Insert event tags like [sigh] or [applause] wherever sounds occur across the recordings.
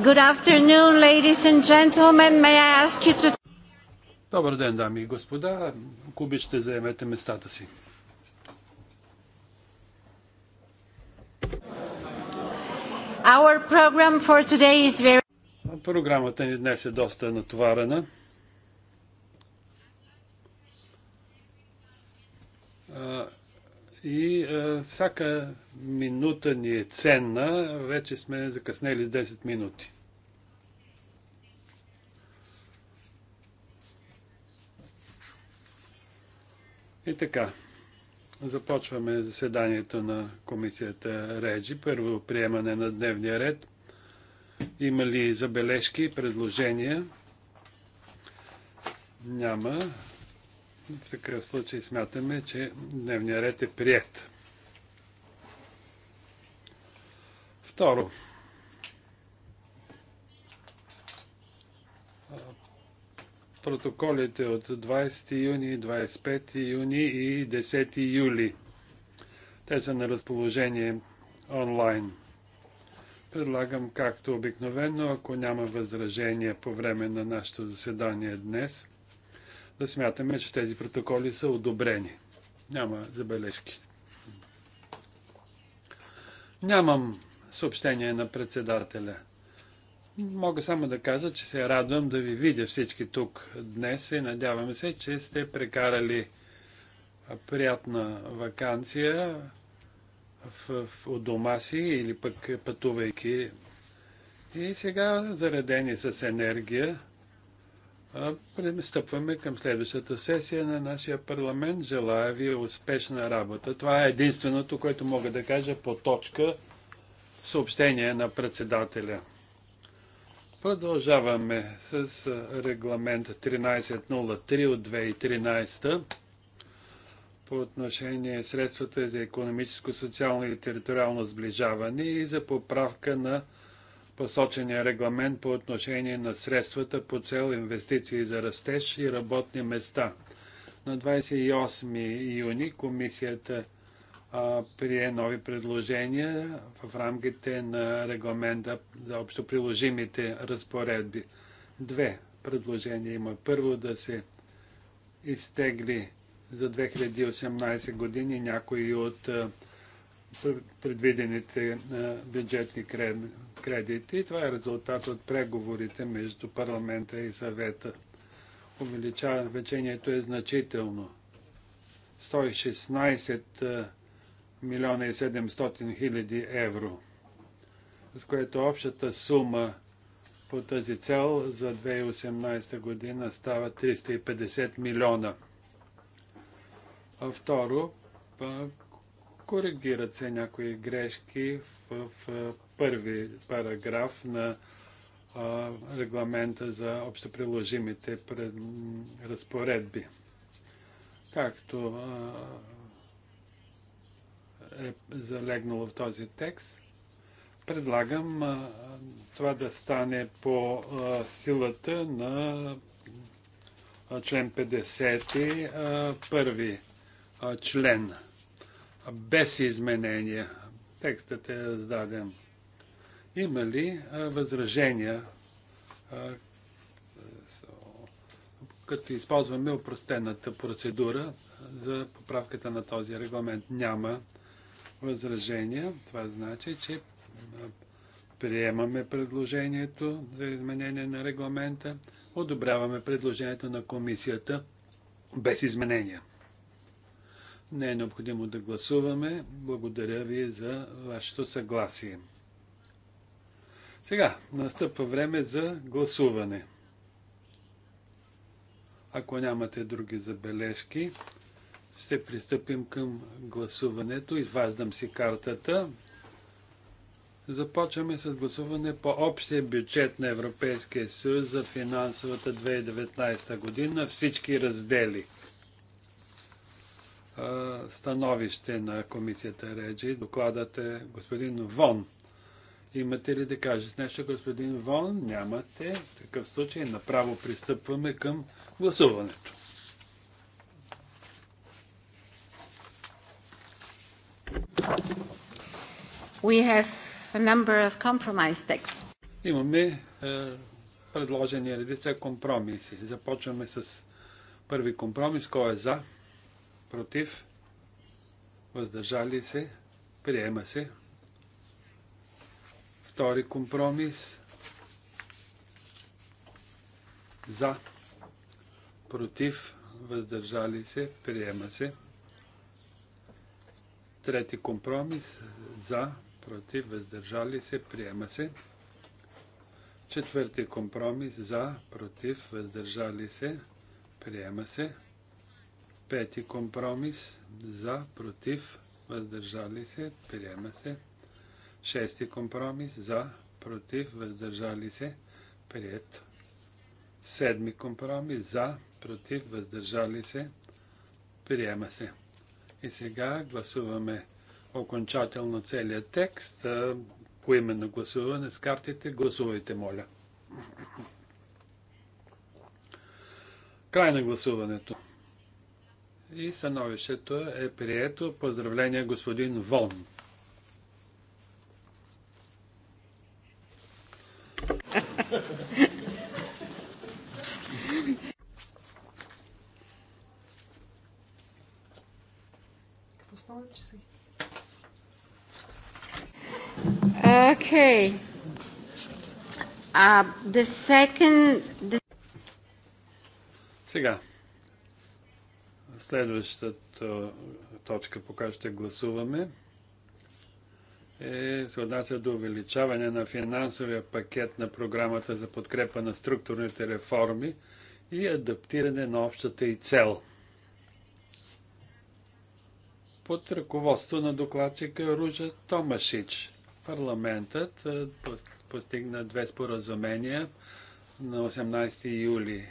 Good afternoon, ladies and gentlemen. May I ask you to... Добър ден, дами и господа. Ако заемете местата си. Our program for today is very... Програмата ни днес е доста натоварена. Uh, и а, е, всяка минута ни е ценна. Вече сме закъснели с 10 минути. И така, започваме заседанието на комисията Реджи. Първо приемане на дневния ред. Има ли забележки, предложения? Няма. В такъв случай смятаме, че дневният ред е прият. Второ. Протоколите от 20 юни, 25 юни и 10 юли. Те са на разположение онлайн. Предлагам, както обикновено, ако няма възражения по време на нашето заседание днес, да смятаме, че тези протоколи са одобрени. Няма забележки. Нямам съобщение на председателя. Мога само да кажа, че се радвам да ви видя всички тук днес и надявам се, че сте прекарали приятна вакансия в, в, у дома си или пък пътувайки. И сега заредени с енергия. Пристъпваме към следващата сесия на нашия парламент. Желая ви успешна работа. Това е единственото, което мога да кажа по точка съобщение на председателя. Продължаваме с регламент 1303 от 2013 по отношение средствата за економическо, социално и териториално сближаване и за поправка на посочения регламент по отношение на средствата по цел инвестиции за растеж и работни места. На 28 юни комисията прие нови предложения в рамките на регламента за общоприложимите разпоредби. Две предложения има. Първо да се изтегли за 2018 години някои от предвидените бюджетни кредити. Това е резултат от преговорите между парламента и съвета. Увеличението е значително. 116 милиона и 700 хиляди евро, с което общата сума по тази цел за 2018 година става 350 милиона. А второ, коригират се някои грешки в, в първи параграф на а, регламента за общоприложимите пред, разпоредби. Както а, е залегнало в този текст, предлагам а, това да стане по а, силата на а, член 50, а, първи а, член, без изменения. Текстът е раздаден има ли възражения, като използваме опростената процедура за поправката на този регламент? Няма възражения. Това значи, че приемаме предложението за изменение на регламента, одобряваме предложението на комисията без изменения. Не е необходимо да гласуваме. Благодаря ви за вашето съгласие. Сега настъпва време за гласуване. Ако нямате други забележки, ще пристъпим към гласуването. Изваждам си картата. Започваме с гласуване по общия бюджет на Европейския съюз за финансовата 2019 година. Всички раздели. Становище на комисията Реджи. Докладът е господин Вон. Имате ли да кажете нещо, господин Вон? Нямате. В такъв случай направо пристъпваме към гласуването. We have a number of compromise texts. Имаме е, предложени редица компромиси. Започваме с първи компромис. Кой е за? Против? Въздържали се? Приема се. Втори компромис. За. Против. Въздържали се. Приема се. Трети компромис. За. Против. Въздържали се. Приема се. Четвърти компромис. За. Против. Въздържали се. Приема се. Пети компромис. За. Против. Въздържали се. Приема се. Шести компромис за, против, въздържали се, прието. Седми компромис за, против, въздържали се, приема се. И сега гласуваме окончателно целият текст. По на гласуване с картите. Гласувайте, моля. Край на гласуването. И становището е прието. Поздравление господин Вон. Okay. Uh, the second... The... Сега. Следващата uh, точка, покажете гласуваме, е, се отнася до увеличаване на финансовия пакет на програмата за подкрепа на структурните реформи и адаптиране на общата и цел. Под ръководство на докладчика Ружа Томашич, парламентът е, постигна две споразумения на 18 юли е,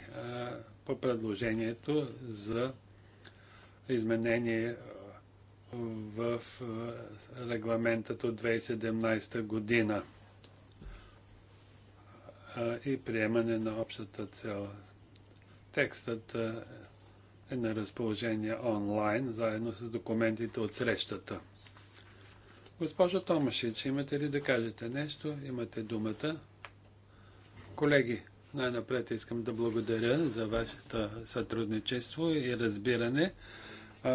по предложението за изменение в регламентът от 2017 година и приемане на общата цел. Текстът е на разположение онлайн, заедно с документите от срещата. Госпожо Томашич, имате ли да кажете нещо? Имате думата. Колеги, най-напред искам да благодаря за вашето сътрудничество и разбиране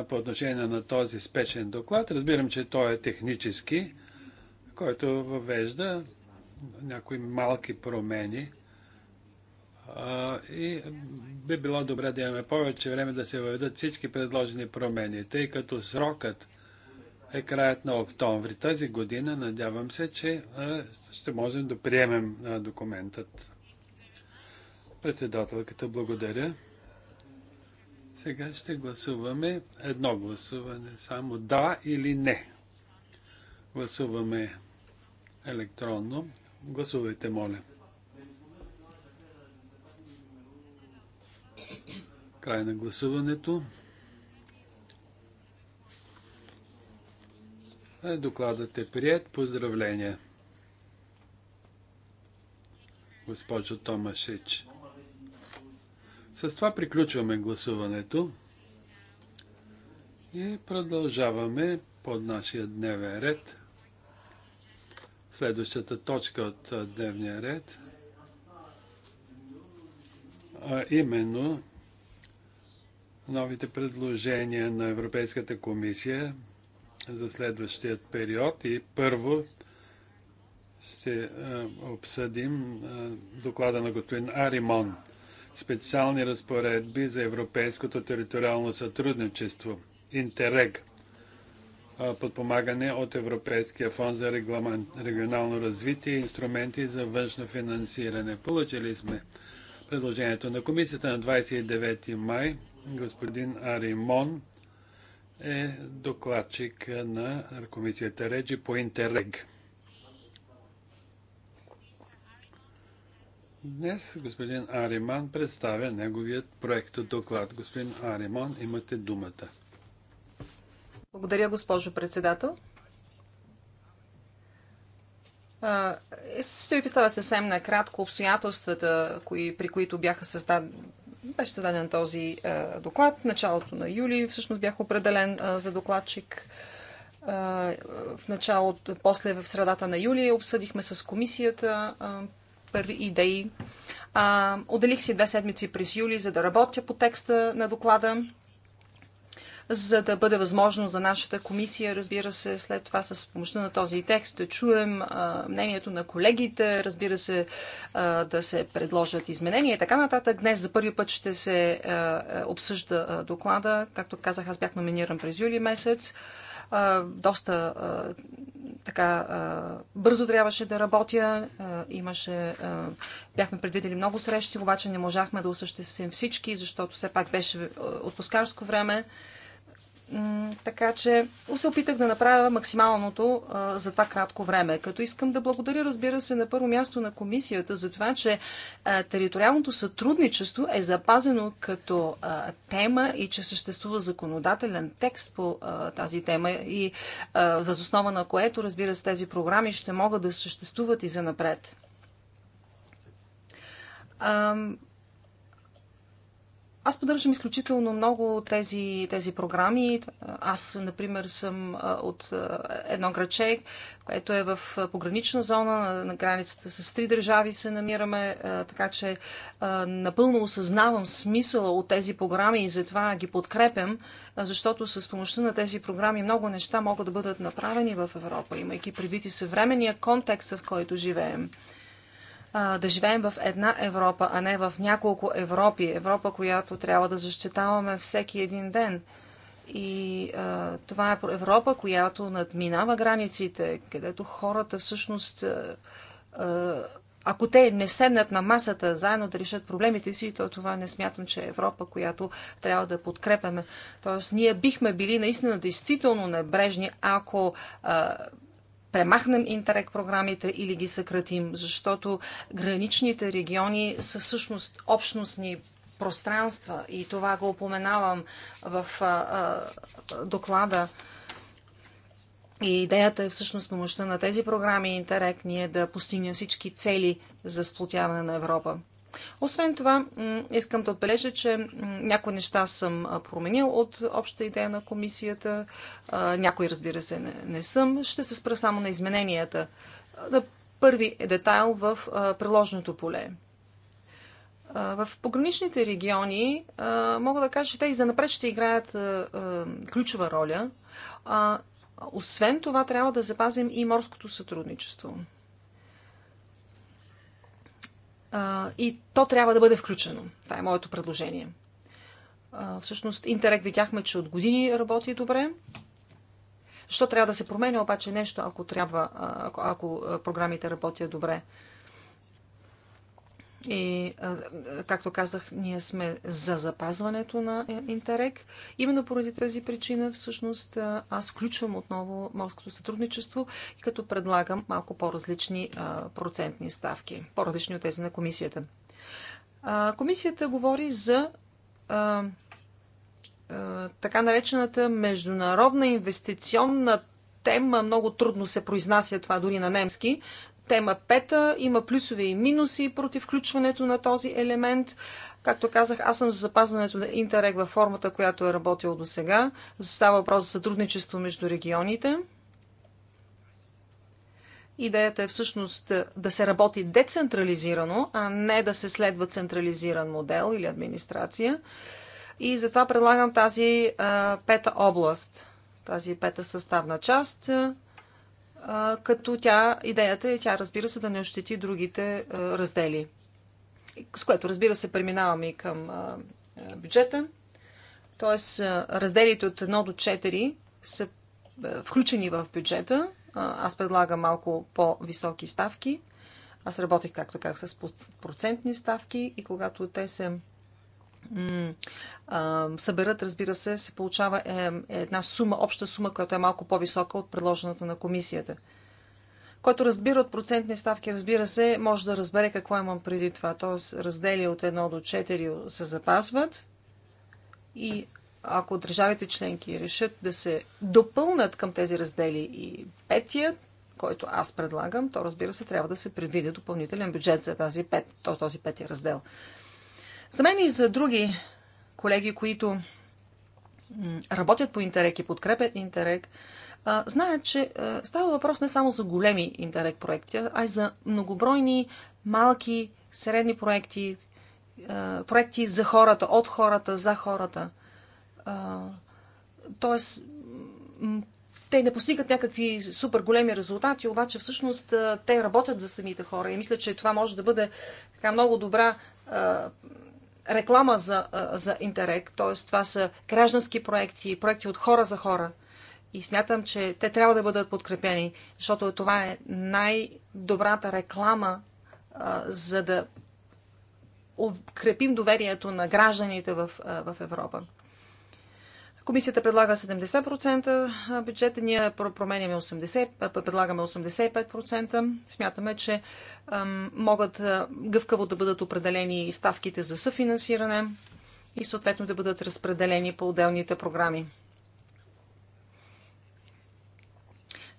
по отношение на този спешен доклад. Разбирам, че той е технически, който въвежда някои малки промени. И би било добре да имаме повече време да се въведат всички предложени промени, тъй като срокът е краят на октомври тази година. Надявам се, че ще можем да приемем документът. Председателката, благодаря. Сега ще гласуваме едно гласуване. Само да или не. Гласуваме електронно. Гласувайте, моля. Край на гласуването. Е, докладът е прият. Поздравления, госпожо Томашич. С това приключваме гласуването и продължаваме под нашия дневен ред. Следващата точка от дневния ред, а именно новите предложения на Европейската комисия за следващият период и първо ще обсъдим доклада на господин Аримон специални разпоредби за европейското териториално сътрудничество, Интерег, подпомагане от Европейския фонд за регионално развитие и инструменти за външно финансиране. Получили сме предложението на комисията на 29 май. Господин Аримон е докладчик на комисията Реджи по Интерег. Днес господин Ариман представя неговият проект от доклад. Господин Ариман, имате думата. Благодаря, госпожо председател. Е, ще ви представя съвсем накратко обстоятелствата, кои, при които бяха създаден, беше създаден този а, доклад. Началото на юли всъщност бях определен а, за докладчик. А, в началото, после в средата на юли обсъдихме с комисията първи идеи. А, отделих си две седмици през юли, за да работя по текста на доклада, за да бъде възможно за нашата комисия, разбира се, след това с помощта на този текст да чуем а, мнението на колегите, разбира се, а, да се предложат изменения и така нататък. Днес за първи път ще се а, е, обсъжда а, доклада. Както казах, аз бях номиниран през юли месец а, доста а, така а, бързо трябваше да работя. А, имаше, а, бяхме предвидели много срещи, обаче не можахме да осъществим всички, защото все пак беше отпускарско време. Така че се опитах да направя максималното а, за това кратко време. Като искам да благодаря, разбира се, на първо място на комисията за това, че а, териториалното сътрудничество е запазено като а, тема и че съществува законодателен текст по тази тема и възоснова на което, разбира се, тези програми ще могат да съществуват и за напред. Аз поддържам изключително много тези, тези програми. Аз, например, съм от едно граче, което е в погранична зона, на, границата с три държави се намираме, така че напълно осъзнавам смисъла от тези програми и затова ги подкрепям, защото с помощта на тези програми много неща могат да бъдат направени в Европа, имайки предвид и съвременния контекст, в който живеем а, да живеем в една Европа, а не в няколко Европи. Европа, която трябва да защитаваме всеки един ден. И а, това е Европа, която надминава границите, където хората всъщност, а, а, ако те не седнат на масата заедно да решат проблемите си, то това не смятам, че е Европа, която трябва да подкрепяме. Тоест, ние бихме били наистина действително небрежни, ако а, премахнем интерект програмите или ги съкратим, защото граничните региони са всъщност общностни пространства и това го упоменавам в а, а, доклада. И идеята е всъщност помощта на тези програми Интерект ние да постигнем всички цели за сплотяване на Европа. Освен това, искам да отбележа, че някои неща съм променил от общата идея на комисията, някои, разбира се, не, не съм. Ще се спра само на измененията. На първи е детайл в приложното поле. В пограничните региони мога да кажа, че те и за напред ще играят ключова роля. Освен това, трябва да запазим и морското сътрудничество а, и то трябва да бъде включено. Това е моето предложение. А, всъщност, Интерект видяхме, че от години работи добре. Що трябва да се променя обаче нещо, ако, трябва, ако, ако програмите работят добре? И, както казах, ние сме за запазването на е, Интерек. Именно поради тази причина, всъщност, аз включвам отново морското сътрудничество, и като предлагам малко по-различни процентни ставки, по-различни от тези на комисията. Комисията говори за така наречената международна инвестиционна тема. Много трудно се произнася това дори на немски, тема пета има плюсове и минуси против включването на този елемент. Както казах, аз съм за запазването на Интерег във формата, която е работила до сега. Става въпрос за сътрудничество между регионите. Идеята е всъщност да се работи децентрализирано, а не да се следва централизиран модел или администрация. И затова предлагам тази а, пета област, тази пета съставна част като тя, идеята е тя, разбира се, да не ощети другите раздели. С което, разбира се, преминаваме и към бюджета. Тоест, разделите от 1 до 4 са включени в бюджета. Аз предлагам малко по-високи ставки. Аз работих, както как, с процентни ставки и когато те се съберат, разбира се, се получава е, една сума, обща сума, която е малко по-висока от предложената на комисията. Който разбира от процентни ставки, разбира се, може да разбере какво имам преди това. Тоест, раздели от 1 до 4 се запазват и ако държавите членки решат да се допълнат към тези раздели и петият, който аз предлагам, то разбира се трябва да се предвиде допълнителен бюджет за тази пет, този петия раздел. За мен и за други колеги, които работят по Интерек и подкрепят Интерек, знаят, че става въпрос не само за големи Интерек проекти, а и за многобройни малки, средни проекти, проекти за хората, от хората, за хората. Тоест, те не постигат някакви супер големи резултати, обаче всъщност те работят за самите хора. И мисля, че това може да бъде така много добра реклама за, за Интерек, т.е. това са граждански проекти, проекти от хора за хора. И смятам, че те трябва да бъдат подкрепени, защото това е най-добрата реклама, за да укрепим доверието на гражданите в, в Европа. Комисията предлага 70% бюджета, ние променяме 80%, предлагаме 85%. Смятаме, че могат гъвкаво да бъдат определени ставките за съфинансиране и съответно да бъдат разпределени по отделните програми.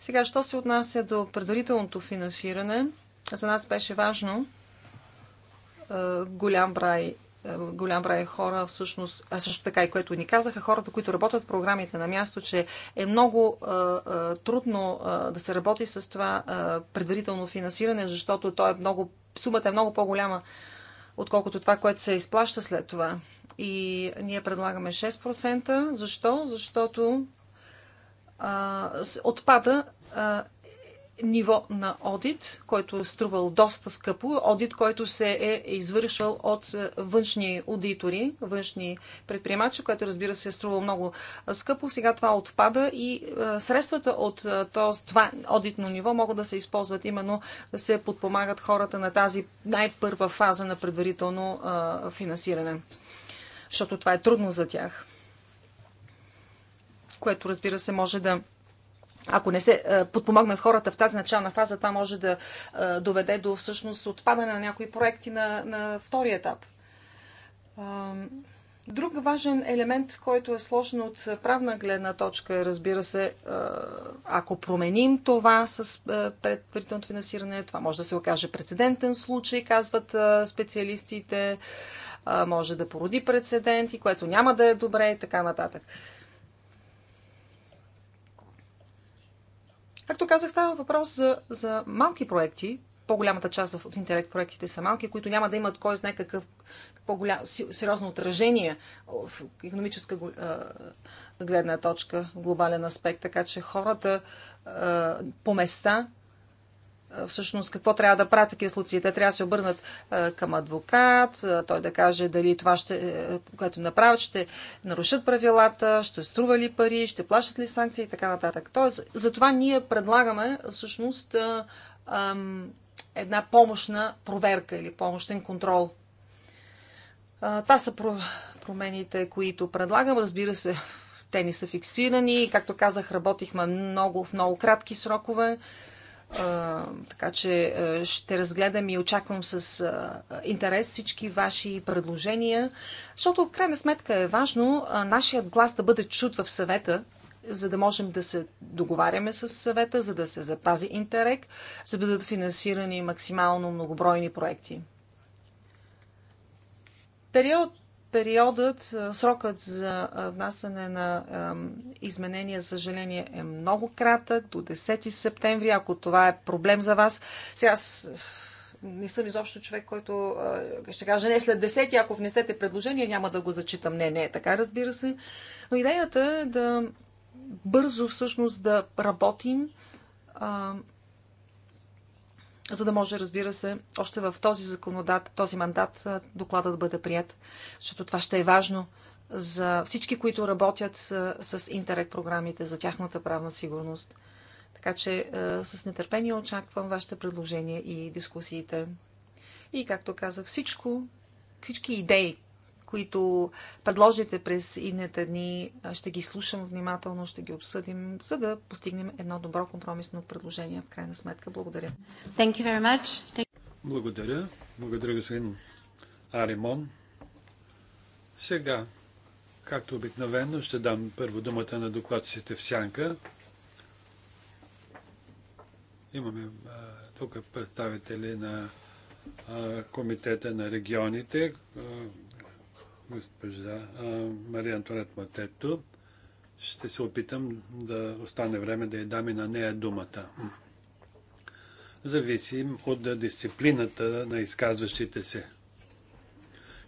Сега, що се отнася до предварителното финансиране, за нас беше важно голям брай е, голям брай хора, всъщност, а също така и което ни казаха, хората, които работят в програмите на място, че е много а, е, а, е, трудно а, да се работи с това а, предварително финансиране, защото то е много, сумата е много по-голяма, отколкото това, което се изплаща след това. И ние предлагаме 6%. Защо? Защото а, отпада а, ниво на одит, който е струвал доста скъпо, одит, който се е извършвал от е, външни аудитори, външни предприемачи, което разбира се е струвал много е, скъпо. Сега това отпада и е, средствата от това одитно ниво могат да се използват именно да се подпомагат хората на тази най-първа фаза на предварително финансиране, защото това е трудно за тях, което разбира се може да ако не се е, подпомогнат хората в тази начална фаза, това може да е, доведе до всъщност отпадане на някои проекти на, на втори етап. Друг важен елемент, който е сложен от правна гледна точка е, разбира се, е, ако променим това с предварителното финансиране, това може да се окаже прецедентен случай, казват специалистите, може да породи прецеденти, което няма да е добре и така нататък. Както казах, става въпрос за, за малки проекти. По-голямата част в интелект проектите са малки, които няма да имат кой знае какъв по-голям, сериозно отражение в економическа гледна точка, глобален аспект. Така че хората по места всъщност какво трябва да правят такива случаи. Те трябва да се обърнат към адвокат, той да каже дали това, ще, е, което направят, ще нарушат правилата, ще струва ли пари, ще плащат ли санкции и така нататък. Тоест, затова ние предлагаме всъщност една помощна проверка или помощен контрол. Това са промените, които предлагам. Разбира се, [laughs] те ни са фиксирани. Както казах, работихме много в много кратки срокове така че ще разгледам и очаквам с интерес всички ваши предложения, защото в крайна сметка е важно нашият глас да бъде чут в съвета, за да можем да се договаряме с съвета, за да се запази интерек, за да бъдат финансирани максимално многобройни проекти. Период Периодът, срокът за внасяне на изменения, за съжаление, е много кратък, до 10 септември. Ако това е проблем за вас, сега аз не съм изобщо човек, който ще каже не след 10, ако внесете предложение, няма да го зачитам. Не, не е така, разбира се. Но идеята е да бързо всъщност да работим за да може, разбира се, още в този законодат, този мандат докладът да бъде прият, защото това ще е важно за всички, които работят с интерект програмите, за тяхната правна сигурност. Така че с нетърпение очаквам вашите предложения и дискусиите. И, както казах, всичко, всички идеи, които предложите през идните дни. Ще ги слушам внимателно, ще ги обсъдим, за да постигнем едно добро компромисно предложение в крайна сметка. Благодаря. Thank you very much. Thank... Благодаря. Благодаря, господин Аримон. Сега, както обикновено, ще дам първо думата на докладците в сянка. Имаме а, тук представители на а, Комитета на регионите, а, госпожа Мария Антонет Матето. Ще се опитам да остане време да я дам и на нея думата. Зависим от дисциплината на изказващите се.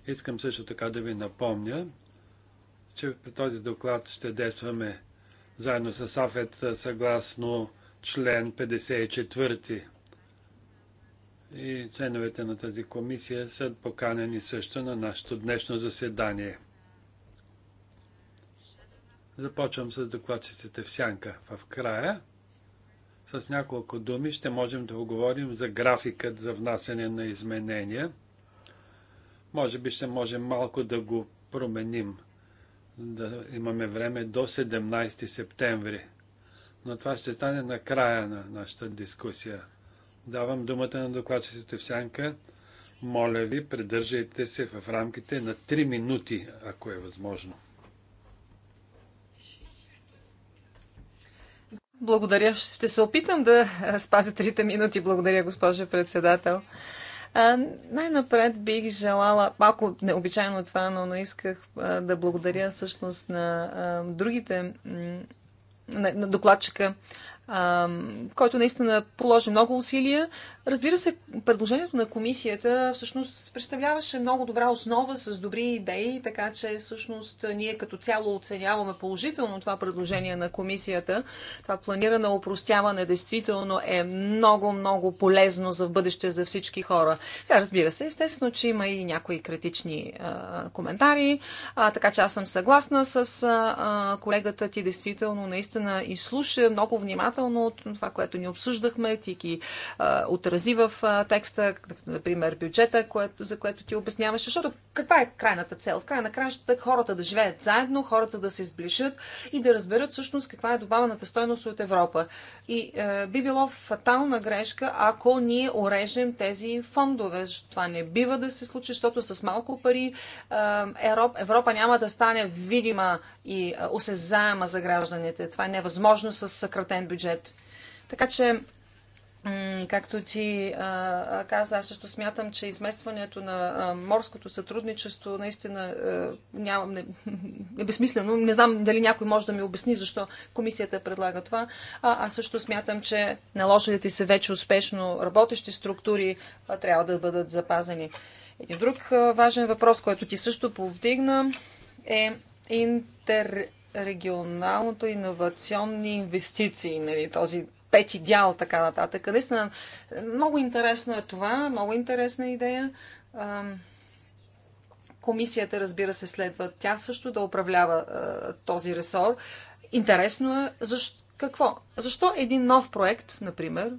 Искам също така да ви напомня, че при този доклад ще действаме заедно с АФЕТ съгласно член 54 и членовете на тази комисия са поканени също на нашето днешно заседание. Започвам с докладчиците в сянка. В края, с няколко думи, ще можем да оговорим за графикът за внасяне на изменения. Може би ще можем малко да го променим, да имаме време до 17 септември. Но това ще стане на края на нашата дискусия. Давам думата на докладчиците в сянка. Моля ви, придържайте се в рамките на 3 минути, ако е възможно. Благодаря. Ще се опитам да спазя трите минути. Благодаря, госпожа председател. най-напред бих желала, малко необичайно това, но, но исках а, да благодаря всъщност на а, другите, на, на докладчика който наистина положи много усилия. Разбира се, предложението на комисията всъщност представляваше много добра основа с добри идеи, така че всъщност ние като цяло оценяваме положително това предложение на комисията. Това планирано упростяване действително е много, много полезно за в бъдеще за всички хора. Сега разбира се, естествено, че има и някои критични а, коментари, а, така че аз съм съгласна с а, колегата ти, действително наистина изслуша много внимателно окончателно от това, което ни обсъждахме, ти ги а, отрази в а, текста, например бюджета, което, за което ти обясняваше. Защото каква е крайната цел? В край на кращата хората да живеят заедно, хората да се сближат и да разберат всъщност каква е добавената стойност от Европа. И а, е, би било фатална грешка, ако ние орежем тези фондове. Това не бива да се случи, защото с малко пари е, Европа няма да стане видима и е, осезаема за гражданите. Това е невъзможно с съкратен бюджет бюджет. Така че, както ти каза, аз също смятам, че изместването на морското сътрудничество наистина а, не, [laughs] е безсмислено. Не знам дали някой може да ми обясни защо комисията предлага това. А, аз също смятам, че наложилите се вече успешно работещи структури трябва да бъдат запазени. Един друг важен въпрос, който ти също повдигна е интер регионалното иновационни инвестиции, нали, този пети дял, така нататък. Наистина, много интересно е това, много интересна идея. Комисията, разбира се, следва тя също да управлява този ресор. Интересно е защо, какво? Защо един нов проект, например,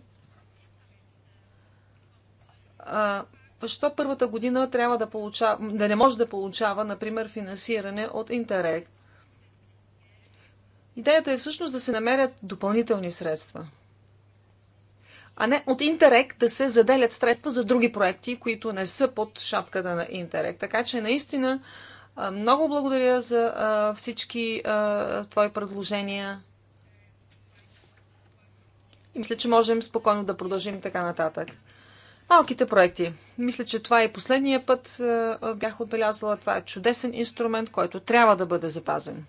защо първата година трябва да получава, да не може да получава, например, финансиране от Интерект Идеята е всъщност да се намерят допълнителни средства. А не от Интерек да се заделят средства за други проекти, които не са под шапката на Интерек. Така че наистина много благодаря за всички твои предложения. И мисля, че можем спокойно да продължим така нататък. Малките проекти. Мисля, че това и е последния път бях отбелязала. Това е чудесен инструмент, който трябва да бъде запазен.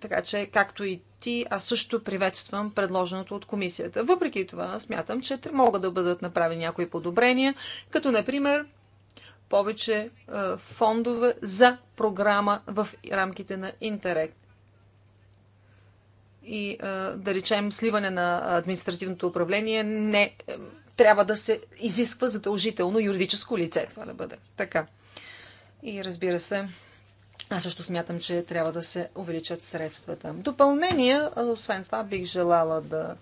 Така че, както и ти, аз също приветствам предложеното от комисията. Въпреки това, смятам, че могат да бъдат направени някои подобрения, като, например, повече е, фондове за програма в рамките на Интерект. И е, да речем, сливане на административното управление не е, трябва да се изисква задължително юридическо лице това да бъде. Така. И разбира се, аз също смятам, че трябва да се увеличат средствата. Допълнение, освен това, бих желала да,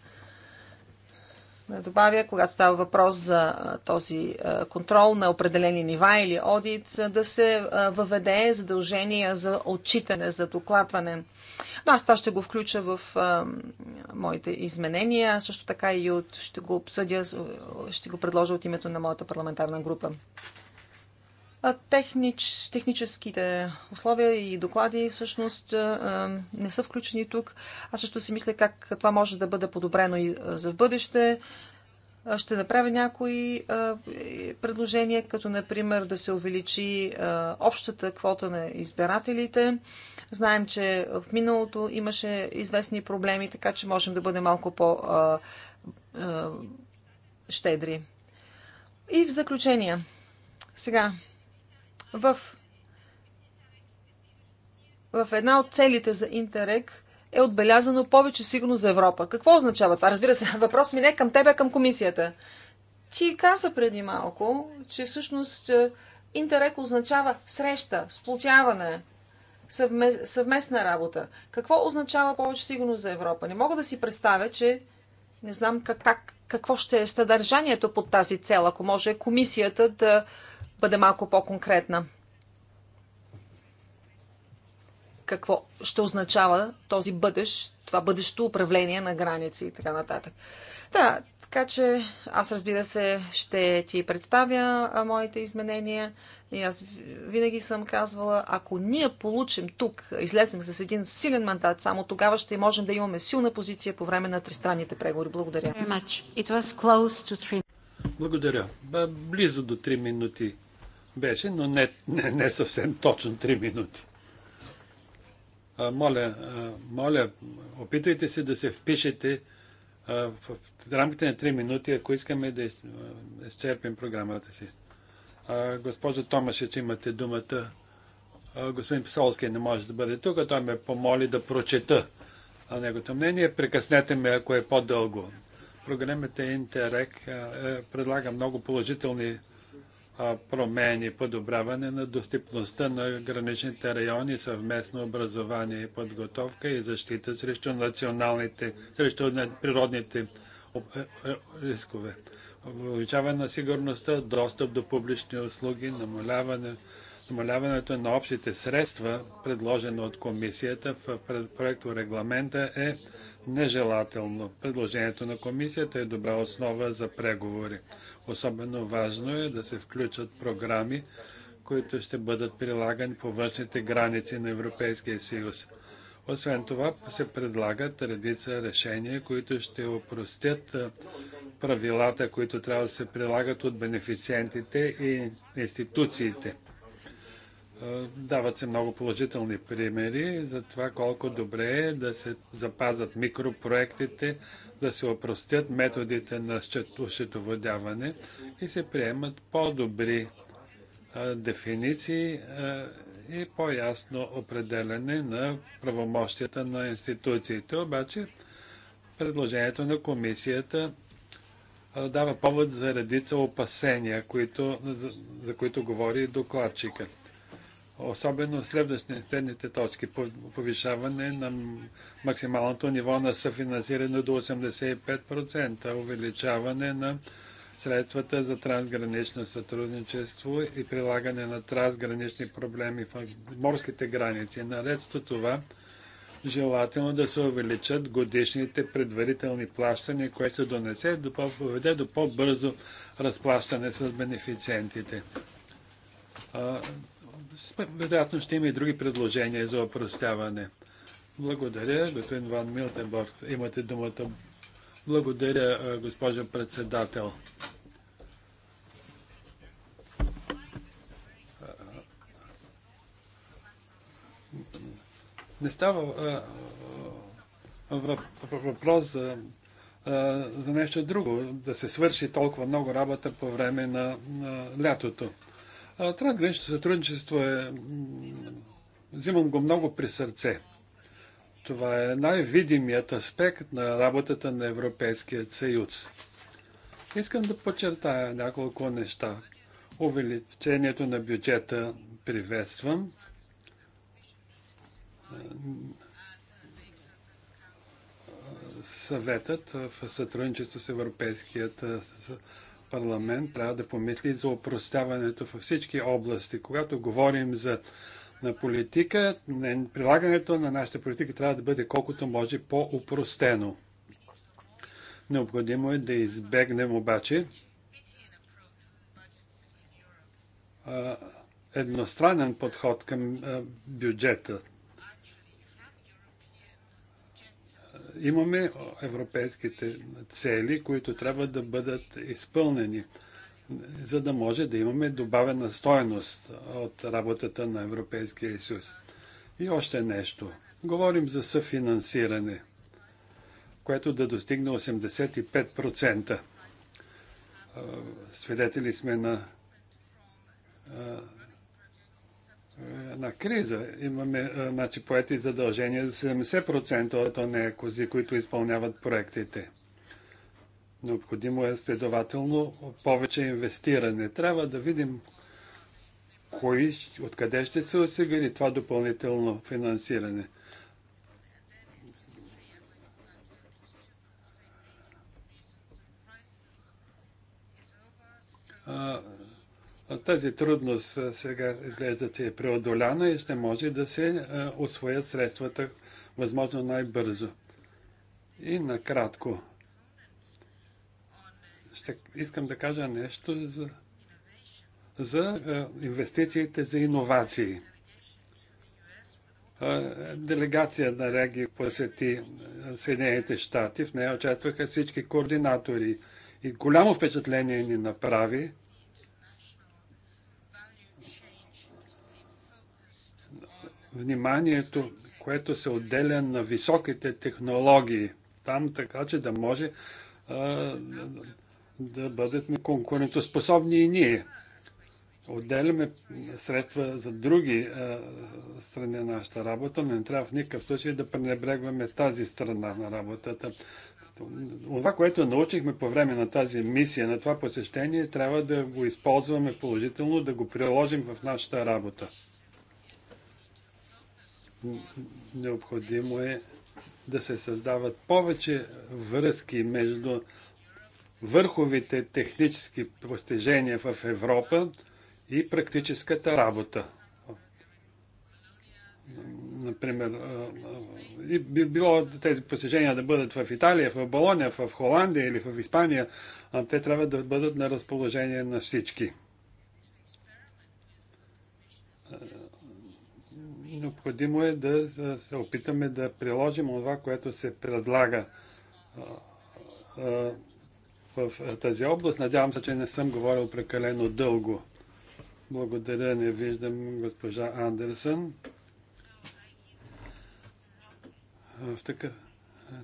да добавя, когато става въпрос за този контрол на определени нива или одит, да се въведе задължение за отчитане, за докладване. Но аз това ще го включа в а, моите изменения, също така и от, ще го обсъдя, ще го предложа от името на моята парламентарна група. Технич, техническите условия и доклади всъщност не са включени тук. Аз също си мисля как това може да бъде подобрено и за в бъдеще. Ще направя някои предложения, като например да се увеличи общата квота на избирателите. Знаем, че в миналото имаше известни проблеми, така че можем да бъдем малко по-щедри. И в заключение, сега в, в една от целите за Интерек е отбелязано повече сигурно за Европа. Какво означава това? Разбира се, [laughs] въпрос ми не е към теб, а към комисията. Ти каза преди малко, че всъщност е, Интерек означава среща, сплотяване, съвместна работа. Какво означава повече сигурност за Европа? Не мога да си представя, че не знам как, как, какво ще е съдържанието под тази цел, ако може комисията да бъде малко по-конкретна. Какво ще означава този бъдещ, това бъдещо управление на граници и така нататък. Да, така че аз разбира се ще ти представя моите изменения. И аз винаги съм казвала, ако ние получим тук, излезем с един силен мандат, само тогава ще можем да имаме силна позиция по време на тристранните преговори. Благодаря. Благодаря. Близо до 3 минути беше, но не, не, не съвсем точно 3 минути. А, моля, а, моля, опитвайте се да се впишете а, в, в рамките на 3 минути, ако искаме да из, а, изчерпим програмата си. А, госпожа Томашич, имате думата. А, господин Писолски не може да бъде тук, а той ме помоли да прочета негото мнение. Прекъснете ме, ако е по-дълго. Програмата Интерек е, предлага много положителни промени, подобряване на достъпността на граничните райони, съвместно образование и подготовка и защита срещу националните, срещу природните е, е, рискове. Увеличаване на сигурността, достъп до публични услуги, намаляване, намаляването на общите средства, предложено от комисията в проекто регламента е нежелателно. Предложението на комисията е добра основа за преговори. Особено важно е да се включат програми, които ще бъдат прилагани по външните граници на Европейския съюз. Освен това се предлагат редица решения, които ще опростят правилата, които трябва да се прилагат от бенефициентите и институциите. Дават се много положителни примери за това колко добре е да се запазат микропроектите, да се опростят методите на счетоводяване и се приемат по-добри дефиниции и по-ясно определене на правомощията на институциите. Обаче предложението на комисията дава повод за редица опасения, които, за, за които говори докладчикът особено следващите точки, повишаване на максималното ниво на съфинансиране до 85%, увеличаване на средствата за трансгранично сътрудничество и прилагане на трансгранични проблеми в морските граници. Наред с това, желателно да се увеличат годишните предварителни плащания, което се донесе до, поведе до по-бързо разплащане с бенефициентите. Вероятно ще има и други предложения за опростяване. Благодаря, господин Ван Милтенборг. Имате думата. Благодаря, госпожо председател. Не става въпрос за, за нещо друго, да се свърши толкова много работа по време на, на лятото. Трансгранично сътрудничество е... Взимам го много при сърце. Това е най-видимият аспект на работата на Европейския съюз. Искам да подчертая няколко неща. Увеличението на бюджета приветствам. Съветът в сътрудничество с Европейският парламент трябва да помисли за опростяването във всички области. Когато говорим за на политика, прилагането на нашата политика трябва да бъде колкото може по упростено Необходимо е да избегнем обаче едностранен подход към бюджета. имаме европейските цели, които трябва да бъдат изпълнени, за да може да имаме добавена стоеност от работата на Европейския съюз. И още нещо. Говорим за съфинансиране, което да достигне 85%. Свидетели сме на една криза. Имаме е, значи, поети задължения за 70% от онези, които изпълняват проектите. Необходимо е следователно повече инвестиране. Трябва да видим кои, откъде ще се осигури това допълнително финансиране. А, тази трудност сега изглежда, че е преодоляна и ще може да се освоят средствата възможно най-бързо. И накратко. Ще искам да кажа нещо за, за инвестициите за иновации. Делегация на Реги посети Съединените щати. В нея участваха всички координатори. И голямо впечатление ни направи вниманието, което се отделя на високите технологии. Там така, че да може а, да бъдем конкурентоспособни и ние. Отделяме средства за други а, страни на нашата работа, но не трябва в никакъв случай да пренебрегваме тази страна на работата. Това, което научихме по време на тази мисия, на това посещение, трябва да го използваме положително, да го приложим в нашата работа необходимо е да се създават повече връзки между върховите технически постижения в Европа и практическата работа. Например, и било тези постижения да бъдат в Италия, в Болония, в Холандия или в Испания, те трябва да бъдат на разположение на всички. Необходимо е да се опитаме да приложим това, което се предлага в тази област. Надявам се, че не съм говорил прекалено дълго. Благодаря, не виждам госпожа Андерсън. В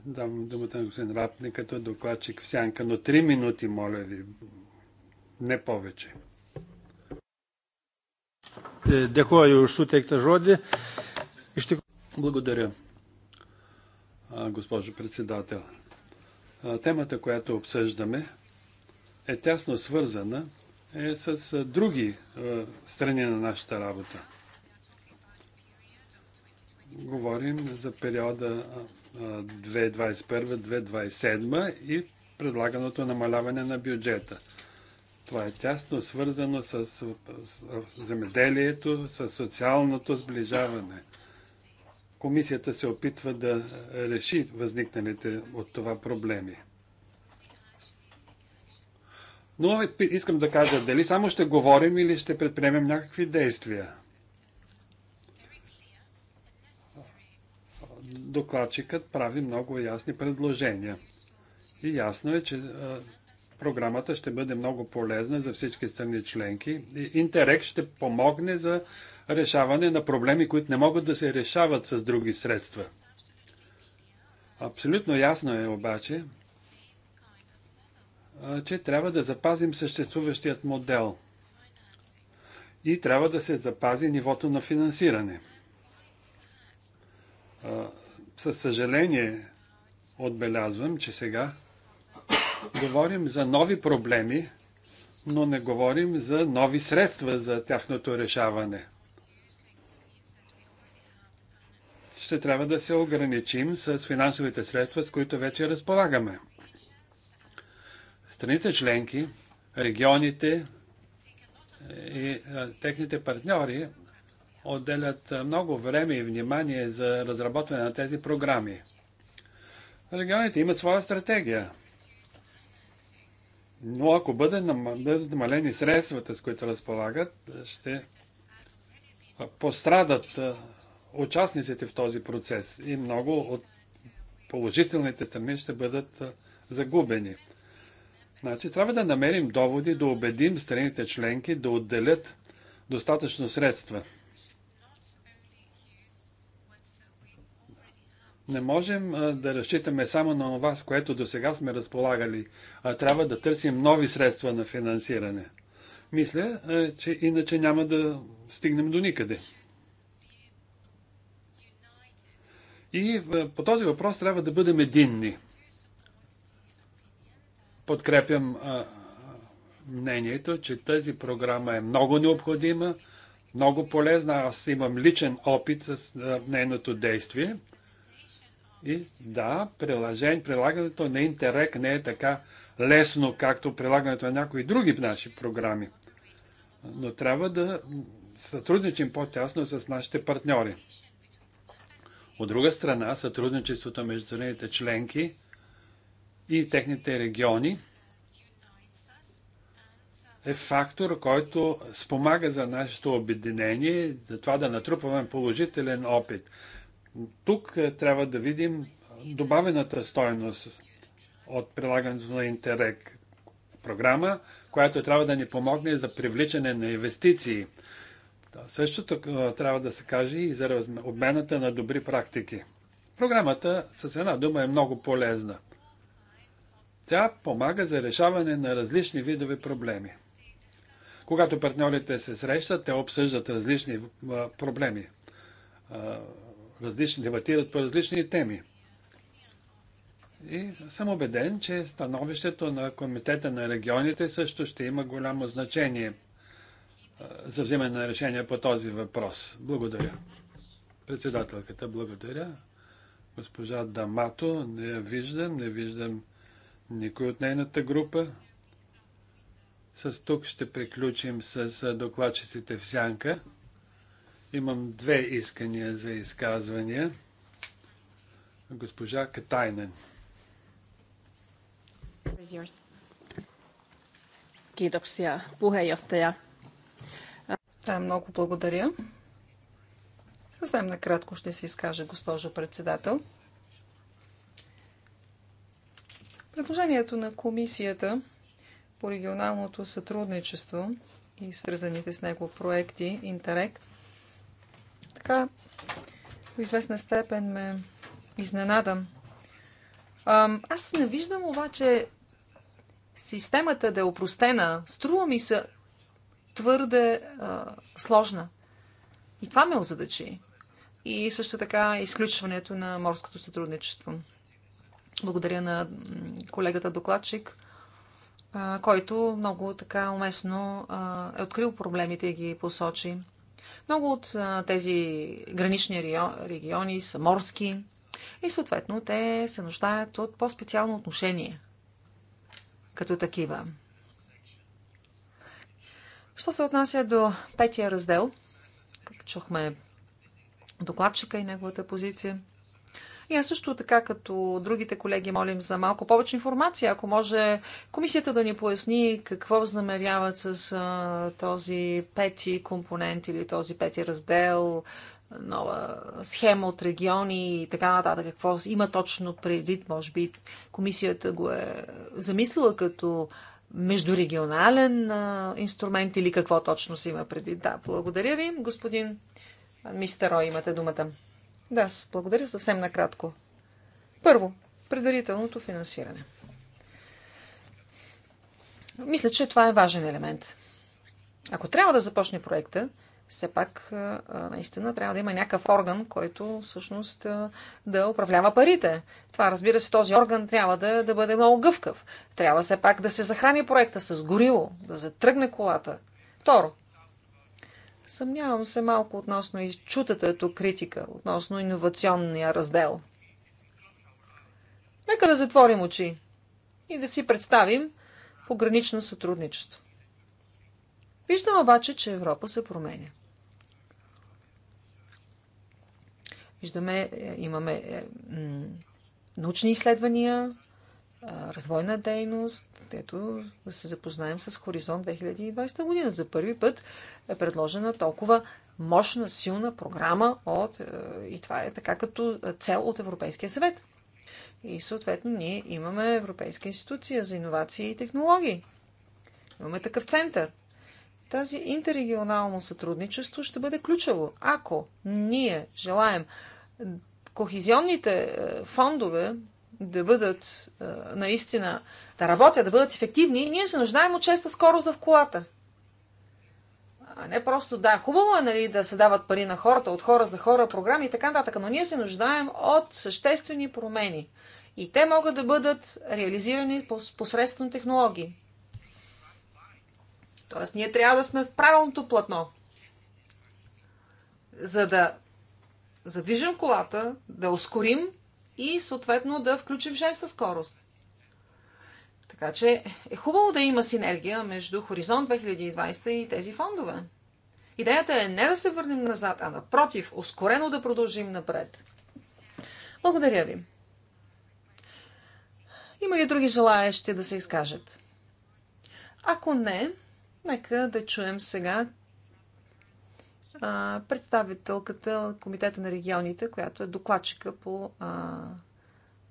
Давам думата на господин Рапни като докладчик в сянка, но три минути, моля ви. Не повече. Благодаря, госпожо председател. Темата, която обсъждаме, е тясно свързана е с други страни на нашата работа. Говорим за периода 2021-2027 и предлаганото намаляване на бюджета. Това е тясно свързано с, земеделието, с социалното сближаване. Комисията се опитва да реши възникналите от това проблеми. Но искам да кажа, дали само ще говорим или ще предприемем някакви действия. Докладчикът прави много ясни предложения. И ясно е, че програмата ще бъде много полезна за всички страни членки. Интерект ще помогне за решаване на проблеми, които не могат да се решават с други средства. Абсолютно ясно е обаче, че трябва да запазим съществуващият модел и трябва да се запази нивото на финансиране. Със съжаление отбелязвам, че сега Говорим за нови проблеми, но не говорим за нови средства за тяхното решаване. Ще трябва да се ограничим с финансовите средства, с които вече разполагаме. Страните членки, регионите е, и е, техните партньори отделят много време и внимание за разработване на тези програми. Регионите имат своя стратегия – но ако бъдат намалени средствата, с които разполагат, ще пострадат участниците в този процес и много от положителните страни ще бъдат загубени. Значи трябва да намерим доводи, да убедим страните членки да отделят достатъчно средства Не можем да разчитаме само на това, с което до сега сме разполагали, а трябва да търсим нови средства на финансиране. Мисля, че иначе няма да стигнем до никъде. И по този въпрос трябва да бъдем единни. Подкрепям мнението, че тази програма е много необходима, много полезна. Аз имам личен опит с нейното действие. И да, приложен, прилагането на Интерек не е така лесно, както прилагането на някои други наши програми. Но трябва да сътрудничим по-тясно с нашите партньори. От друга страна, сътрудничеството между страните членки и техните региони е фактор, който спомага за нашето обединение, за това да натрупваме положителен опит. Тук е, трябва да видим добавената стойност от прилагането на Интерек програма, която трябва да ни помогне за привличане на инвестиции. Същото е, трябва да се каже и за обмената на добри практики. Програмата с една дума е много полезна. Тя помага за решаване на различни видове проблеми. Когато партньорите се срещат, те обсъждат различни е, проблеми различни, дебатират по различни теми. И съм убеден, че становището на Комитета на регионите също ще има голямо значение за вземане на решение по този въпрос. Благодаря. Председателката, благодаря. Госпожа Дамато, не я виждам, не виждам никой от нейната група. С тук ще приключим с докладчиците в сянка. Имам две искания за изказвания. Госпожа Катайнен. Kiitoksia puheenjohtaja. Да, много благодаря. Съвсем накратко ще се изкажа, госпожо председател. Предложението на Комисията по регионалното сътрудничество и свързаните с него проекти Интерект – така до известна степен ме изненадам. Аз не виждам обаче системата да е опростена. Струва ми се твърде а, сложна. И това ме озадачи. И също така изключването на морското сътрудничество. Благодаря на колегата докладчик, който много така уместно а, е открил проблемите и ги посочи. Много от тези гранични региони са морски и съответно те се нуждаят от по-специално отношение като такива. Що се отнася до петия раздел, чухме докладчика и неговата позиция. И аз също така, като другите колеги, молим за малко повече информация. Ако може комисията да ни поясни какво възнамеряват с а, този пети компонент или този пети раздел, нова схема от региони и така нататък. Какво има точно предвид, може би комисията го е замислила като междурегионален а, инструмент или какво точно се има предвид. Да, благодаря ви. Господин мистеро, имате думата. Да, аз благодаря съвсем накратко. Първо, предварителното финансиране. Мисля, че това е важен елемент. Ако трябва да започне проекта, все пак наистина трябва да има някакъв орган, който всъщност да управлява парите. Това, разбира се, този орган трябва да, да бъде много гъвкав. Трябва все пак да се захрани проекта с горило, да затръгне колата. Второ, Съмнявам се малко относно и чутата критика, относно иновационния раздел. Нека да затворим очи и да си представим погранично сътрудничество. Виждам обаче, че Европа се променя. Виждаме, е, имаме е, научни изследвания, развойна дейност, където да се запознаем с Хоризонт 2020 година. За първи път е предложена толкова мощна, силна програма от, и това е така като цел от Европейския съвет. И съответно ние имаме Европейска институция за иновации и технологии. Имаме такъв център. Тази интеррегионално сътрудничество ще бъде ключово. Ако ние желаем кохезионните фондове да бъдат наистина, да работят, да бъдат ефективни, ние се нуждаем от честа скорост в колата. А не просто, да, хубаво е нали, да се дават пари на хората, от хора за хора, програми и така нататък, но ние се нуждаем от съществени промени. И те могат да бъдат реализирани посредством технологии. Тоест, ние трябва да сме в правилното платно. За да задвижим колата, да ускорим и съответно да включим шеста скорост. Така че е хубаво да има синергия между Хоризонт 2020 и тези фондове. Идеята е не да се върнем назад, а напротив, ускорено да продължим напред. Благодаря ви. Има ли други желаящи да се изкажат? Ако не, нека да чуем сега представителката Комитета на регионите, която е докладчика по а,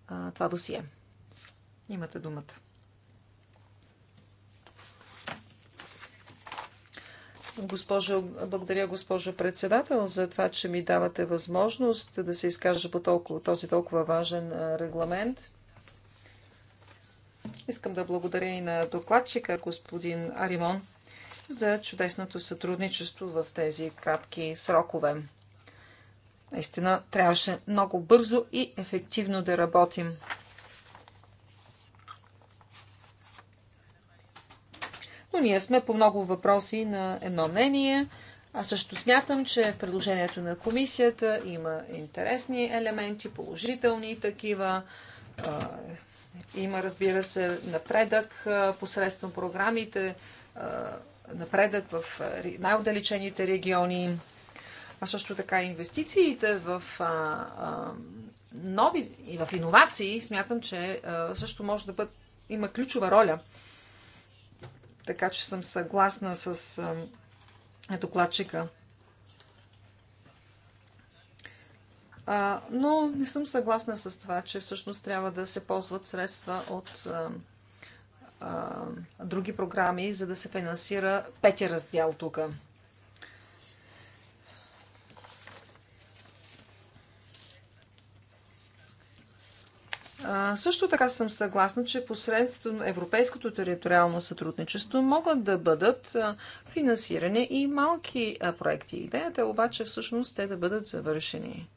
а, това досие. Имате думата. Госпожо, благодаря, госпожо председател, за това, че ми давате възможност да се изкажа по толкова, този толкова важен регламент. Искам да благодаря и на докладчика, господин Аримон, за чудесното сътрудничество в тези кратки срокове. Наистина трябваше много бързо и ефективно да работим. Но ние сме по много въпроси на едно мнение. Аз също смятам, че предложението на комисията има интересни елементи, положителни такива. Има, разбира се, напредък посредством програмите, напредък в най-отдалечените региони, а също така инвестициите в нови и в иновации, смятам, че също може да бъде, има ключова роля. Така че съм съгласна с докладчика. но не съм съгласна с това, че всъщност трябва да се ползват средства от други програми, за да се финансира петия раздел тук. Също така съм съгласна, че посредством европейското териториално сътрудничество могат да бъдат финансирани и малки проекти. Идеята е обаче всъщност те да бъдат завършени.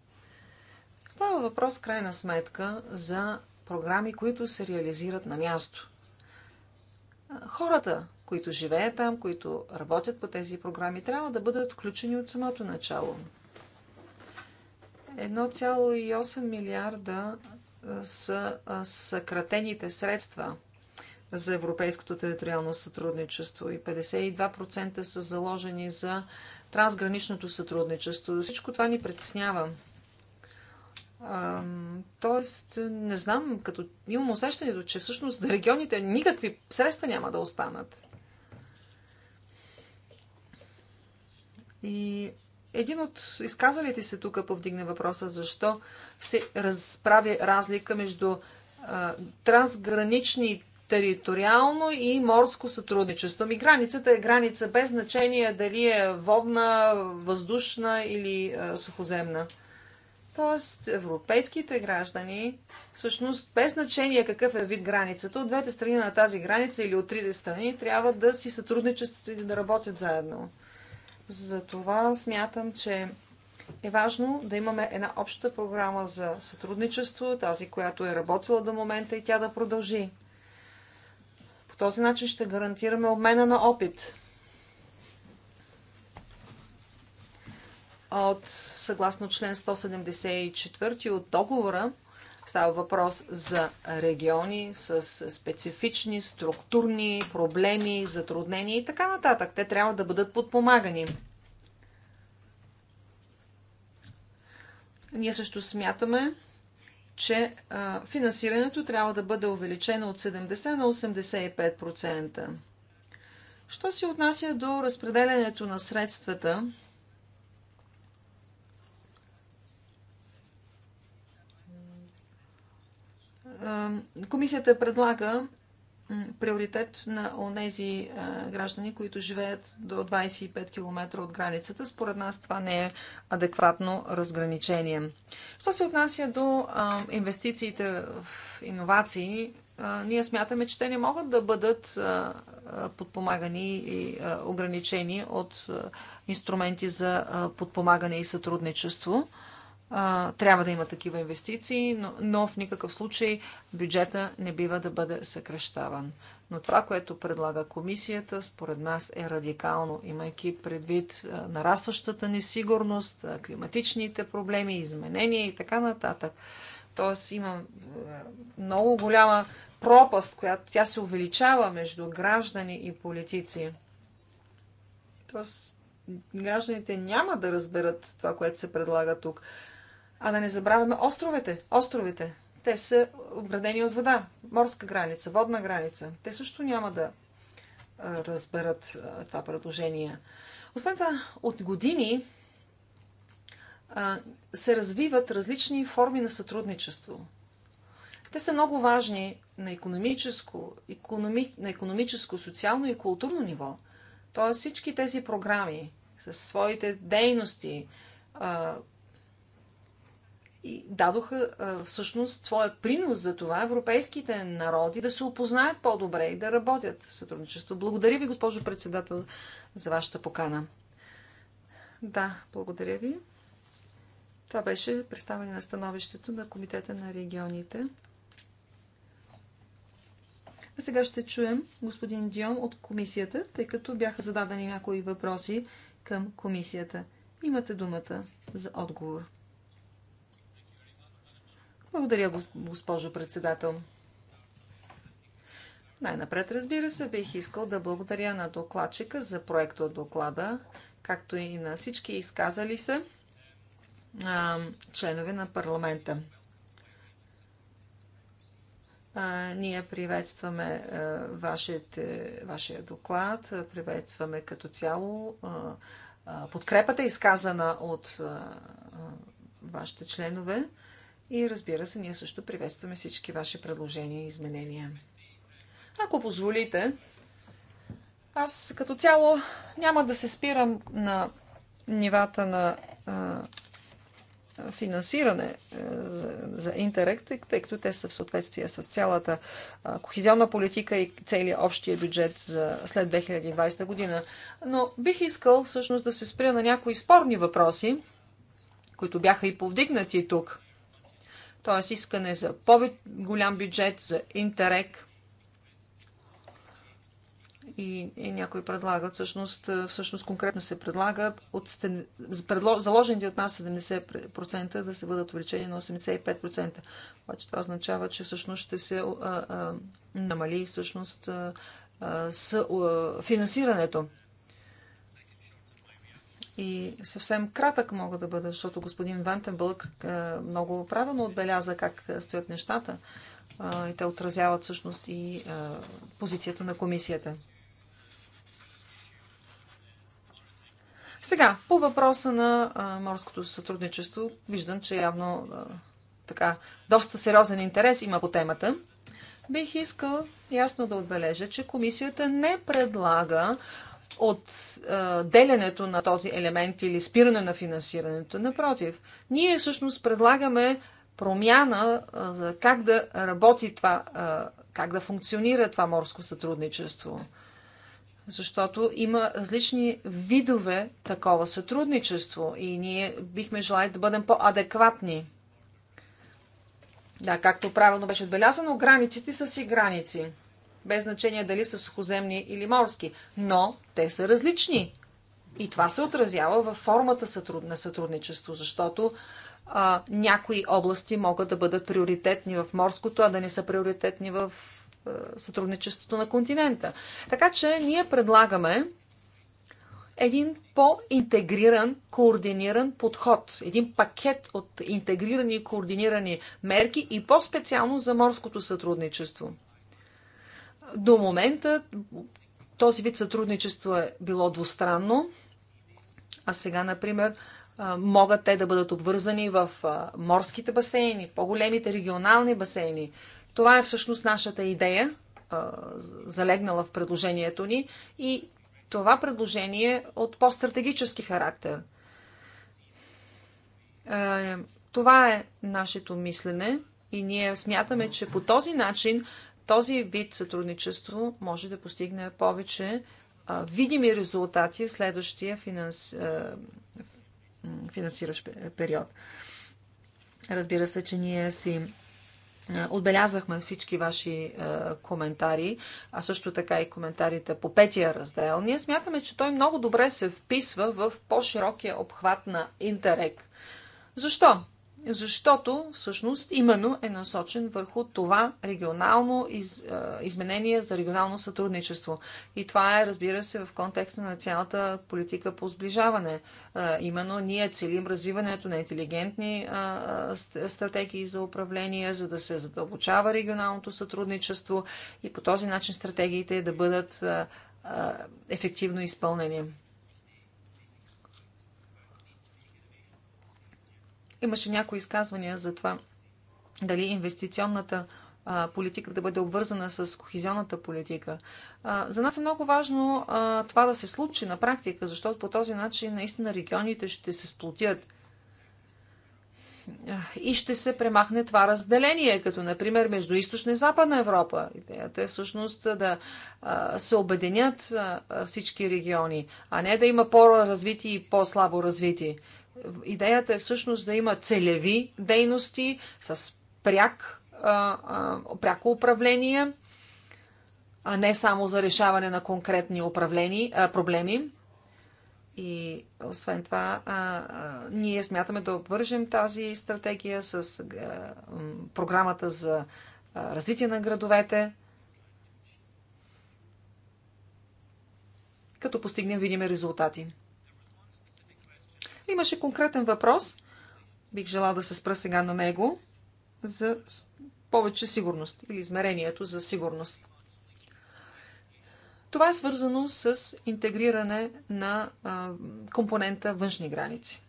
Става въпрос, крайна сметка, за програми, които се реализират на място хората, които живеят там, които работят по тези програми, трябва да бъдат включени от самото начало. 1,8 милиарда са съкратените средства за европейското териториално сътрудничество и 52% са заложени за трансграничното сътрудничество. Всичко това ни притеснява тоест, не знам, като имам усещането, че всъщност за регионите никакви средства няма да останат. И един от изказалите се тук повдигне въпроса защо се разправи разлика между а, трансгранични териториално и морско сътрудничество. Ми границата е граница без значение дали е водна, въздушна или а, сухоземна. Тоест, европейските граждани, всъщност, без значение какъв е вид границата, от двете страни на тази граница или от трите страни, трябва да си сътрудничат и да работят заедно. Затова смятам, че е важно да имаме една обща програма за сътрудничество, тази, която е работила до момента и тя да продължи. По този начин ще гарантираме обмена на опит. от съгласно член 174 от договора. Става въпрос за региони с специфични структурни проблеми, затруднения и така нататък. Те трябва да бъдат подпомагани. Ние също смятаме, че а, финансирането трябва да бъде увеличено от 70 на 85%. Що се отнася до разпределянето на средствата, Комисията предлага приоритет на онези граждани, които живеят до 25 км от границата. Според нас това не е адекватно разграничение. Що се отнася до инвестициите в иновации, ние смятаме, че те не могат да бъдат подпомагани и ограничени от инструменти за подпомагане и сътрудничество трябва да има такива инвестиции, но, но в никакъв случай бюджета не бива да бъде съкрещаван. Но това, което предлага комисията, според нас е радикално, имайки предвид нарастващата несигурност, климатичните проблеми, изменения и така нататък. Тоест има много голяма пропаст, която тя се увеличава между граждани и политици. Тоест, гражданите няма да разберат това, което се предлага тук. А да не забравяме островете. Островете. Те са обградени от вода. Морска граница, водна граница. Те също няма да разберат това предложение. Освен това, от години се развиват различни форми на сътрудничество. Те са много важни на економическо, економи, на економическо, социално и културно ниво. Тоест всички тези програми със своите дейности, и дадоха всъщност своя принос за това европейските народи да се опознаят по-добре и да работят в сътрудничество. Благодаря ви, госпожо председател, за вашата покана. Да, благодаря ви. Това беше представяне на становището на Комитета на регионите. А сега ще чуем господин Дион от комисията, тъй като бяха зададени някои въпроси към комисията. Имате думата за отговор. Благодаря, госпожо председател. Най-напред, разбира се, бих искал да благодаря на докладчика за проекта от доклада, както и на всички изказали се а, членове на парламента. А, ние приветстваме а, вашите, вашия доклад, приветстваме като цяло подкрепата, изказана от вашите членове. И разбира се, ние също приветстваме всички ваши предложения и изменения. Ако позволите, аз като цяло няма да се спирам на нивата на а, финансиране а, е, за Интерект, тъй като те са в съответствие с цялата а, кохизионна политика и целият общия бюджет за след 2020 година. Но бих искал всъщност да се спря на някои спорни въпроси, които бяха и повдигнати тук т.е. искане за по-голям бюджет за Интерек. И, и някои предлагат, всъщност, всъщност конкретно се предлагат от, заложените от нас 70% да се бъдат увеличени на 85%. Обаче това означава, че всъщност ще се а, а, намали всъщност а, с а, финансирането. И съвсем кратък мога да бъда, защото господин Вантенбълг е, много правилно отбеляза как стоят нещата и те отразяват всъщност и позицията на комисията. Сега, по въпроса на морското сътрудничество, виждам, че явно така доста сериозен интерес има по темата. Бих искал ясно да отбележа, че комисията не предлага от делянето на този елемент или спиране на финансирането. Напротив, ние всъщност предлагаме промяна за как да работи това, как да функционира това морско сътрудничество. Защото има различни видове такова сътрудничество и ние бихме желали да бъдем по-адекватни. Да, както правилно беше отбелязано, границите са си граници без значение дали са сухоземни или морски, но те са различни. И това се отразява във формата на сътрудничество, защото а, някои области могат да бъдат приоритетни в морското, а да не са приоритетни в а, сътрудничеството на континента. Така че ние предлагаме един по-интегриран, координиран подход, един пакет от интегрирани и координирани мерки и по-специално за морското сътрудничество. До момента този вид сътрудничество е било двустранно, а сега, например, могат те да бъдат обвързани в морските басейни, по-големите регионални басейни. Това е всъщност нашата идея, залегнала в предложението ни и това предложение е от по-стратегически характер. Е, това е нашето мислене и ние смятаме, че по този начин този вид сътрудничество може да постигне повече а, видими резултати в следващия финанс, а, финансиращ период. Разбира се, че ние си Отбелязахме всички ваши е, коментари, а също така и коментарите по петия раздел. Ние смятаме, че той много добре се вписва в по-широкия обхват на Интерек. Защо? защото всъщност именно е насочен върху това регионално из, изменение за регионално сътрудничество. И това е, разбира се, в контекста на цялата политика по сближаване. Именно ние целим развиването на интелигентни стратегии за управление, за да се задълбочава регионалното сътрудничество и по този начин стратегиите да бъдат ефективно изпълнени. Имаше някои изказвания за това дали инвестиционната политика да бъде обвързана с кохизионната политика. За нас е много важно това да се случи на практика, защото по този начин наистина регионите ще се сплотят и ще се премахне това разделение, като например между източна и западна Европа. Идеята е всъщност да се обединят всички региони, а не да има по-развити и по-слабо развити. Идеята е всъщност да има целеви дейности с пряк, а, а, пряко управление, а не само за решаване на конкретни управлени, а, проблеми. И освен това, а, а, ние смятаме да обвържем тази стратегия с а, програмата за а, развитие на градовете, като постигнем видими резултати. Имаше конкретен въпрос, бих желал да се спра сега на него, за повече сигурност или измерението за сигурност. Това е свързано с интегриране на а, компонента външни граници.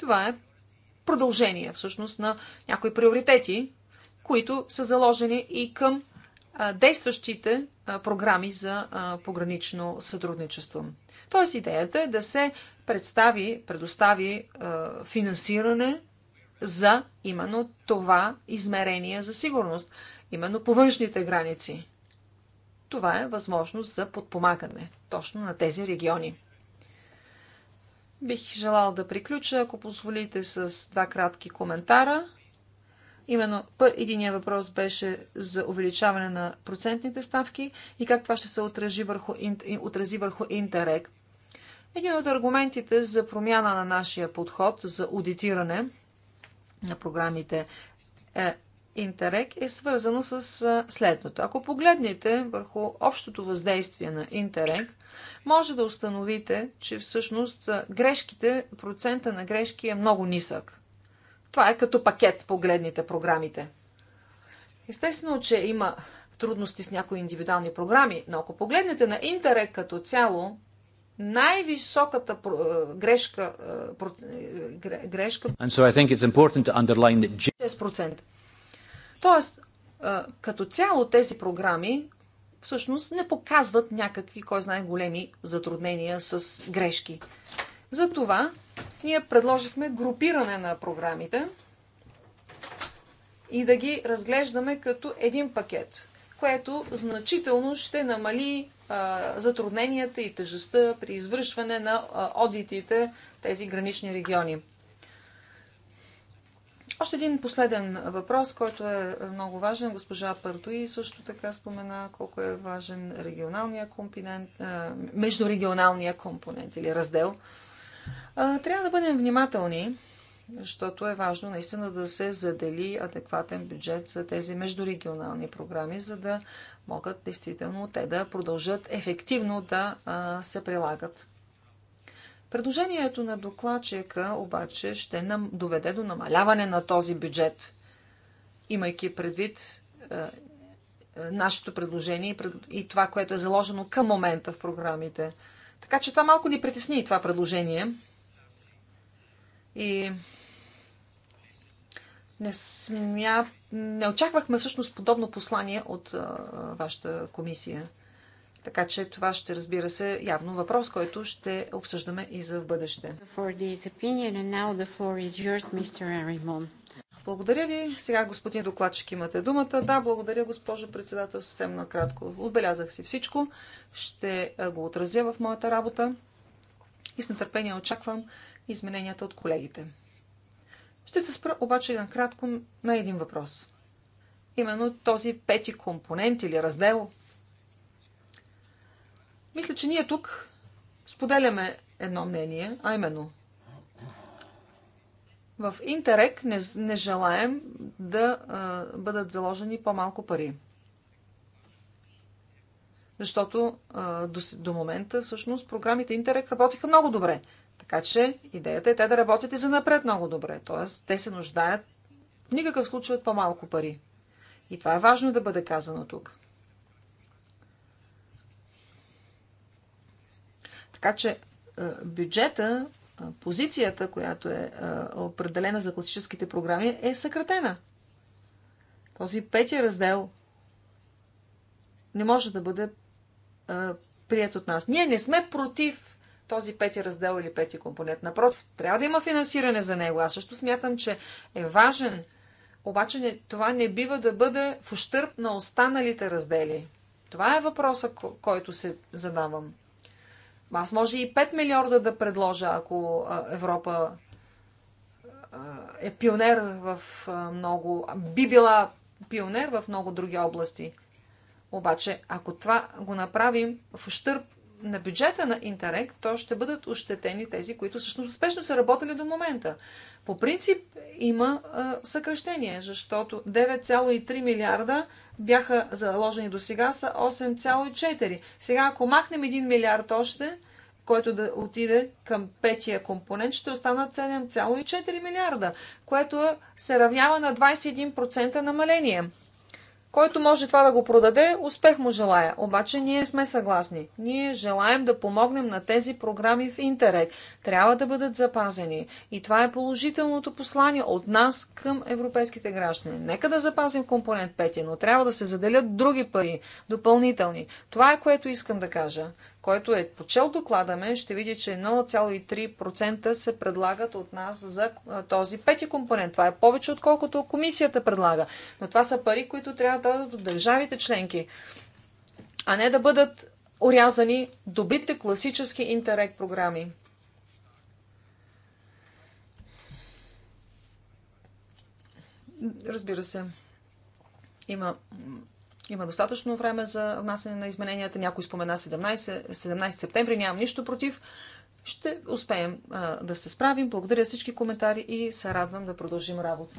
Това е продължение всъщност на някои приоритети, които са заложени и към действащите програми за погранично сътрудничество. Тоест идеята е да се представи, предостави е, финансиране за именно това измерение за сигурност, именно по външните граници. Това е възможност за подпомагане точно на тези региони. Бих желал да приключа, ако позволите, с два кратки коментара. Именно единия въпрос беше за увеличаване на процентните ставки и как това ще се отрази върху, отрази върху Интерек. Един от аргументите за промяна на нашия подход за аудитиране на програмите е Интерек е свързано с е, следното. Ако погледнете върху общото въздействие на Интерек, може да установите, че всъщност е, грешките, процента на грешки е много нисък. Това е като пакет погледните програмите. Естествено, че има трудности с някои индивидуални програми, но ако погледнете на Интерек като цяло, най-високата е, грешка, е, е, грешка And so I think it's important to underline that... 6%. Тоест, като цяло тези програми всъщност не показват някакви, кой знае, големи затруднения с грешки. Затова ние предложихме групиране на програмите и да ги разглеждаме като един пакет което значително ще намали затрудненията и тъжестта при извършване на одитите в тези гранични региони. Още един последен въпрос, който е много важен. Госпожа Партуи също така спомена колко е важен регионалния компонент, междурегионалния компонент или раздел. Трябва да бъдем внимателни, защото е важно наистина да се задели адекватен бюджет за тези междурегионални програми, за да могат действително те да продължат ефективно да се прилагат. Предложението на докладчика обаче ще нам доведе до намаляване на този бюджет, имайки предвид нашето предложение и това, което е заложено към момента в програмите. Така че това малко ни притесни, това предложение. И не, смя... не очаквахме всъщност подобно послание от а, вашата комисия. Така че това ще разбира се явно въпрос, който ще обсъждаме и за в бъдеще. благодаря ви. Сега, господин докладчик, имате думата. Да, благодаря, госпожо председател, съвсем накратко. Отбелязах си всичко. Ще го отразя в моята работа и с нетърпение очаквам измененията от колегите. Ще се спра обаче накратко на един въпрос. Именно този пети компонент или раздел. Мисля, че ние тук споделяме едно мнение, а именно в Интерек не, не желаем да а, бъдат заложени по-малко пари. Защото а, до, до момента всъщност програмите Интерек работиха много добре. Така че идеята е те да работят и за напред много добре. Тоест, те се нуждаят в никакъв случай от по-малко пари. И това е важно да бъде казано тук. Така че е, бюджета, е, позицията, която е, е определена за класическите програми, е съкратена. Този петия раздел не може да бъде прият от нас. Ние не сме против този пети раздел или пети компонент. Напротив, трябва да има финансиране за него. Аз също смятам, че е важен, обаче не, това не бива да бъде в ущърп на останалите раздели. Това е въпроса, който се задавам. Аз може и 5 милиарда да предложа, ако Европа е пионер в много, би била пионер в много други области. Обаче, ако това го направим в ущърп на бюджета на Интерек, то ще бъдат ощетени тези, които всъщност успешно са работили до момента. По принцип има а, съкръщение, защото 9,3 милиарда бяха заложени до сега, са 8,4. Сега, ако махнем 1 милиард още, който да отиде към петия компонент, ще останат 7,4 милиарда, което се равнява на 21% намаление. Който може това да го продаде, успех му желая. Обаче ние сме съгласни. Ние желаем да помогнем на тези програми в Интерек. Трябва да бъдат запазени. И това е положителното послание от нас към европейските граждани. Нека да запазим компонент 5, но трябва да се заделят други пари, допълнителни. Това е което искам да кажа който е почел доклада мен, ще види, че 1,3% се предлагат от нас за този пети компонент. Това е повече, отколкото комисията предлага. Но това са пари, които трябва да дойдат от държавите членки, а не да бъдат орязани добрите класически интерект програми. Разбира се, има има достатъчно време за внасяне на измененията. Някой спомена 17, 17 септември. Нямам нищо против. Ще успеем а, да се справим. Благодаря всички коментари и се радвам да продължим работа.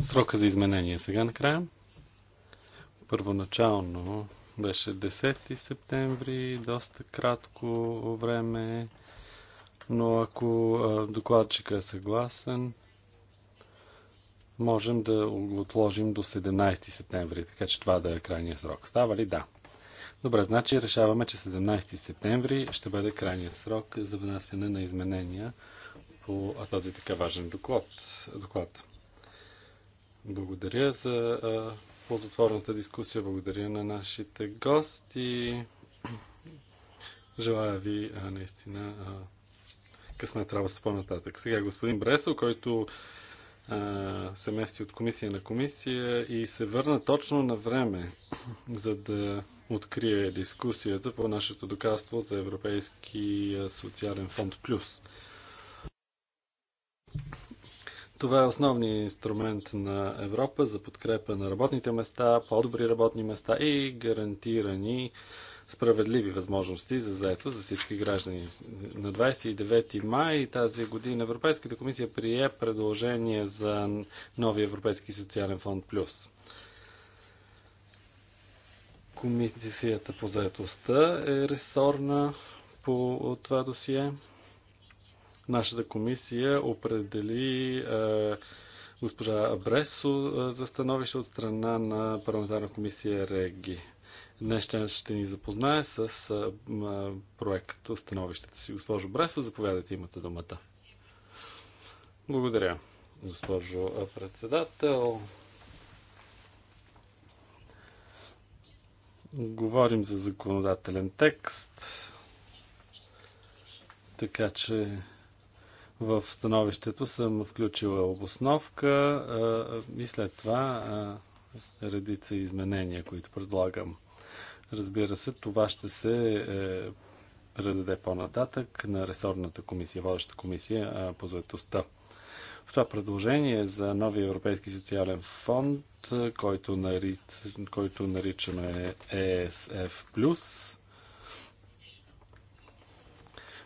Срока за изменение е сега накрая. Първоначално беше 10 септември, доста кратко време, е, но ако докладчика е съгласен, можем да го отложим до 17 септември, така че това да е крайния срок. Става ли? Да. Добре, значи решаваме, че 17 септември ще бъде крайния срок за внасяне на изменения по този така важен доклад. доклад. Благодаря за ползотворната дискусия, благодаря на нашите гости. [clears throat] Желая ви а, наистина а, късмет работа по-нататък. Сега господин Бресо, който се мести от комисия на комисия и се върна точно на време, [clears throat] за да открие дискусията по нашето доказство за Европейски социален фонд Плюс. Това е основният инструмент на Европа за подкрепа на работните места, по-добри работни места и гарантирани справедливи възможности за заето за всички граждани. На 29 май тази година Европейската комисия прие предложение за нови Европейски социален фонд Плюс. Комисията по заетостта е ресорна по това досие. Нашата комисия определи е, госпожа е, за становище от страна на парламентарна комисия Реги. Днес ще, ни запознае с проект становището си. Госпожо Бресо, заповядайте, имате думата. Благодаря, госпожо председател. Говорим за законодателен текст, така че в становището съм включила обосновка и след това редица изменения, които предлагам. Разбира се, това ще се е, предаде по-нататък на ресорната комисия, водеща комисия по заедостта. В това предложение за новия Европейски социален фонд, е, който, нарич, който наричаме ESF+, е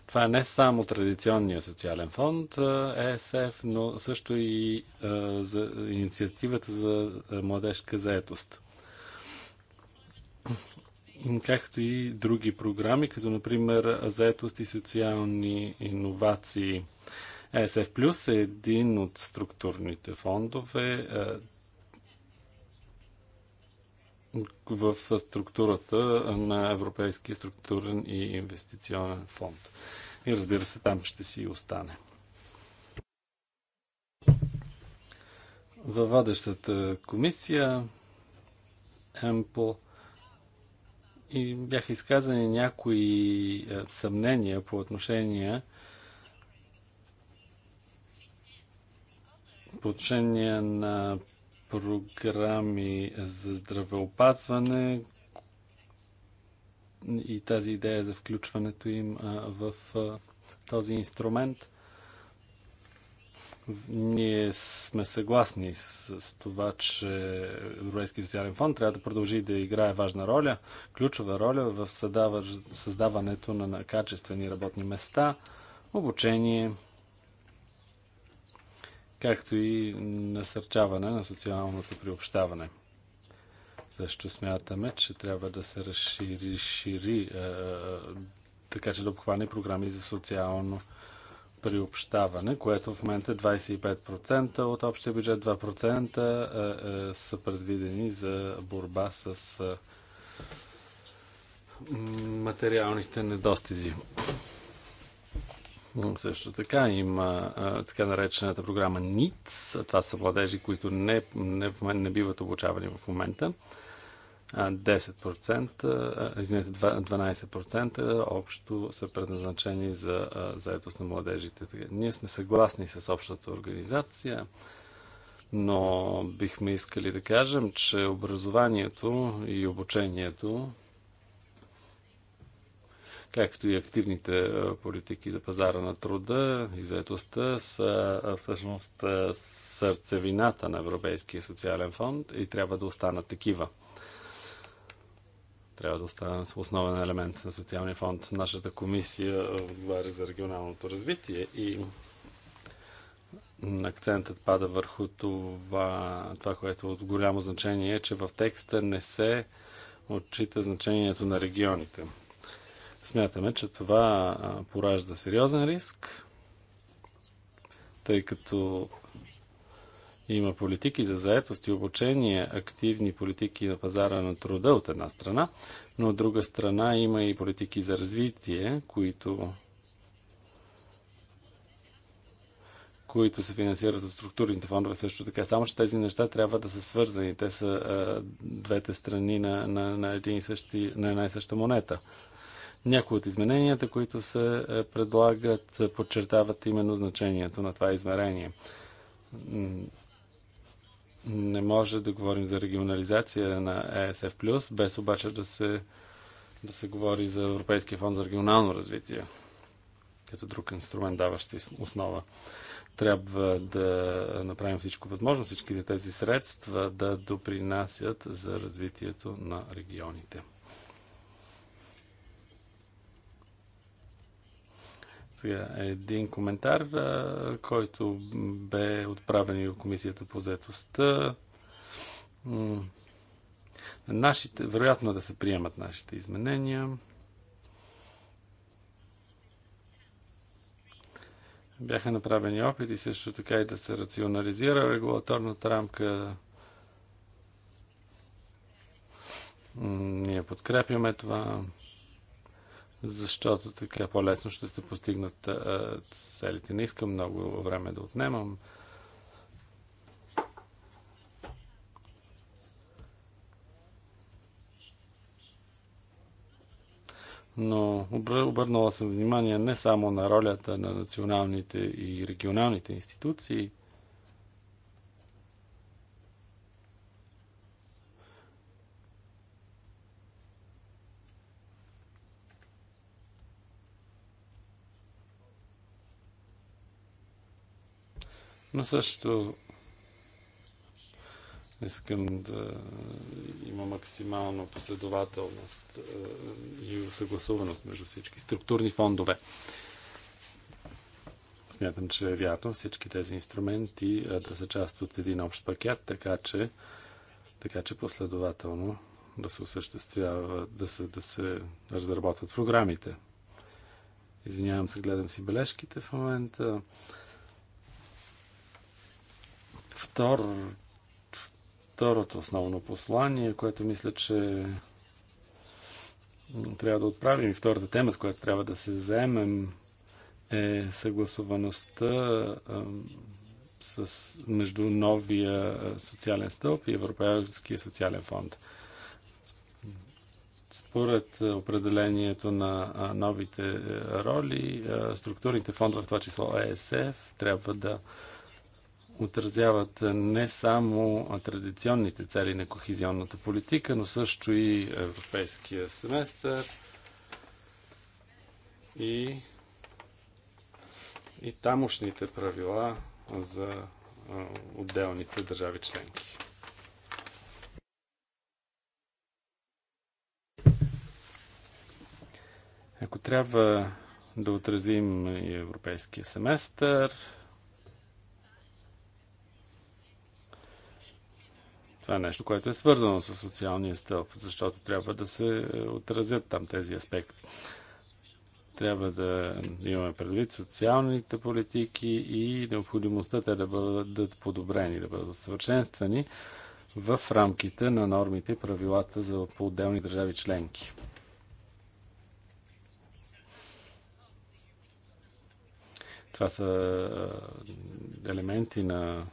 това е не само традиционния социален фонд ЕСФ, но също и за инициативата за младежка заетост както и други програми, като например заетост и социални иновации. ESF е Plus е един от структурните фондове е, в структурата на Европейския структурен и инвестиционен фонд. И разбира се, там ще си остане. Във водещата комисия Ample и бяха изказани някои е, съмнения по отношение по отношение на програми за здравеопазване и тази идея за включването им в този инструмент. Ние сме съгласни с, с това, че Европейския социален фонд трябва да продължи да играе важна роля, ключова роля в създава, създаването на, на качествени работни места, обучение, както и насърчаване на социалното приобщаване. Също смятаме, че трябва да се разшири, шири, е, е, е така че да обхване програми за социално приобщаване, което в момента е 25% от общия бюджет, 2% е, е, са предвидени за борба с е, материалните недостизи. Също така има а, така наречената програма НИЦ. Това са младежи, които не, не, не биват обучавани в момента. 10%, извинете, 12% общо са предназначени за заедост на младежите. Ние сме съгласни с общата организация, но бихме искали да кажем, че образованието и обучението както и активните политики за пазара на труда и заедостта са всъщност сърцевината на Европейския социален фонд и трябва да останат такива трябва да остане основен елемент на социалния фонд. Нашата комисия отговаря за регионалното развитие и акцентът пада върху това, това, което от голямо значение е, че в текста не се отчита значението на регионите. Смятаме, че това поражда сериозен риск, тъй като има политики за заетост и обучение, активни политики на пазара на труда от една страна, но от друга страна има и политики за развитие, които които се финансират от структурните фондове също така. Само, че тези неща трябва да са свързани. Те са а, двете страни на, на, на, един и същи, на една и съща монета. Някои от измененията, които се предлагат, подчертават именно значението на това измерение. Не може да говорим за регионализация на ЕСФ, без обаче да се, да се говори за Европейския фонд за регионално развитие, като друг инструмент, даващ основа. Трябва да направим всичко възможно, всичките тези средства да допринасят за развитието на регионите. Сега един коментар, който бе отправен и от Комисията по заедостта. Нашите, вероятно да се приемат нашите изменения. Бяха направени опити също така и да се рационализира регулаторната рамка. Ние подкрепяме това защото така по-лесно ще се постигнат целите. Не искам много време да отнемам. но обърнала съм внимание не само на ролята на националните и регионалните институции – Но също искам да има максимална последователност е, и съгласуваност между всички структурни фондове. Смятам, че е вярно всички тези инструменти е, да са част от един общ пакет, така че, така че последователно да се осъществява, да се, да се разработват програмите. Извинявам се, гледам си бележките в момента. Втор, второто основно послание, което мисля, че трябва да отправим и втората тема, с която трябва да се заемем е съгласуваността с, между новия социален стълб и Европейския социален фонд. Според определението на новите роли, структурните фондове, в това число ЕСФ, трябва да отразяват не само традиционните цели на кохизионната политика, но също и европейския семестър и, и тамошните правила за отделните държави членки. Ако трябва да отразим и европейския семестър, Това е нещо, което е свързано с социалния стълб, защото трябва да се е, отразят там тези аспекти. Трябва да имаме предвид социалните политики и необходимостта те да бъдат подобрени, да бъдат усъвършенствани в рамките на нормите и правилата за по отделни държави членки. Това са е, елементи на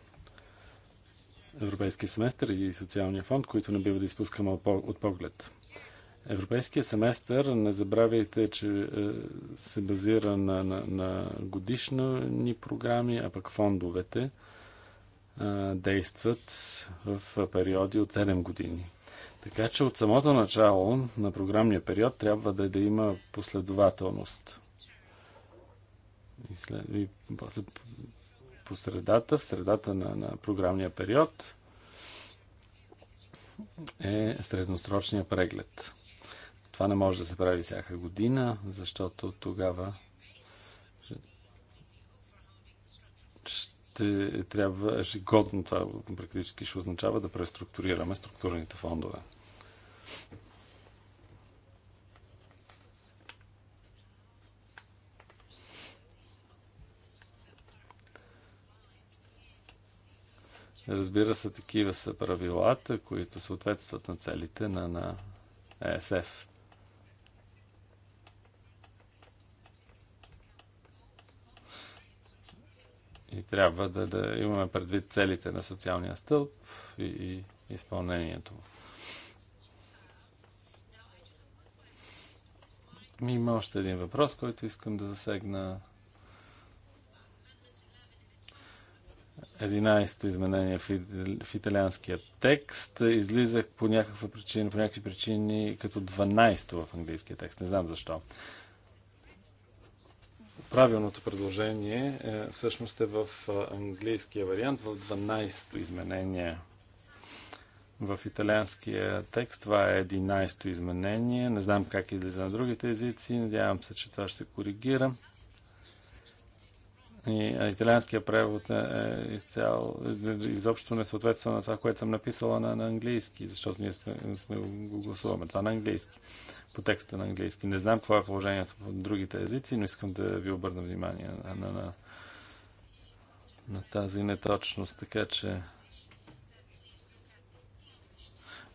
Европейския семестър и социалния фонд, които не бива да изпускаме от поглед. Европейския семестър, не забравяйте, че е, се базира на, на, на годишни програми, а пък фондовете а, е, действат в периоди от 7 години. Така че от самото начало на програмния период трябва да, да има последователност. И, след, и после по средата, в средата на, на програмния период е средносрочния преглед. Това не може да се прави всяка година, защото тогава ще трябва ежегодно, това практически ще означава да преструктурираме структурните фондове. Разбира се, такива са правилата, които съответстват на целите на, на ЕСФ. И трябва да, да имаме предвид целите на социалния стълб и, и изпълнението му. Има още един въпрос, който искам да засегна. 11-то изменение в, в италианския текст Излизах по някаква причина, по някакви причини като 12-то в английския текст. Не знам защо. Правилното предложение е, всъщност е в е, английския вариант, в 12-то изменение. В италианския текст това е 11-то изменение. Не знам как излиза на другите езици. Надявам се, че това ще се коригира. И италианския превод е, е изцяло, е, изобщо не съответства на това, което съм написала на, на английски, защото ние сме, сме го гласуваме това на английски, по текста на английски. Не знам какво е положението в другите езици, но искам да ви обърна внимание на, на, на, на тази неточност, така че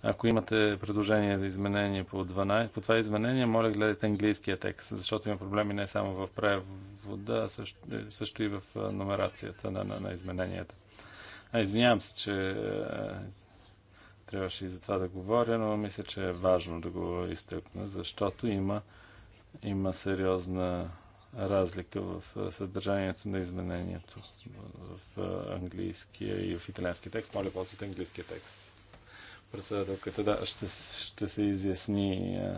ако имате предложение за изменение по, 12, по това изменение, моля гледайте английския текст, защото има проблеми не само в превода, а също, е, също и в е, номерацията на, на, на измененията. А, извинявам се, че е, трябваше и за това да говоря, но мисля, че е важно да го изтъкна, защото има, има сериозна разлика в е, съдържанието на изменението в английския и в италянски текст. Моля, ползвайте английския текст. Председателката, да, ще, ще се изясни е,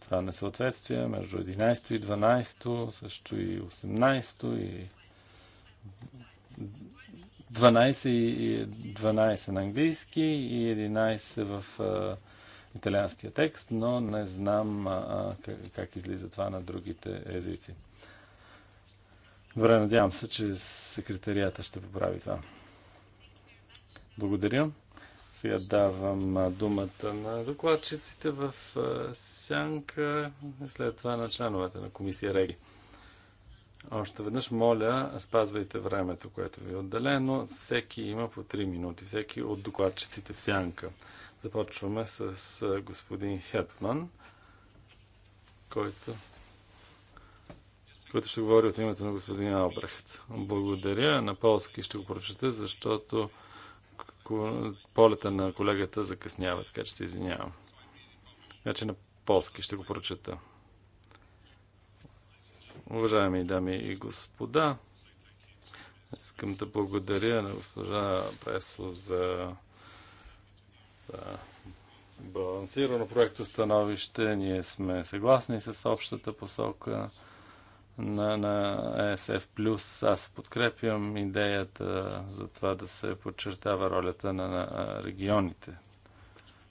това несъответствие между 11 и 12, също и 18 то и 12 и 12 на английски и 11 в а, е, италианския текст, но не знам а, как, как излиза това на другите езици. Добре, надявам се, че секретарията ще поправи това. Благодаря. Сега давам думата на докладчиците в сянка, след това на членовете на комисия Реги. Още веднъж моля, спазвайте времето, което ви е отделено. Всеки има по 3 минути, всеки от докладчиците в сянка. Започваме с господин Хетман, който, който ще говори от името на господин Албрехт. Благодаря. На полски ще го прочета, защото полета на колегата закъснява, така че се извинявам. Значи на полски ще го прочета. Уважаеми дами и господа, искам да благодаря на госпожа Пресо за балансирано проекто становище. Ние сме съгласни с общата посока на, на ESF+. Аз подкрепям идеята за това да се подчертава ролята на, на регионите,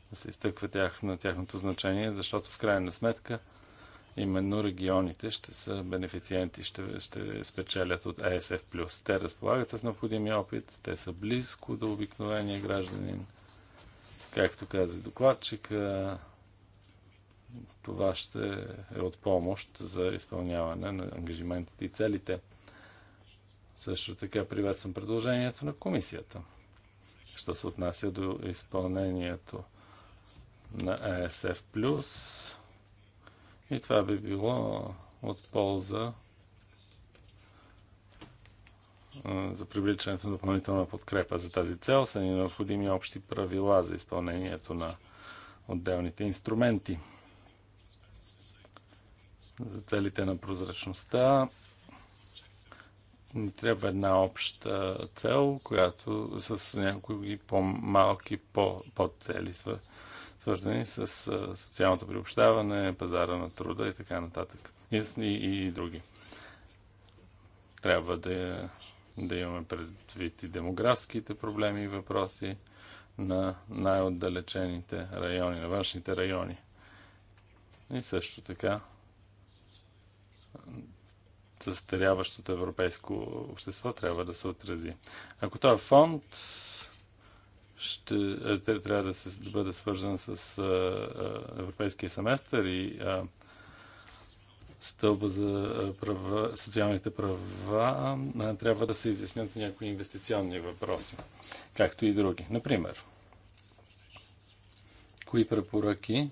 да се изтъква тях, на тяхното значение, защото в крайна сметка именно регионите ще са бенефициенти, ще, ще спечелят от ESF+. Те разполагат с необходимия опит, те са близко до обикновения гражданин, както каза докладчика, това ще е от помощ за изпълняване на ангажиментите и целите. Също така приветствам предложението на комисията, що се отнася до изпълнението на ESF+. И това би било от полза за привличането на допълнителна подкрепа за тази цел са ни необходими общи правила за изпълнението на отделните инструменти. За целите на прозрачността ни трябва една обща цел, която с някои по-малки по подцели, свързани с социалното приобщаване, пазара на труда и така нататък. и, и други. Трябва да, да имаме предвид и демографските проблеми и въпроси на най-отдалечените райони, на външните райони. И също така застаряващото европейско общество трябва да се отрази. Ако този е фонд ще, е, трябва да, се, да бъде свързан с а, е, е, европейския семестър и а, стълба за права, социалните права, а, трябва да се изяснят някои инвестиционни въпроси, както и други. Например, кои препоръки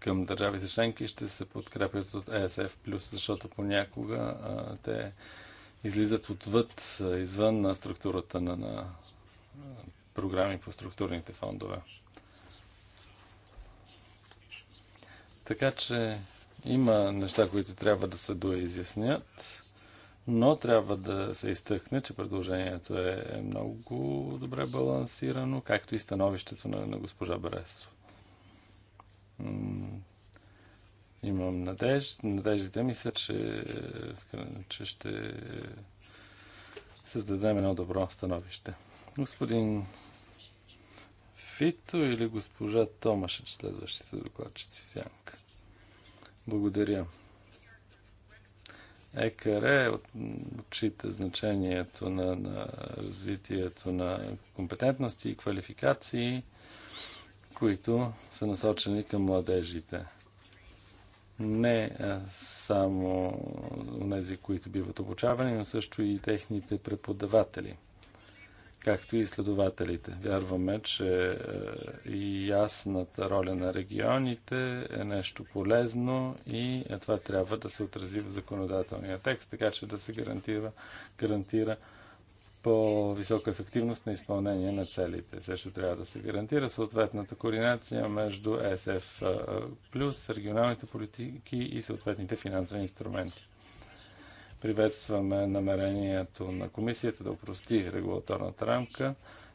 към държавите членки ще се подкрепят от ESF+, защото понякога те излизат отвъд, извън на структурата на, на програми по структурните фондове. Така че има неща, които трябва да се доизяснят, но трябва да се изтъкне, че предложението е, е много добре балансирано, както и становището на, на госпожа Бересо имам надежд. Надеждите ми са, че, че ще създадем едно добро становище. Господин Фито или госпожа е следващите докладчици в Сянка. Благодаря. ЕКР е отчита значението на, на развитието на компетентности и квалификации които са насочени към младежите. Не само тези, които биват обучавани, но също и техните преподаватели, както и изследователите. Вярваме, че и ясната роля на регионите е нещо полезно и това трябва да се отрази в законодателния текст, така че да се гарантира, гарантира по-висока ефективност на изпълнение на целите. Също трябва да се гарантира съответната координация между ЕСФ плюс регионалните политики и съответните финансови инструменти. Приветстваме намерението на комисията да опрости регулаторната рамка.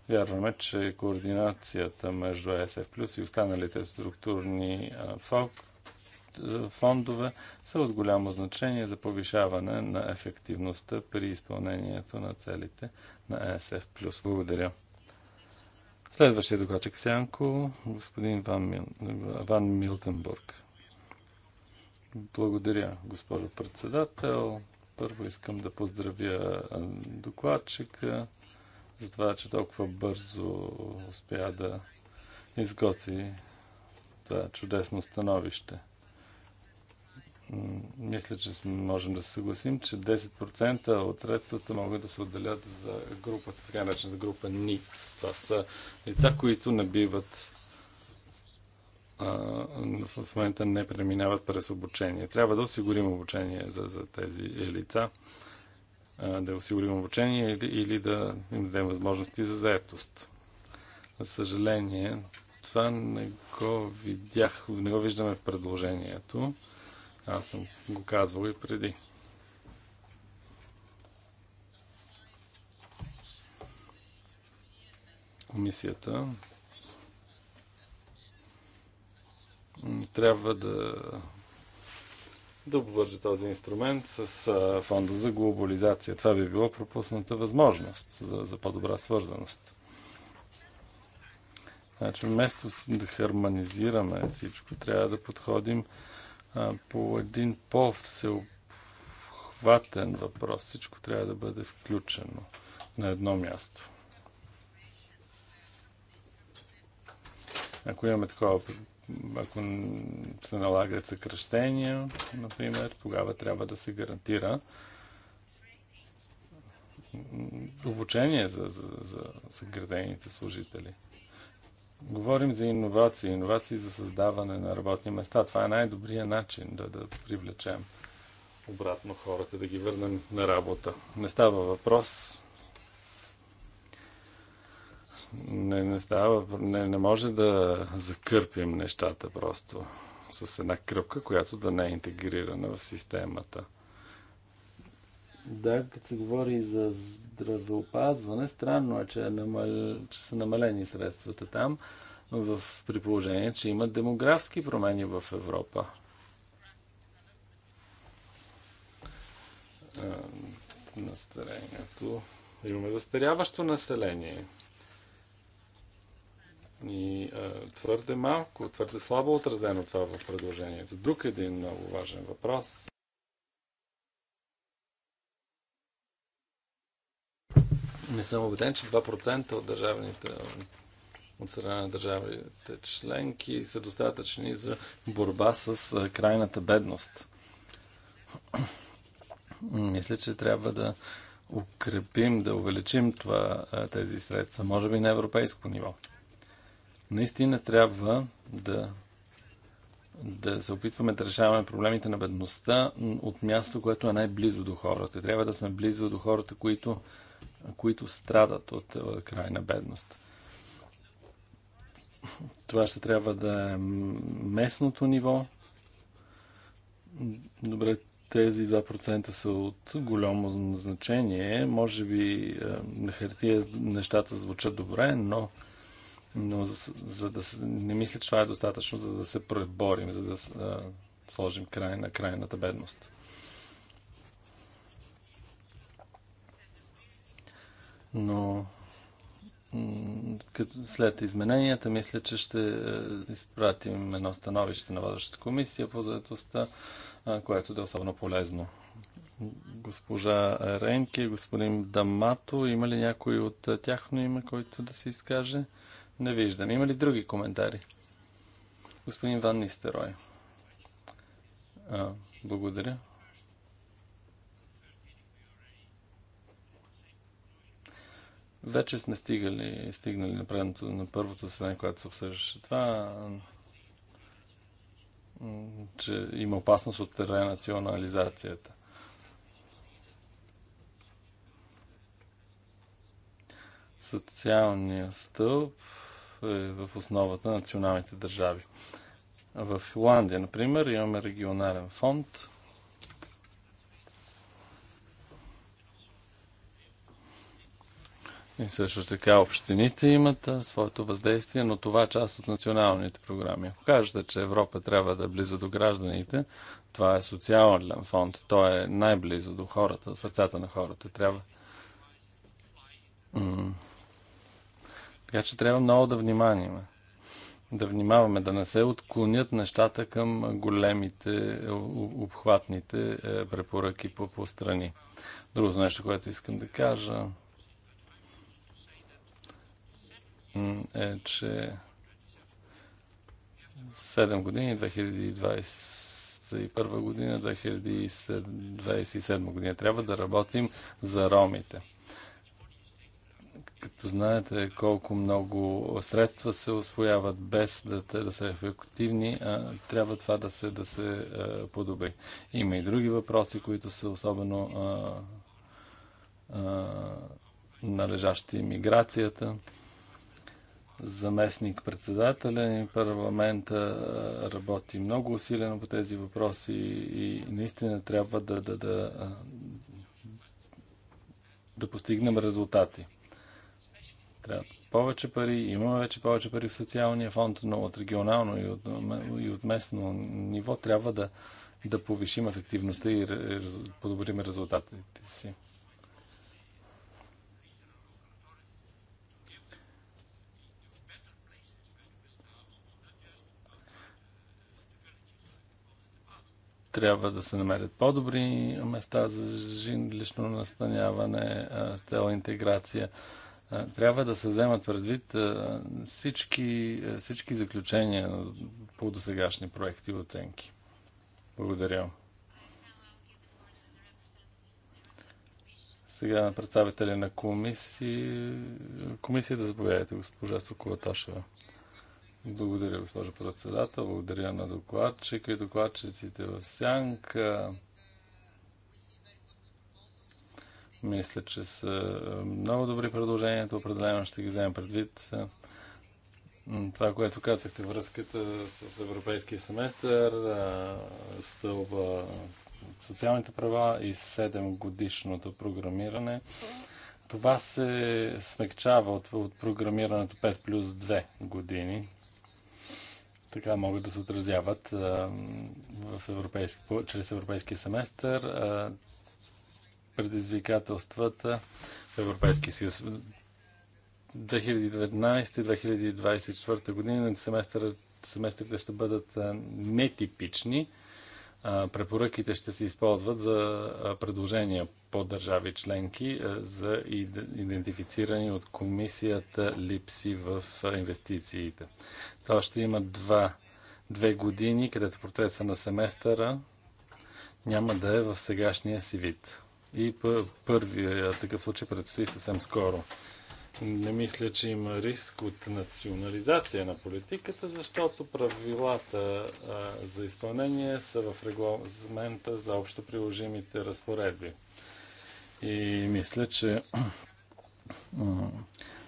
Вярваме, че координацията между ЕСФ плюс и останалите структурни фок фондове са от голямо значение за повишаване на ефективността при изпълнението на целите на ESF+. Благодаря. Следващия докладчик Сянко, господин Ван, Мил... Ван Милтенбург. Благодаря, госпожо председател. Първо искам да поздравя докладчика за това, че толкова бързо успя да изготви това чудесно становище мисля, че можем да се съгласим, че 10% от средствата могат да се отделят за групата, така наречената група ниц. Това са лица, които набиват в момента не преминават през обучение. Трябва да осигурим обучение за, за тези лица, да осигурим обучение или, или да им дадем възможности за заетост. За съжаление, това не го видях, не го виждаме в предложението. Аз съм го казвал и преди. Комисията трябва да да обвържа този инструмент с фонда за глобализация. Това би било пропусната възможност за, за по-добра свързаност. Значи, вместо да хармонизираме всичко, трябва да подходим по един по-всеобхватен въпрос. Всичко трябва да бъде включено на едно място. Ако имаме такова, ако се налагат съкръщения, например, тогава трябва да се гарантира обучение за, за, за съградените служители – Говорим за иновации, иновации за създаване на работни места. Това е най-добрият начин да, да привлечем обратно хората, да ги върнем на работа. Не става въпрос. Не, не, става, не, не може да закърпим нещата просто с една кръпка, която да не е интегрирана в системата. Да, като се говори за здравеопазване, странно е, че, е намал... че са намалени средствата там, в... при положение, че има демографски промени в Европа. Настарението. Имаме застаряващо население. И е, твърде малко, твърде слабо отразено това в предложението. Друг един много важен въпрос. Не съм убеден, че 2% от държавните от страна на държавите членки са достатъчни за борба с крайната бедност. [clears throat] Мисля, че трябва да укрепим, да увеличим това, тези средства, може би на европейско ниво. Наистина трябва да, да се опитваме да решаваме проблемите на бедността от място, което е най-близо до хората. Трябва да сме близо до хората, които които страдат от е, крайна бедност. Това ще трябва да е местното ниво. Добре, тези 2% са от голямо значение. Може би е, на хартия нещата звучат добре, но, но за, за да не мисля, че това е достатъчно, за да се преборим, за да е, сложим край на крайната бедност. но след измененията, мисля, че ще е, изпратим едно становище на водещата комисия по заедостта, което да е особено полезно. Госпожа Ренки, господин Дамато, има ли някой от е, тяхно име, който да се изкаже? Не виждам. Има ли други коментари? Господин Ван Нистерой. А, благодаря. Вече сме стигали, стигнали на, предното, на първото заседание, когато се обсъждаше това, че има опасност от ренационализацията. Социалният стълб е в основата на националните държави. В Холандия, например, имаме регионален фонд – И също така общините имат своето въздействие, но това е част от националните програми. Ако кажете, че Европа трябва да е близо до гражданите, това е социален фонд. Той е най-близо до хората, сърцата на хората. Трябва. М така че трябва много да внимаваме. Да внимаваме, да не се отклонят нещата към големите, е, обхватните е, препоръки по, по страни. Другото нещо, което искам да кажа. е, че 7 години, 2021 година, 2027 година. Трябва да работим за ромите. Като знаете колко много средства се освояват без да да са ефективни, трябва това да се, да се подобри. Има и други въпроси, които са особено належащи миграцията заместник председателя и парламента работи много усилено по тези въпроси и наистина трябва да, да, да, да постигнем резултати. Трябва повече пари, имаме вече повече пари в социалния фонд, но от регионално и от, и от местно ниво трябва да, да повишим ефективността и подобрим резултатите си. Трябва да се намерят по-добри места за жилищно настаняване с цел интеграция. Трябва да се вземат предвид всички, всички заключения по досегашни проекти и оценки. Благодаря. Сега на представители на комисии... комисията, заповядайте, госпожа Сокола Ташева. Благодаря, госпожо председател. Благодаря на докладчика и докладчиците в Сянка. Мисля, че са много добри предложенията. Определено ще ги вземем предвид. Това, което казахте, връзката с европейския семестър, стълба социалните права и 7 годишното програмиране. Това се смекчава от, от програмирането 5 плюс 2 години така могат да се отразяват в европейски, чрез европейския семестър предизвикателствата в Европейския съюз. 2019-2024 година семестрите ще бъдат нетипични. Препоръките ще се използват за предложения по държави членки за идентифицирани от комисията липси в инвестициите. То ще има два, две години, където процеса на семестъра няма да е в сегашния си вид. И първият такъв случай предстои съвсем скоро. Не мисля, че има риск от национализация на политиката, защото правилата за изпълнение са в регламента за общо приложимите разпоредби. И мисля, че [clears throat]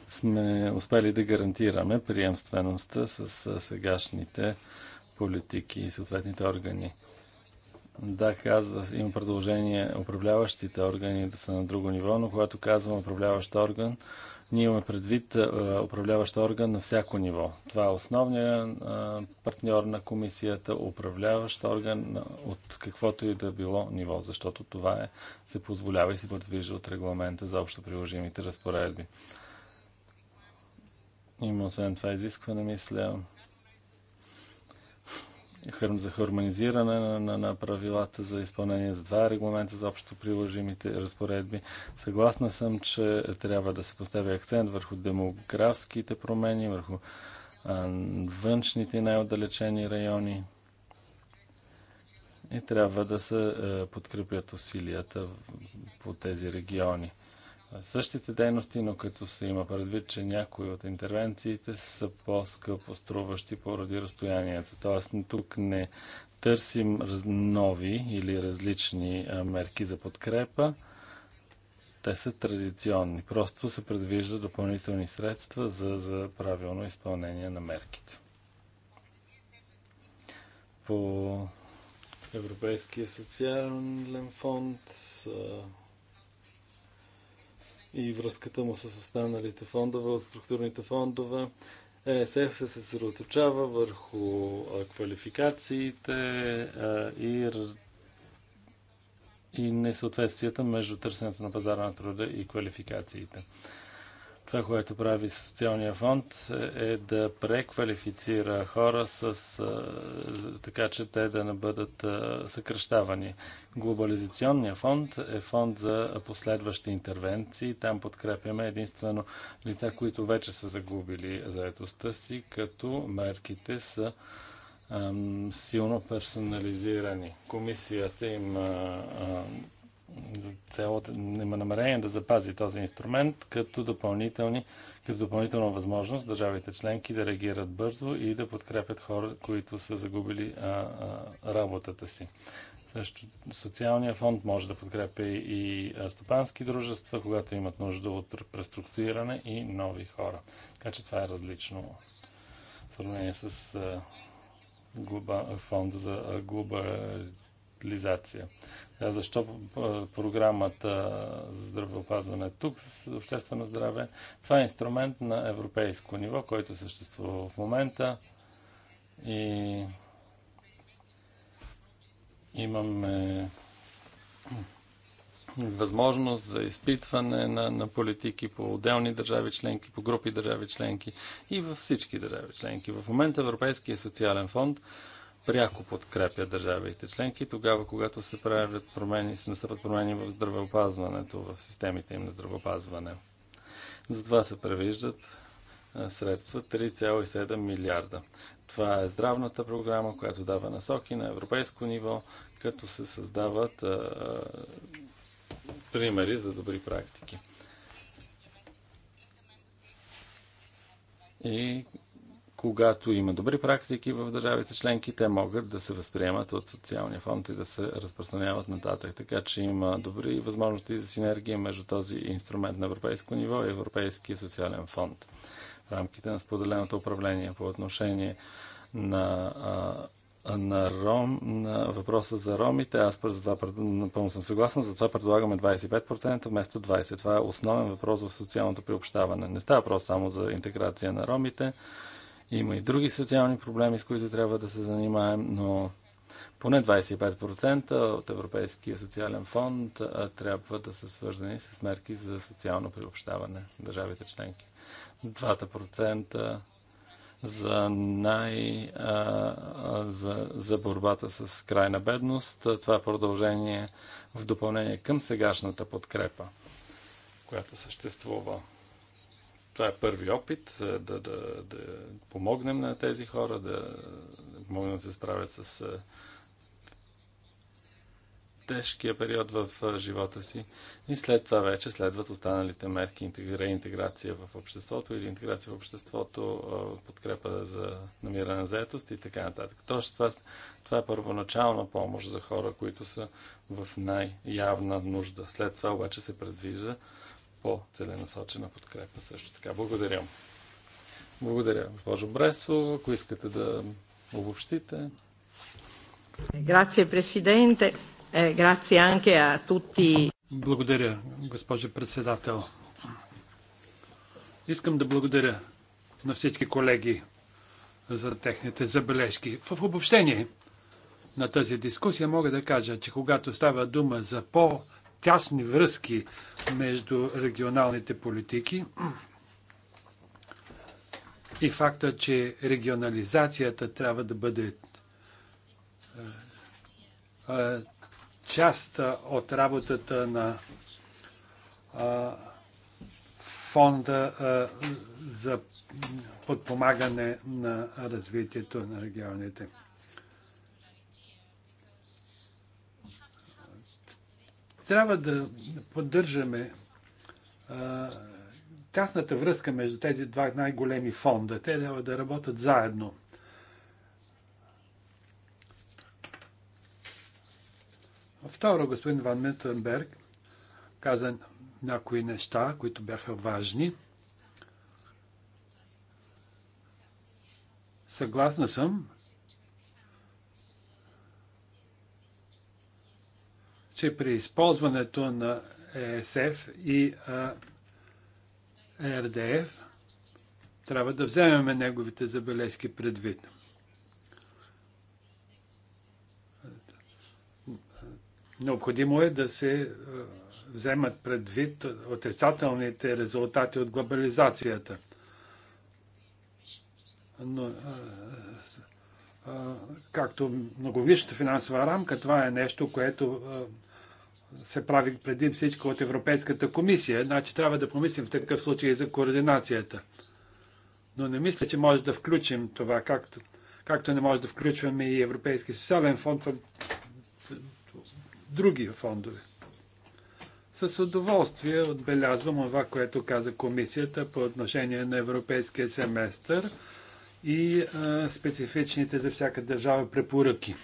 сме успели да гарантираме приемствеността с сегашните политики и съответните органи. Да, казва, има предложение управляващите органи да са на друго ниво, но когато казвам управляващ орган, ние имаме предвид управляващ орган на всяко ниво. Това е основният партньор на комисията, управляващ орган от каквото и да било ниво, защото това е, се позволява и се предвижда от регламента за общо приложимите разпоредби. Има освен това изискване, мисля, за хармонизиране на, на, на правилата за изпълнение с два регламента за общо приложимите разпоредби. Съгласна съм, че трябва да се постави акцент върху демографските промени, върху а, външните най-отдалечени райони. И трябва да се а, е, подкрепят усилията по тези региони същите дейности, но като се има предвид, че някои от интервенциите са по-скъпо струващи поради разстоянията. Тоест, тук не търсим нови или различни мерки за подкрепа. Те са традиционни. Просто се предвижда допълнителни средства за, за правилно изпълнение на мерките. По Европейския социален фонд и връзката му с останалите фондове от структурните фондове. ЕСФ се съсредоточава върху квалификациите и, и несъответствията между търсенето на пазара на труда и квалификациите. Това, което прави социалния фонд е, е да преквалифицира хора с, така че те да не бъдат съкръщавани. Глобализационния фонд е фонд за последващи интервенции. Там подкрепяме единствено лица, които вече са загубили заедостта си, като мерките са силно персонализирани. Комисията има а, за цялата, има намерение да запази този инструмент като, допълнителни, като допълнителна възможност държавите членки да реагират бързо и да подкрепят хора, които са загубили а, а, работата си. Също социалния фонд може да подкрепя и стопански дружества, когато имат нужда от преструктуриране и нови хора. Така че това е различно в сравнение с а, глоба, фонд за глобализация хоспитализация. защо програмата за здравеопазване е тук, за обществено здраве, това е инструмент на европейско ниво, който съществува в момента и имаме възможност за изпитване на, на политики по отделни държави членки, по групи държави членки и във всички държави членки. В момента Европейския социален фонд пряко подкрепя държавите членки, тогава когато се правят промени, се настъпват промени в здравеопазването, в системите им на здравеопазване. Затова се превиждат средства 3,7 милиарда. Това е здравната програма, която дава насоки на европейско ниво, като се създават а, примери за добри практики. И когато има добри практики в държавите членки, те могат да се възприемат от социалния фонд и да се разпространяват нататък. Така че има добри възможности за синергия между този инструмент на европейско ниво и Европейския социален фонд в рамките на споделеното управление по отношение на на Ром, на въпроса за ромите, аз през това напълно съм съгласен, затова предлагаме 25% вместо 20%. Това е основен въпрос в социалното приобщаване. Не става въпрос само за интеграция на ромите, има и други социални проблеми, с които трябва да се занимаем, но поне 25% от Европейския социален фонд трябва да са свързани с мерки за социално приобщаване в държавите членки. 2% за, най, а, за, за борбата с крайна бедност. Това е продължение в допълнение към сегашната подкрепа, която съществува това е първи опит е, да, да, да помогнем на тези хора, да, да помогнем да се справят с е, тежкия период в е, живота си. И след това вече следват останалите мерки реинтеграция в обществото или интеграция в обществото, подкрепа за намиране на заетост и така нататък. Точно това, това е първоначална помощ за хора, които са в най-явна нужда. След това обаче се предвижда по-целенасочена подкрепа също така. Благодаря. Благодаря, госпожо Бресо. Ако искате да обобщите. Грация, президенте. Е, грация анке а тути. Благодаря, госпожо председател. Искам да благодаря на всички колеги за техните забележки. В обобщение на тази дискусия мога да кажа, че когато става дума за по- тясни връзки между регионалните политики и факта, че регионализацията трябва да бъде е, е, част от работата на е, фонда за подпомагане на развитието на регионите. Трябва да поддържаме а, тясната връзка между тези два най-големи фонда. Те трябва да работят заедно. Второ, господин Ван Митенберг каза някои неща, които бяха важни. Съгласна съм, че при използването на ЕСФ и РДФ трябва да вземем неговите забележки предвид. Необходимо е да се вземат предвид отрицателните резултати от глобализацията. Но, а, а, както многогодишната финансова рамка, това е нещо, което се прави преди всичко от Европейската комисия, значи трябва да помислим в такъв случай за координацията. Но не мисля, че може да включим това, както, както не може да включваме и Европейски социален фонд в други фондове. С удоволствие отбелязвам това, което каза комисията по отношение на европейския семестър и а, специфичните за всяка държава препоръки.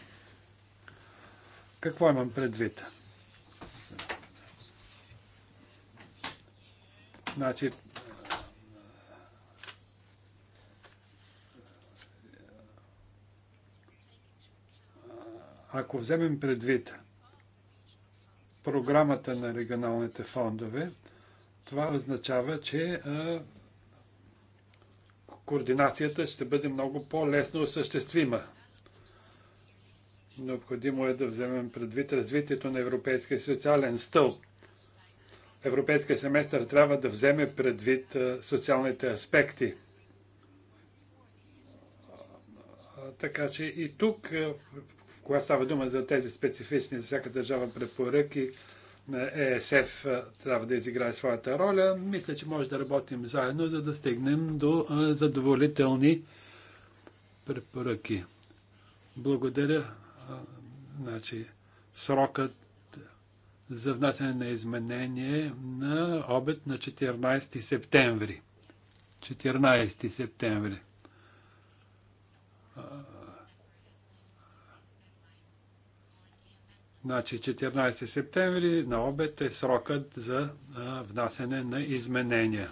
Какво имам предвид? Значи, ако вземем предвид програмата на регионалните фондове, това означава, че координацията ще бъде много по-лесно осъществима. Необходимо е да вземем предвид развитието на Европейския социален стълб – Европейския семестър трябва да вземе предвид социалните аспекти. Така че и тук, когато става дума за тези специфични за всяка държава препоръки, ЕСФ трябва да изиграе своята роля. Мисля, че може да работим заедно, за да стигнем до задоволителни препоръки. Благодаря. Значи, срокът за внасяне на изменение на обед на 14 септември. 14 септември. Значи 14 септември на обед е срокът за внасяне на изменения.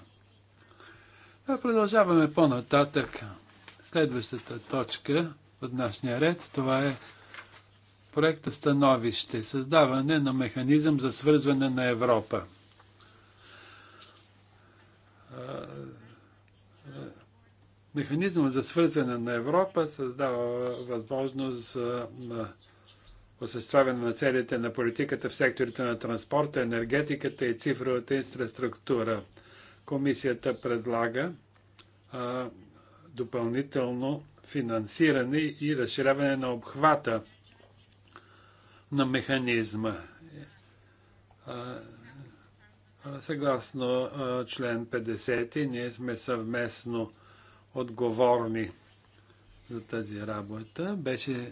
А продължаваме по-нататък. Следващата точка от нашния ред, това е проекта становище Създаване на механизъм за свързване на Европа. Механизъм за свързване на Европа създава възможност за осъществяване на целите на политиката в секторите на транспорта, енергетиката и цифровата инфраструктура. Комисията предлага допълнително финансиране и разширяване на обхвата на механизма. Съгласно член 50, ние сме съвместно отговорни за тази работа. Беше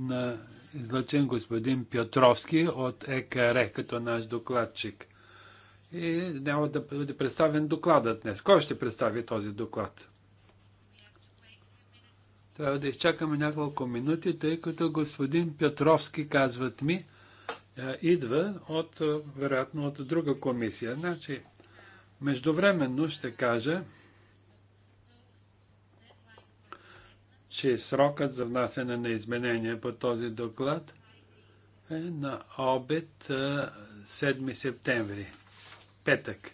на излъчен господин Петровски от ЕКР като наш докладчик. И няма да бъде представен докладът днес. Кой ще представи този доклад? Трябва да изчакаме няколко минути, тъй като господин Петровски, казват ми, е, идва от, е, вероятно, от друга комисия. Значи, междувременно ще кажа, че срокът за внасяне на изменения по този доклад е на обед 7 е, септември, петък.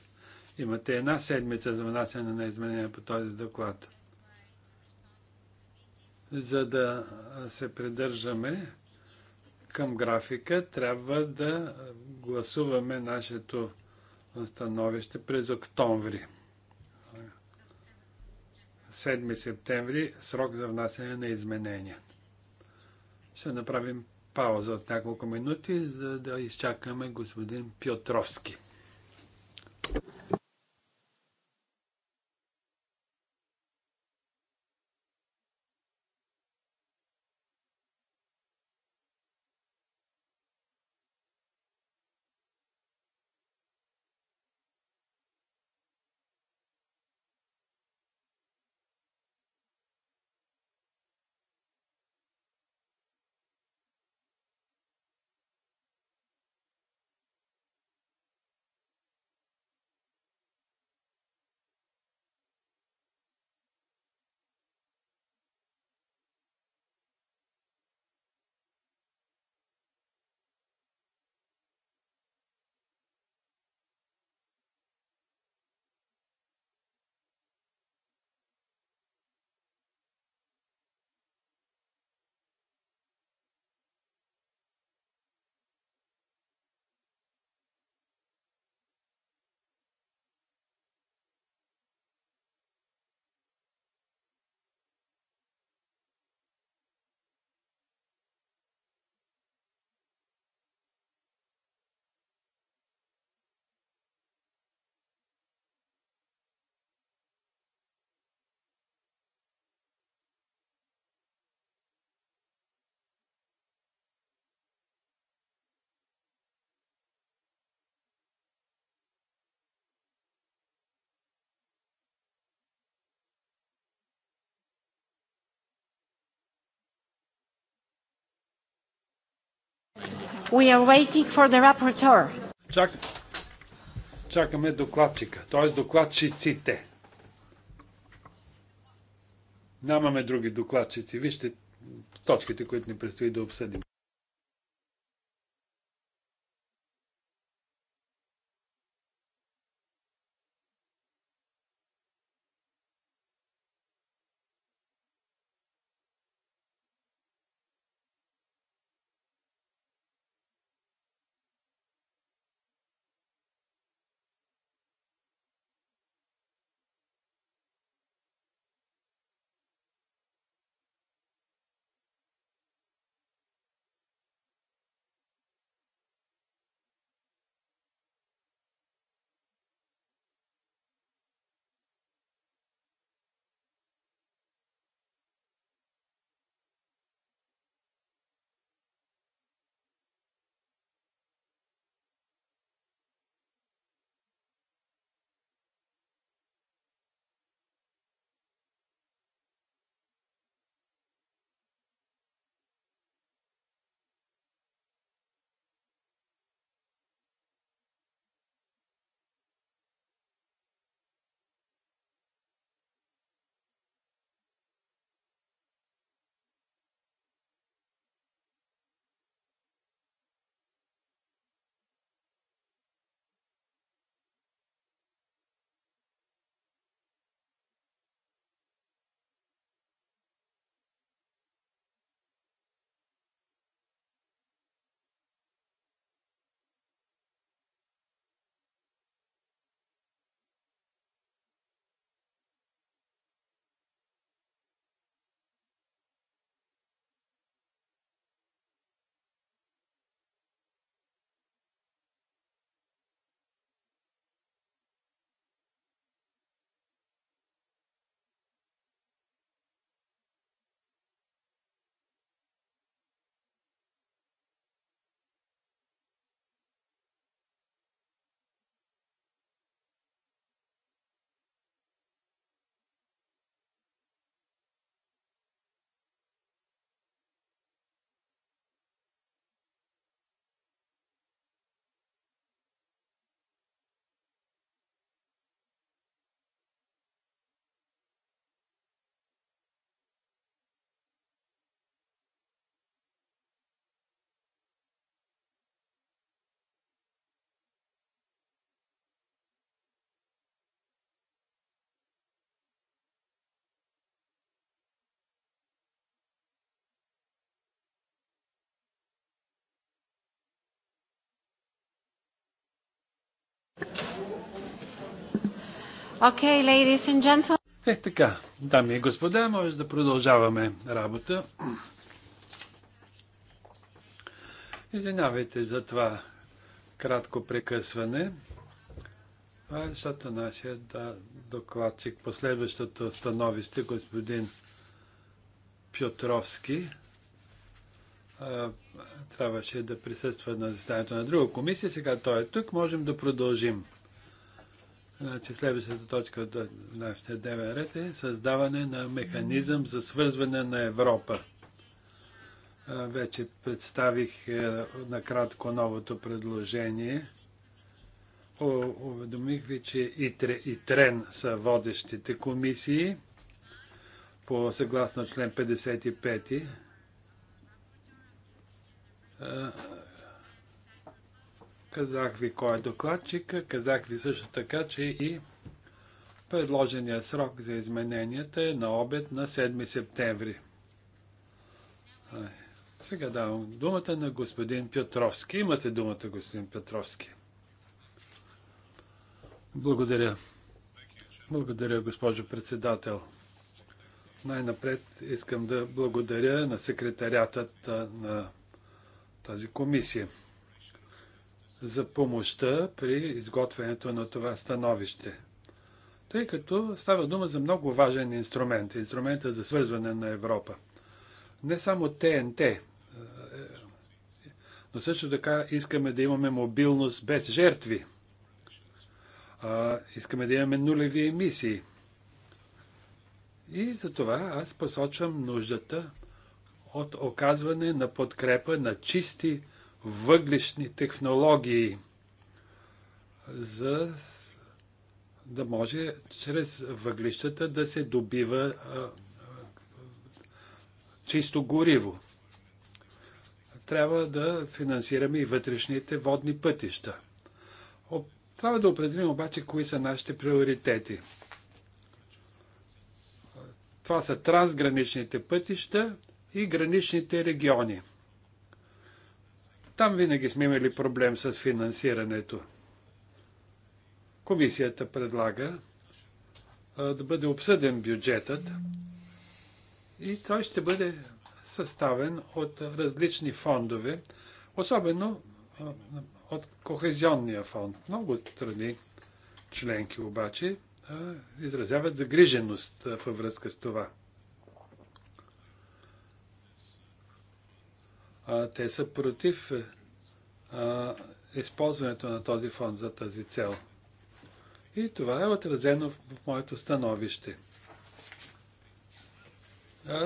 Имате една седмица за внасяне на изменения по този доклад за да се придържаме към графика, трябва да гласуваме нашето становище през октомври. 7 септември срок за внасяне на изменения. Ще направим пауза от няколко минути, за да изчакаме господин Пьотровски. We are waiting for the rapporteur. Чак... Чакаме докладчика, т.е. докладчиците. Нямаме други докладчици. Вижте точките, които ни предстои да обсъдим. Okay, ladies and gentlemen. Е, така, дами и господа, може да продължаваме работа. Извинявайте за това кратко прекъсване, е защото нашия да, докладчик, последващото становище, господин Пьотровски, трябваше да присъства на заседанието на друга комисия. Сега той е тук, можем да продължим. Значи следващата точка от нашия дневен ред е създаване на механизъм за свързване на Европа. Вече представих е, накратко новото предложение. Уведомих ви, че и ТРЕН са водещите комисии по съгласно член 55 Казах ви кой е докладчика, казах ви също така, че и предложения срок за измененията е на обед на 7 септември. Сега давам думата на господин Петровски. Имате думата, господин Петровски. Благодаря. Благодаря, госпожо председател. Най-напред искам да благодаря на секретарятът на тази комисия за помощта при изготвянето на това становище. Тъй като става дума за много важен инструмент, инструмента за свързване на Европа. Не само ТНТ, е, но също така искаме да имаме мобилност без жертви. А, искаме да имаме нулеви емисии. И за това аз посочвам нуждата от оказване на подкрепа на чисти въглишни технологии, за да може чрез въглищата да се добива чисто гориво. Трябва да финансираме и вътрешните водни пътища. Трябва да определим обаче кои са нашите приоритети. Това са трансграничните пътища и граничните региони. Там винаги сме имали проблем с финансирането. Комисията предлага да бъде обсъден бюджетът и той ще бъде съставен от различни фондове, особено от Кохезионния фонд. Много страни членки обаче изразяват загриженост във връзка с това. Те са против е, използването на този фонд за тази цел. И това е отразено в моето становище.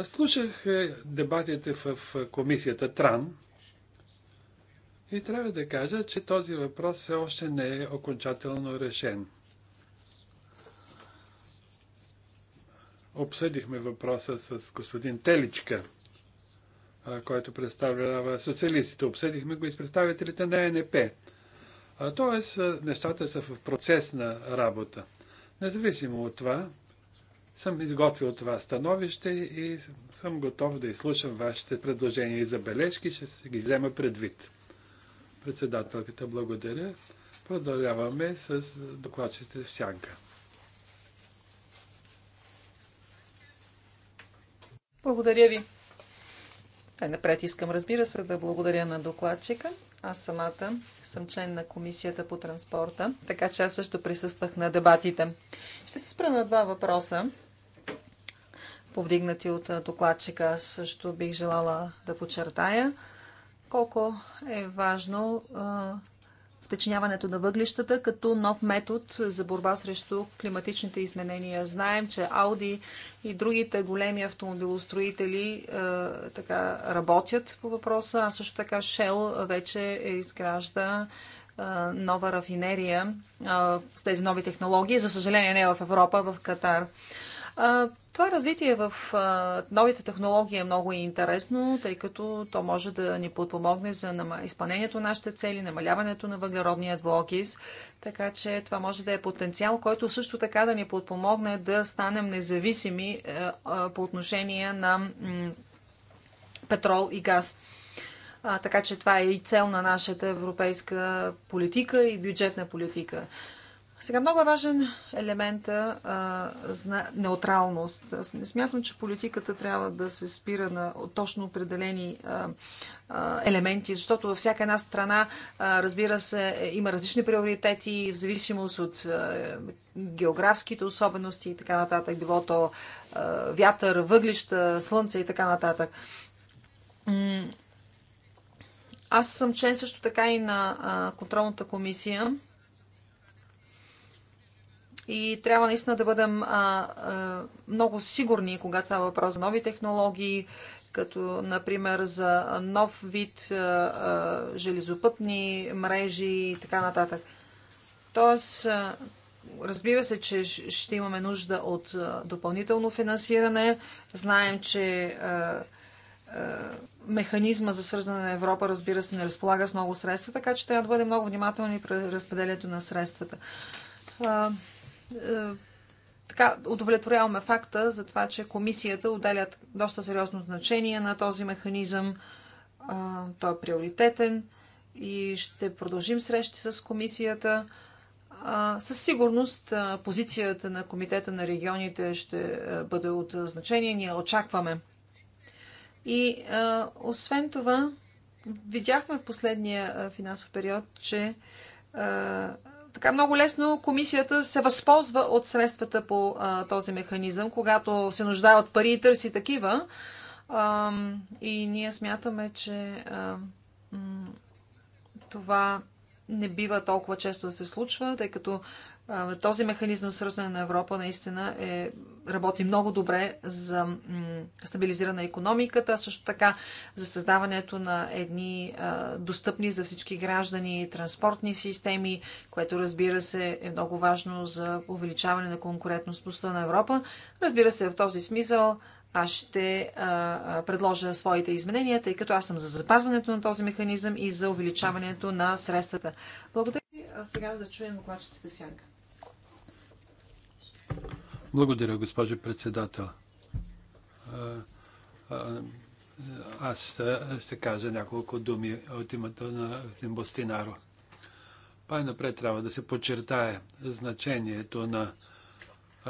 Слушах е, дебатите в комисията Тран и трябва да кажа, че този въпрос все още не е окончателно решен. Обсъдихме въпроса с господин Теличка – който представлява социалистите. Обсъдихме го и с представителите на ЕНП. Тоест, нещата са в процес на работа. Независимо от това, съм изготвил това становище и съм готов да изслушам вашите предложения и забележки. Ще се ги взема предвид. Председателката, благодаря. Продължаваме с докладчите в сянка. Благодаря ви. Най-напред искам, разбира се, да благодаря на докладчика. Аз самата съм член на Комисията по транспорта, така че аз също присъствах на дебатите. Ще се спра на два въпроса, повдигнати от докладчика. Аз също бих желала да подчертая колко е важно втечняването на въглищата като нов метод за борба срещу климатичните изменения. Знаем, че Ауди и другите големи автомобилостроители е, така работят по въпроса, а също така Shell вече е изгражда е, нова рафинерия е, с тези нови технологии. За съжаление не е в Европа, в Катар. Това развитие в новите технологии е много интересно, тъй като то може да ни подпомогне за изпълнението на нашите цели, намаляването на въглеродния двуокис, така че това може да е потенциал, който също така да ни подпомогне да станем независими е, по отношение на петрол и газ. така че това е и цел на нашата европейска политика и бюджетна политика. Сега много е важен елемента а, зна... неутралност. Аз не смятам, че политиката трябва да се спира на точно определени а, а, елементи, защото във всяка една страна, а, разбира се, има различни приоритети в зависимост от а, географските особености и така нататък, било то а, вятър, въглища, слънце и така нататък. Аз съм член също така и на а, контролната комисия и трябва наистина да бъдем а, а, много сигурни, когато става въпрос за нови технологии, като например за нов вид а, а, железопътни мрежи и така нататък. Тоест, а, разбира се, че ще имаме нужда от а, допълнително финансиране. Знаем, че а, механизма за свързване на Европа, разбира се, не разполага с много средства, така че трябва да бъдем много внимателни при разпределението на средствата. Е, така удовлетворяваме факта за това, че комисията отделя доста сериозно значение на този механизъм. Е, той е приоритетен и ще продължим срещи с комисията. Е, със сигурност позицията на Комитета на регионите ще бъде от значение. Ние очакваме. И освен това, видяхме в последния финансов период, че така много лесно комисията се възползва от средствата по а, този механизъм, когато се нуждае от пари и търси такива. А, и ние смятаме, че а, това не бива толкова често да се случва, тъй като този механизъм свързване на Европа наистина е, работи много добре за стабилизиране на економиката, също така за създаването на едни достъпни за всички граждани транспортни системи, което разбира се е много важно за увеличаване на конкурентността на Европа. Разбира се, в този смисъл аз ще предложа своите изменения, тъй като аз съм за запазването на този механизъм и за увеличаването на средствата. Благодаря ви. А сега да чуем докладчицата в сянка. Благодаря, госпожо председател. Аз ще кажа няколко думи от името на Бостинаро. Пай-напред трябва да се подчертае значението на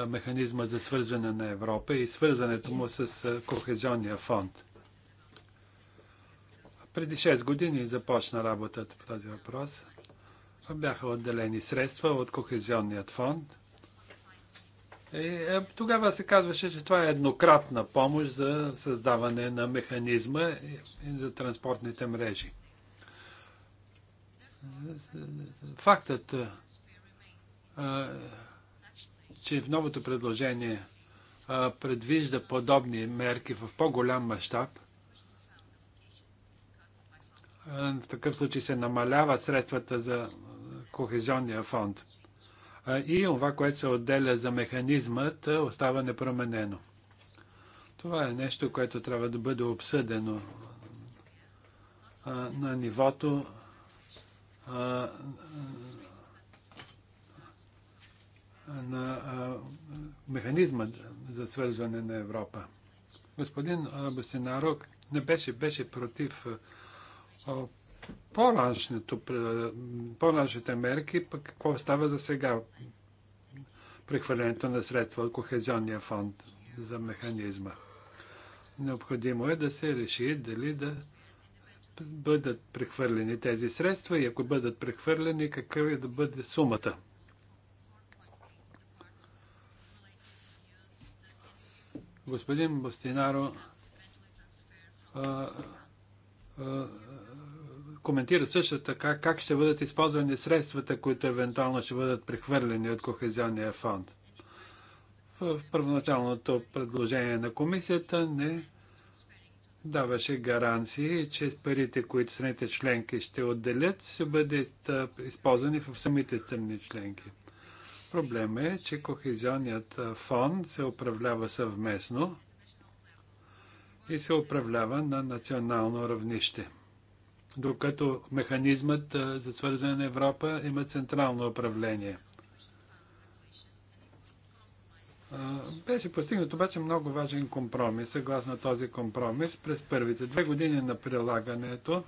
механизма за свързване на Европа и свързването му с Кохезионния фонд. Преди 6 години започна работата по този въпрос. Бяха отделени средства от Кохезионният фонд е, е, тогава се казваше, че това е еднократна помощ за създаване на механизма и за транспортните мрежи. Фактът, е, че в новото предложение е, предвижда подобни мерки в по-голям мащаб, в такъв случай се намаляват средствата за кохезионния фонд – и това, което се отделя за механизмът, остава непроменено. Това е нещо, което трябва да бъде обсъдено на нивото на механизма за свързване на Европа. Господин Босинаро не беше, беше против по-нашите мерки, пък какво става за сега? Прехвърлянето на средства от Кохезионния фонд за механизма. Необходимо е да се реши дали да бъдат прехвърлени тези средства и ако бъдат прехвърлени, какъв е да бъде сумата. Господин Бостинаро а, а, коментира също така как ще бъдат използвани средствата, които евентуално ще бъдат прехвърлени от Кохезионния фонд. В първоначалното предложение на комисията не даваше гаранции, че парите, които страните членки ще отделят, ще бъдат използвани в самите страни членки. Проблем е, че Кохезионният фонд се управлява съвместно и се управлява на национално равнище докато механизмът за свързване на Европа има централно управление. Беше постигнат обаче много важен компромис. Съгласно този компромис, през първите две години на прилагането,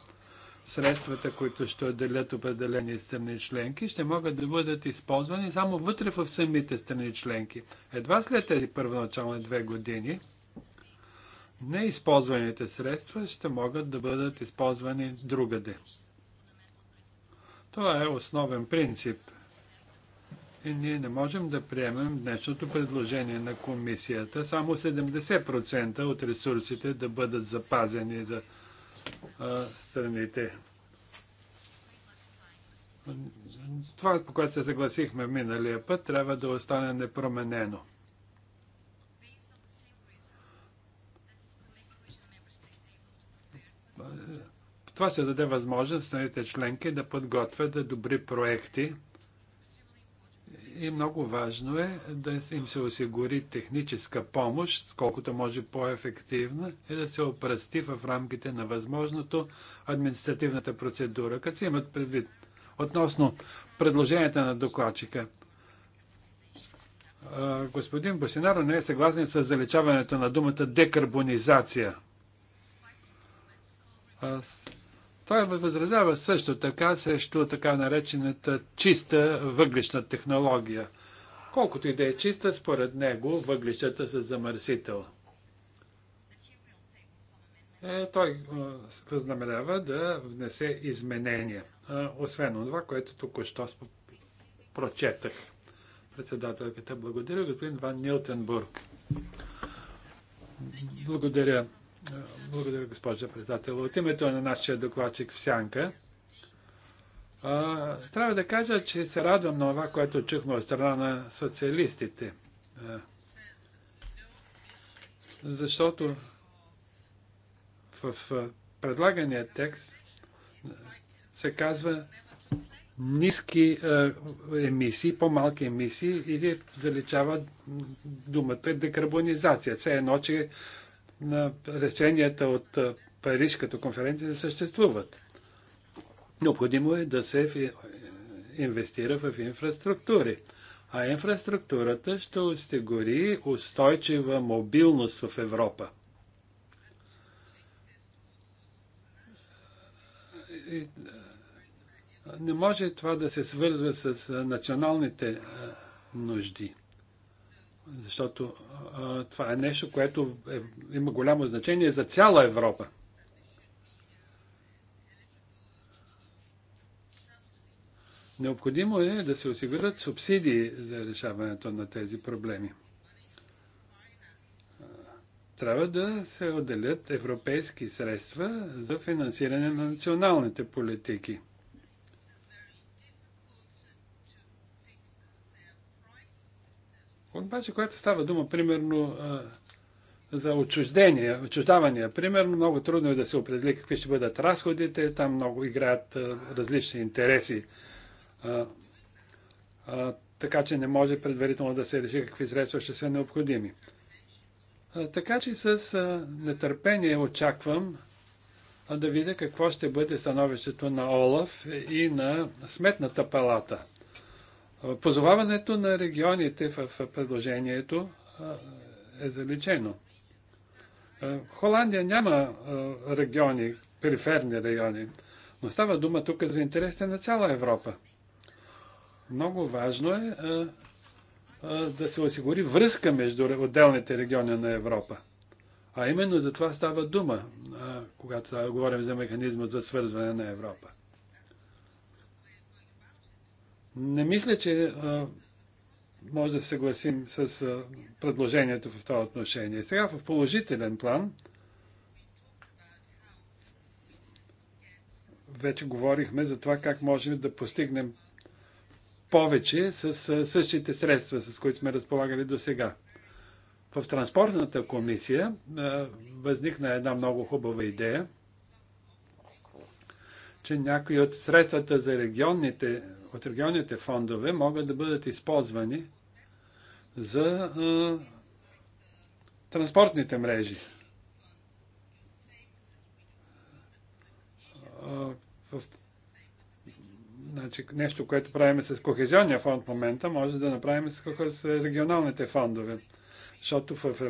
средствата, които ще отделят определени страни членки, ще могат да бъдат използвани само вътре в самите страни членки. Едва след тези първоначални две години, неизползваните средства ще могат да бъдат използвани другаде. Това е основен принцип. И ние не можем да приемем днешното предложение на комисията само 70% от ресурсите да бъдат запазени за а, страните. Това, по което се съгласихме миналия път, трябва да остане непроменено. Това ще даде възможност страните членки да подготвят добри проекти и много важно е да им се осигури техническа помощ, колкото може по-ефективна и да се опрасти в рамките на възможното административната процедура, като се имат предвид относно предложенията на докладчика. Господин Босинаро не е съгласен с заличаването на думата декарбонизация. Той възразява също така срещу така наречената чиста въглишна технология. Колкото и да е чиста, според него въглищата са замърсител. Е, той възнамерява да внесе изменения, освен това, което току-що прочетах. Председателката благодаря, господин Ван Нилтенбург. Благодаря. Благодаря, госпожа председател. От името на нашия докладчик в Сянка, трябва да кажа, че се радвам на това, което чухме от страна на социалистите. защото в предлагания текст се казва ниски емисии, по-малки емисии или заличава думата декарбонизация. Все едно, че на реченията от Парижката конференция съществуват. Необходимо е да се е, инвестира в инфраструктури. А инфраструктурата ще осигури устойчива мобилност в Европа. Не може това да се свързва с националните нужди защото а, това е нещо, което е, има голямо значение за цяла Европа. Необходимо е да се осигурят субсидии за решаването на тези проблеми. Трябва да се отделят европейски средства за финансиране на националните политики. Обаче, когато става дума, примерно, за отчуждение, отчуждавания, примерно, много трудно е да се определи какви ще бъдат разходите, там много играят различни интереси. Така че не може предварително да се реши какви средства ще са необходими. Така че с нетърпение очаквам да видя какво ще бъде становището на Олаф и на Сметната палата. Позоваването на регионите в предложението е заличено. Холандия няма региони, периферни райони, но става дума тук за интересите на цяла Европа. Много важно е да се осигури връзка между отделните региони на Европа. А именно за това става дума, когато говорим за механизма за свързване на Европа. Не мисля, че а, може да се съгласим с а, предложението в това отношение. Сега в положителен план вече говорихме за това как можем да постигнем повече с същите средства, с които сме разполагали до сега. В транспортната комисия а, възникна една много хубава идея, че някои от средствата за регионните от регионните фондове могат да бъдат използвани за а, транспортните мрежи. А, в, значи, нещо, което правим с кохезионния фонд в момента, може да направим с, с регионалните фондове. Защото в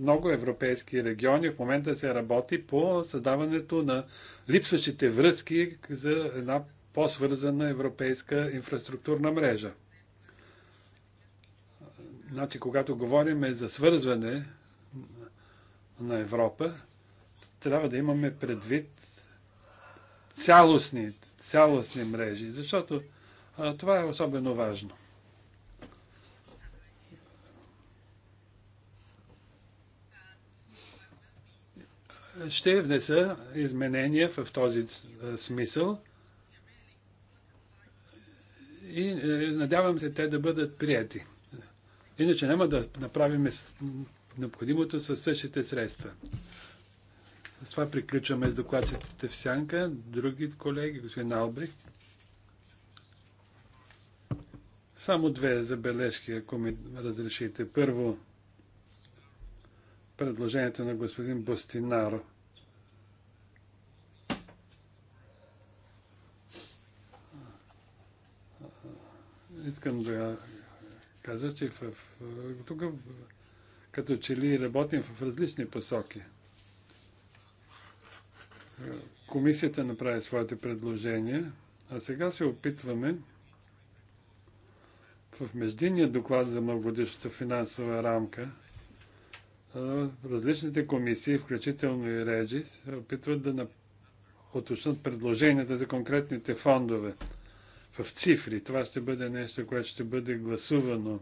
много европейски региони в момента се работи по създаването на липсващите връзки за една по-свързана европейска инфраструктурна мрежа. Значи, когато говорим за свързване на Европа, трябва да имаме предвид цялостни, цялостни мрежи, защото а, това е особено важно. Ще внеса изменения в този смисъл и е, надявам се те да бъдат прияти. Иначе няма да направим необходимото със същите средства. С това приключваме с докладчетите в сянка. Други колеги, господин Албрих. Само две забележки, ако ми разрешите. Първо, предложението на господин Бостинаро. искам да кажа, че в, тук като че ли работим в различни посоки. Комисията направи своите предложения, а сега се опитваме в междинния доклад за многогодишната финансова рамка различните комисии, включително и Реджи, се опитват да уточнат предложенията за конкретните фондове в цифри. Това ще бъде нещо, което ще бъде гласувано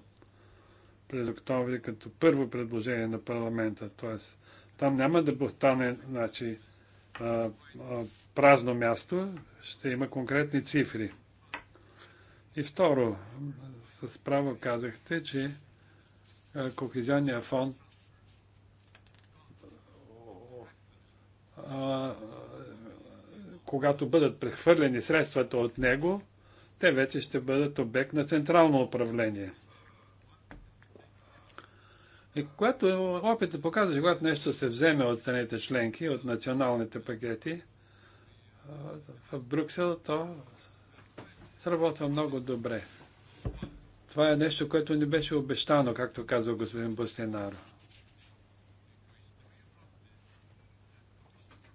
през октомври като първо предложение на парламента. Тоест, там няма да остане значи, празно място, ще има конкретни цифри. И второ, с право казахте, че Кохезионния фонд когато бъдат прехвърлени средствата от него, те вече ще бъдат обект на централно управление. И когато опитът показва, че когато нещо се вземе от страните членки, от националните пакети, в Брюксел то сработва много добре. Това е нещо, което ни беше обещано, както казва господин Бустинаро.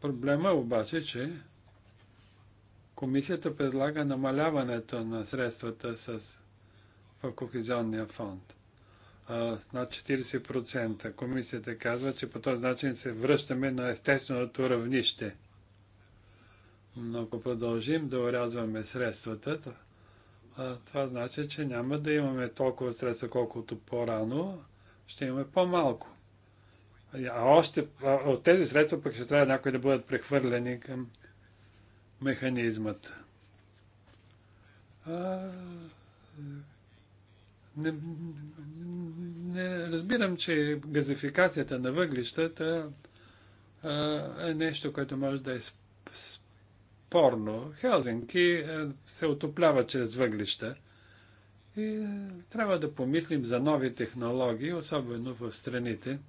Проблема е обаче, че Комисията предлага намаляването на средствата с, в Кохезионния фонд а, 40%. Комисията казва, че по този начин се връщаме на естественото равнище. Но ако продължим да урязваме средствата, а, това значи, че няма да имаме толкова средства, колкото по-рано, ще имаме по-малко. А още а от тези средства пък ще трябва някои да бъдат прехвърлени към механизмът. А, не, не разбирам, че газификацията на въглищата е нещо, което може да е спорно. Хелзинки се отоплява чрез въглища. И трябва да помислим за нови технологии, особено в страните,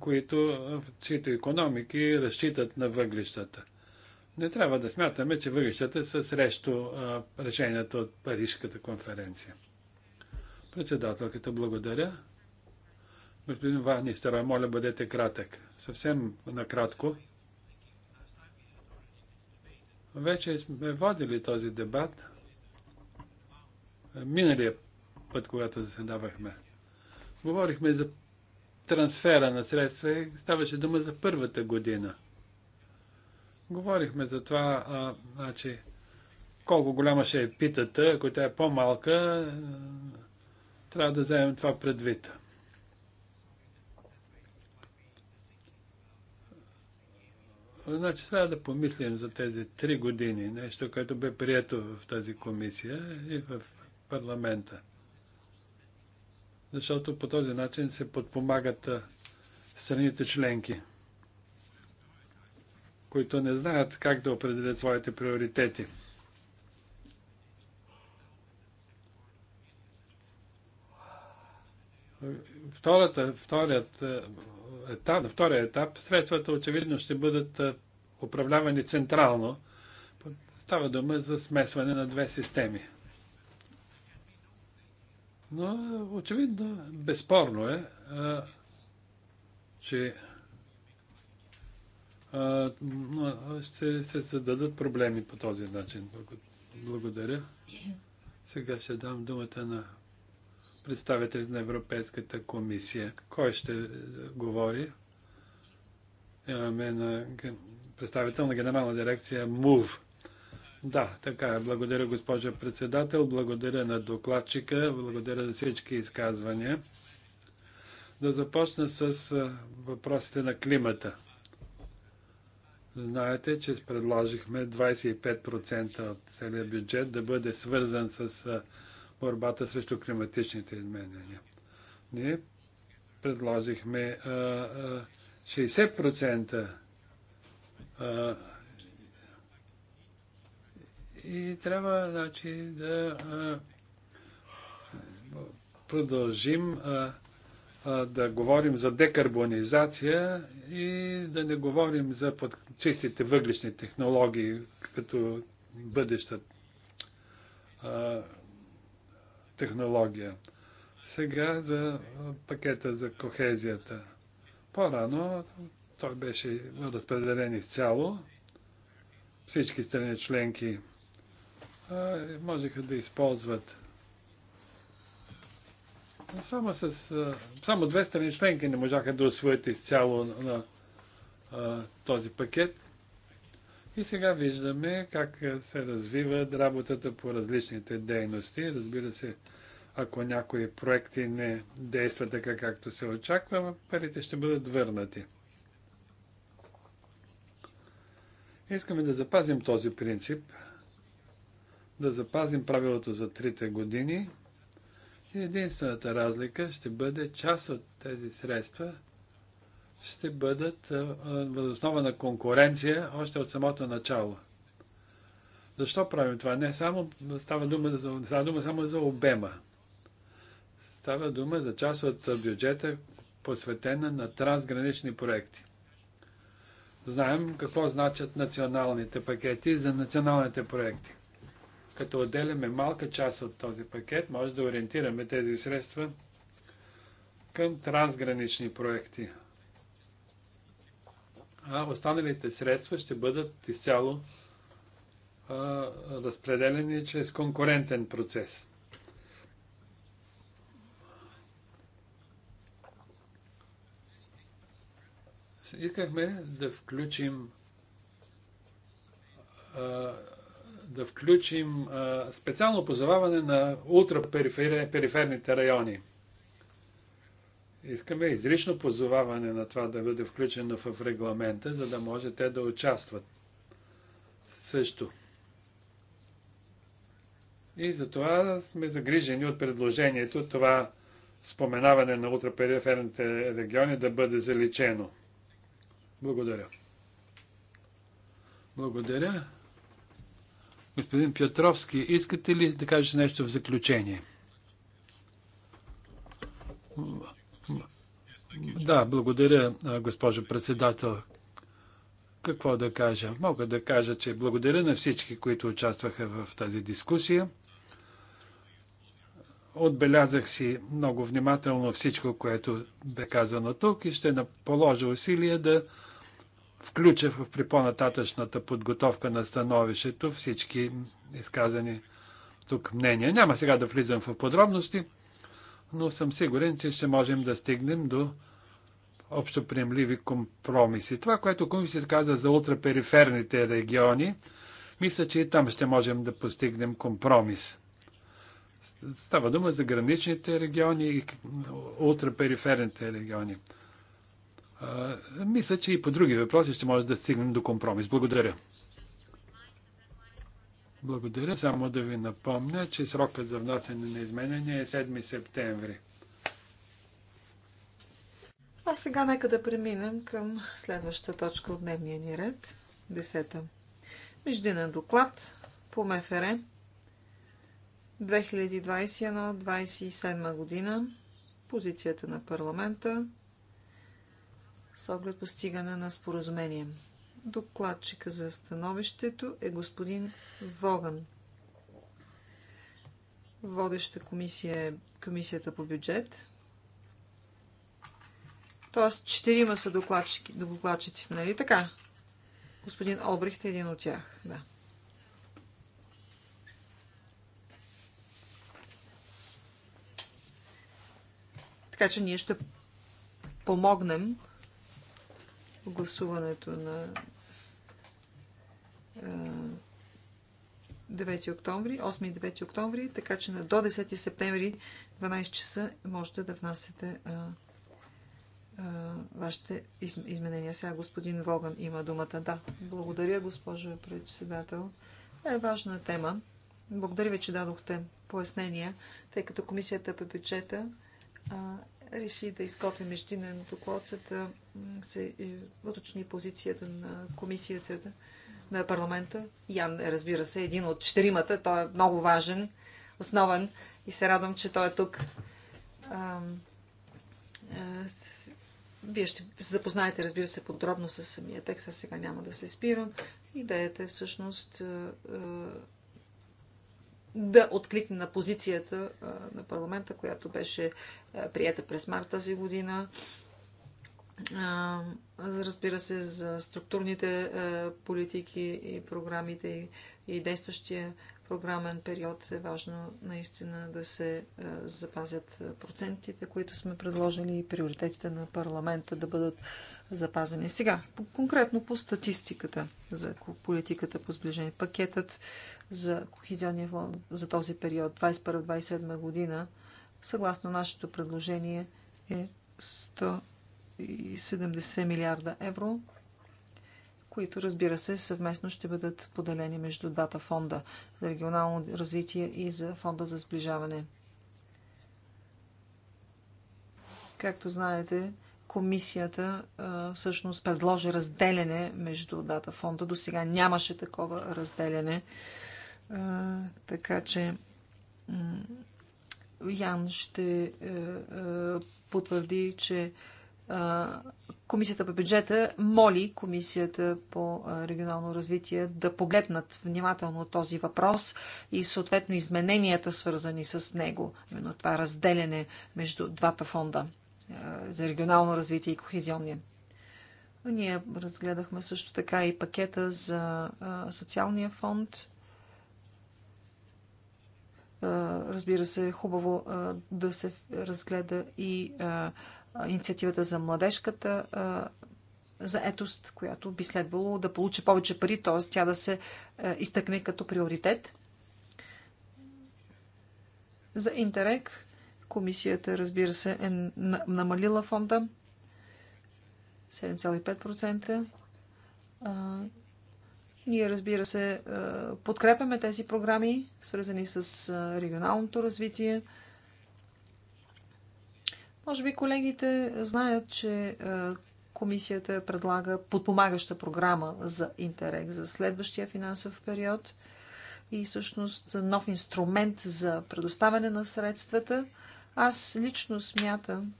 които, чието економики разчитат на въглищата. Не трябва да смятаме, че въглищата са срещу а, решението от Парижската конференция. Председателката, благодаря. Господин Ванистера, моля бъдете кратък. Съвсем накратко. Вече сме водили този дебат миналия път, когато заседавахме. Говорихме за трансфера на средства и ставаше дума за първата година – Говорихме за това, а, значи, колко голяма ще е питата, ако тя е по-малка, трябва да вземем това предвид. Значи трябва да помислим за тези три години, нещо, което бе прието в тази комисия и в парламента. Защото по този начин се подпомагат страните членки които не знаят как да определят своите приоритети. Втората, вторият е, етап, на втория етап средствата очевидно ще бъдат е, управлявани централно. Става дума за смесване на две системи. Но е, очевидно, безспорно е, че ще се зададат проблеми по този начин. Благодаря. Сега ще дам думата на представителите на Европейската комисия. Кой ще е, говори? Имаме на представител на генерална дирекция МУВ. Да, така е. Благодаря, госпожа председател. Благодаря на докладчика. Благодаря за всички изказвания. Да започна с е, въпросите на климата. Знаете, че предложихме 25% от целият бюджет да бъде свързан с борбата срещу климатичните изменения. Ние предложихме 60% и трябва значи, да продължим а, да говорим за декарбонизация и да не говорим за под... чистите въглишни технологии като бъдеща технология. Сега за пакета за кохезията. По-рано той беше разпределен изцяло. Всички страни членки можеха да използват само, с, само две страни членки не можаха да освоят изцяло на, на, на този пакет. И сега виждаме как се развива работата по различните дейности. Разбира се, ако някои проекти не действат така както се очаква, парите ще бъдат върнати. Искаме да запазим този принцип, да запазим правилото за трите години – Единствената разлика ще бъде част от тези средства ще бъдат възоснова на конкуренция още от самото начало. Защо правим това? Не само става дума, за, става дума само за обема. Става дума за част от бюджета, посветена на трансгранични проекти. Знаем какво значат националните пакети за националните проекти. Като отделяме малка част от този пакет, може да ориентираме тези средства към трансгранични проекти. А останалите средства ще бъдат изцяло разпределени чрез конкурентен процес. Искахме да включим а, да включим специално позоваване на ултрапериферните райони. Искаме изрично позоваване на това да бъде включено в регламента, за да може те да участват също. И за това сме загрижени от предложението това споменаване на ултрапериферните региони да бъде заличено. Благодаря. Благодаря. Господин Петровски, искате ли да кажете нещо в заключение? Да, благодаря, госпожо председател. Какво да кажа? Мога да кажа, че благодаря на всички, които участваха в тази дискусия. Отбелязах си много внимателно всичко, което бе казано тук и ще положа усилия да включа в, при по-нататъчната подготовка на становището всички изказани тук мнения. Няма сега да влизам в подробности, но съм сигурен, че ще можем да стигнем до общоприемливи компромиси. Това, което комисията каза за ултрапериферните региони, мисля, че и там ще можем да постигнем компромис. Става дума за граничните региони и ултрапериферните региони. Мисля, че и по други въпроси ще може да стигнем до компромис. Благодаря. Благодаря. Само да ви напомня, че срокът за внасяне на изменения е 7 септември. А сега нека да преминем към следващата точка от дневния ни ред. Десета. Междинен доклад по МФР 2021-2027 година. Позицията на парламента с оглед постигане на споразумение. Докладчика за становището е господин Воган. Водеща комисия е комисията по бюджет. Тоест, четирима са докладчици, докладчиците, нали така? Господин Обрихт е един от тях, да. Така че ние ще помогнем гласуването на 9 октомври, 8 и 9 октомври, така че на до 10 септември 12 часа можете да внасяте вашите изменения. Сега господин Воган има думата. Да, благодаря, госпожо председател. Това е важна тема. Благодаря ви, че дадохте пояснения, тъй като комисията по бюджета реши да изготви междинен доклад, за да се е, уточни позицията на комисията на парламента. Ян е, разбира се, един от четиримата. Той е много важен, основен и се радвам, че той е тук. Вие ще се запознаете, разбира се, подробно с самия текст. Аз сега няма да се спирам. Идеята е всъщност да откликне на позицията на парламента, която беше прията през март тази година. Разбира се, за структурните политики и програмите и действащия програмен период е важно наистина да се запазят процентите, които сме предложили и приоритетите на парламента да бъдат запазени. Сега, конкретно по статистиката за политиката по сближение. Пакетът за Кохизионния фонд за този период 2021-2027 година, съгласно нашето предложение, е 170 милиарда евро, които, разбира се, съвместно ще бъдат поделени между двата фонда за регионално развитие и за фонда за сближаване. Както знаете, комисията а, всъщност предложи разделяне между двата фонда. До сега нямаше такова разделяне така че Ян ще е, е, потвърди, че Комисията по бюджета моли Комисията по регионално развитие да погледнат внимателно този въпрос и съответно измененията, свързани с него, именно това разделяне между двата фонда за регионално развитие и кохезионния. Ние разгледахме също така и пакета за социалния фонд – Разбира се, хубаво да се разгледа и инициативата за младежката за етост, която би следвало да получи повече пари, т.е. тя да се изтъкне като приоритет. За Интерек комисията, разбира се, е намалила фонда 7,5% ние, разбира се, е, подкрепяме тези програми, свързани с е, регионалното развитие. Може би колегите знаят, че е, комисията предлага подпомагаща програма за Интерек за следващия финансов период и всъщност нов инструмент за предоставяне на средствата. Аз лично смятам,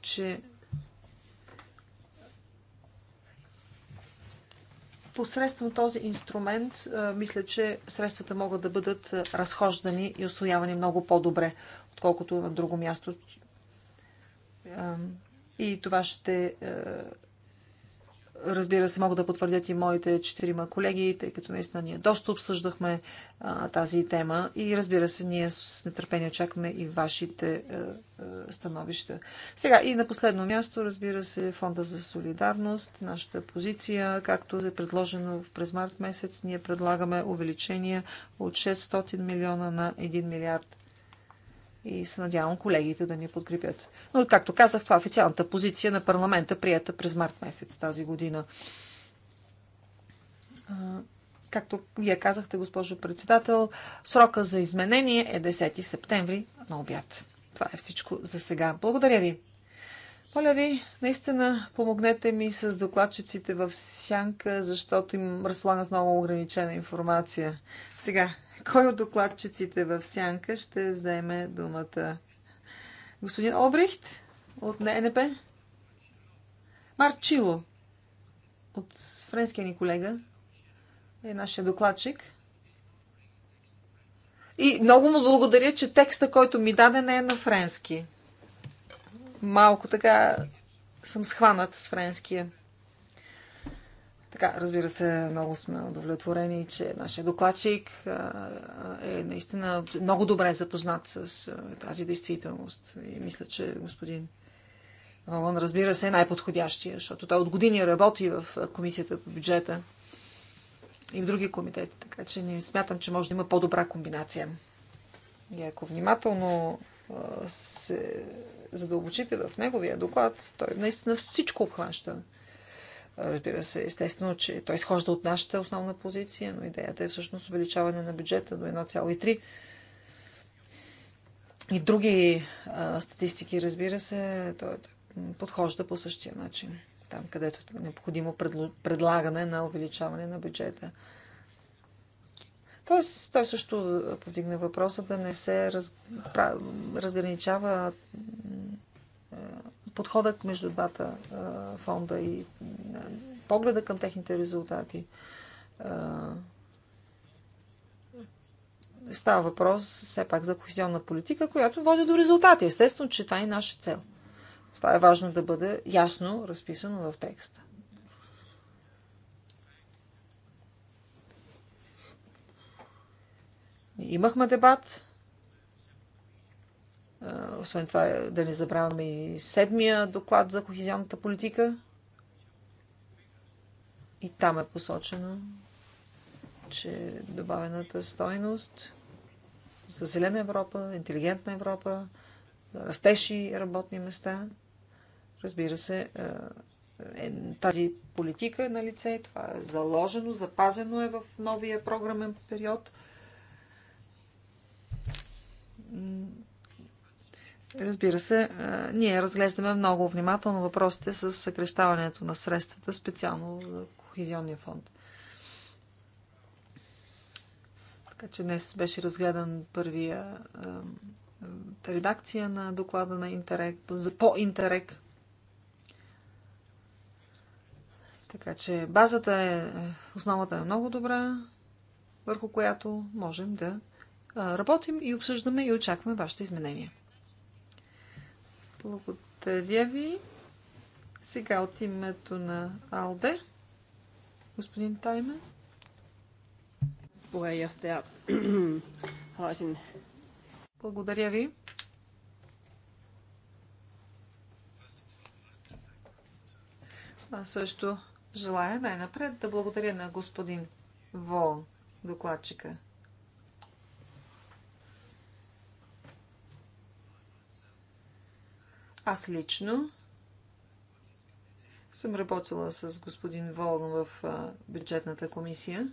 че посредством този инструмент, мисля, че средствата могат да бъдат разхождани и освоявани много по-добре, отколкото на друго място. И това ще Разбира се, мога да потвърдят и моите четирима колеги, тъй като наистина ние доста обсъждахме а, тази тема и разбира се, ние с нетърпение чакаме и вашите а, е, а, е, становища. Сега и на последно място, разбира се, Фонда за солидарност, нашата позиция, както е предложено през март месец, ние предлагаме увеличение от 600 милиона на 1 милиард и се надявам колегите да ни подкрепят. Но, както казах, това е официалната позиция на парламента, прията през март месец тази година. Както вие казахте, госпожо председател, срока за изменение е 10 септември на обяд. Това е всичко за сега. Благодаря ви! Моля ви, наистина помогнете ми с докладчиците в сянка, защото им разполагам с много ограничена информация. Сега, кой от докладчиците в сянка ще вземе думата? Господин Обрихт от НП? Марчило от френския ни колега е нашия докладчик. И много му благодаря, че текста, който ми даде, не е на френски. Малко така съм схванат с френския. Така, разбира се, много сме удовлетворени, че нашия докладчик е наистина много добре запознат с тази действителност. И мисля, че господин Валон, разбира се, е най-подходящия, защото той от години работи в комисията по бюджета и в други комитети, така че не смятам, че може да има по-добра комбинация. И ако внимателно се задълбочите в неговия доклад, той наистина всичко обхваща. Разбира се, естествено, че той изхожда от нашата основна позиция, но идеята е всъщност увеличаване на бюджета до 1,3. И в други а, статистики, разбира се, той подхожда по същия начин. Там, където е необходимо предлагане на увеличаване на бюджета. Тоест, той също повдигна въпроса да не се раз... разграничава подходът между двата фонда и погледа към техните резултати. Става въпрос все пак за кохезионна политика, която води до резултати. Естествено, че това е наша цел. Това е важно да бъде ясно разписано в текста. Имахме дебат освен това, да не забравяме и седмия доклад за кохезионната политика. И там е посочено, че добавената стойност за зелена Европа, интелигентна Европа, растещи работни места. Разбира се, е, тази политика е на лице, това е заложено, запазено е в новия програмен период Разбира се, ние разглеждаме много внимателно въпросите с съкрещаването на средствата, специално за Кохизионния фонд. Така че днес беше разгледан първия редакция на доклада на Интерек, по Интерек. Така че базата е, основата е много добра, върху която можем да работим и обсъждаме и очакваме вашите изменения. Благодаря ви. Сега от името на Алде. Господин Тайме. Puheenjohtaja, [clears throat] haluaisin... Благодаря ви. Аз също желая най-напред да благодаря на господин Вол, докладчика. Аз лично съм работила с господин Волн в бюджетната комисия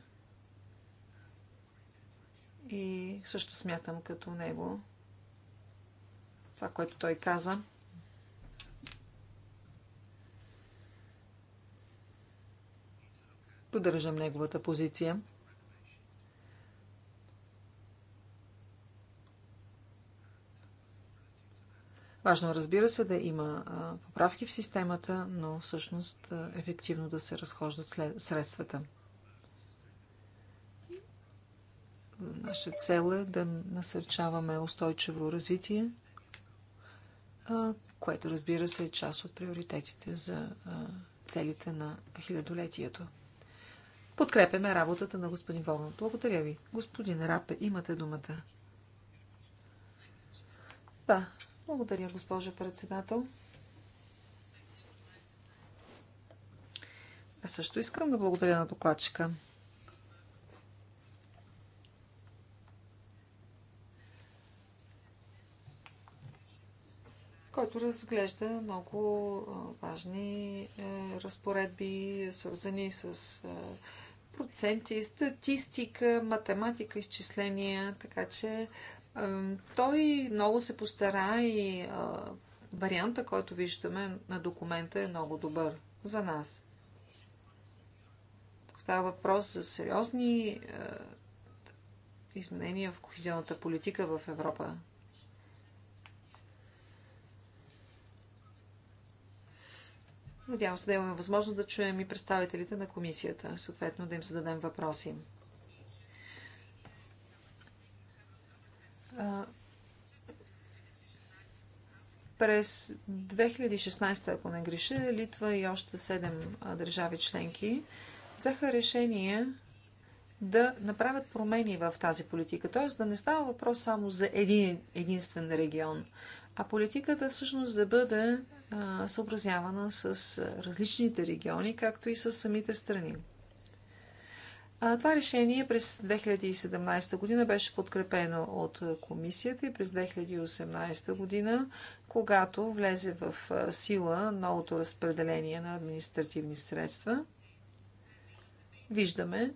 и също смятам като него това, което той каза. Поддържам неговата позиция. Важно разбира се да има поправки в системата, но всъщност ефективно да се разхождат средствата. Наша цел е да насърчаваме устойчиво развитие, което разбира се е част от приоритетите за целите на хилядолетието. Подкрепяме работата на господин Воган. Благодаря ви. Господин Рапе, имате думата. Да, благодаря, госпожо председател. Аз също искам да благодаря на докладчика. който разглежда много важни е, разпоредби, свързани с проценти, статистика, математика, изчисления, така че той много се постара и варианта, който виждаме на документа е много добър за нас. Става въпрос за сериозни изменения в кохизионната политика в Европа. Надявам се да имаме възможност да чуем и представителите на комисията, съответно да им зададем въпроси. През 2016, ако не греша, Литва и още 7 държави членки взеха решение да направят промени в тази политика. Т.е. да не става въпрос само за един единствен регион, а политиката всъщност да бъде а, съобразявана с различните региони, както и с самите страни. Това решение през 2017 година беше подкрепено от комисията и през 2018 година, когато влезе в сила новото разпределение на административни средства. Виждаме,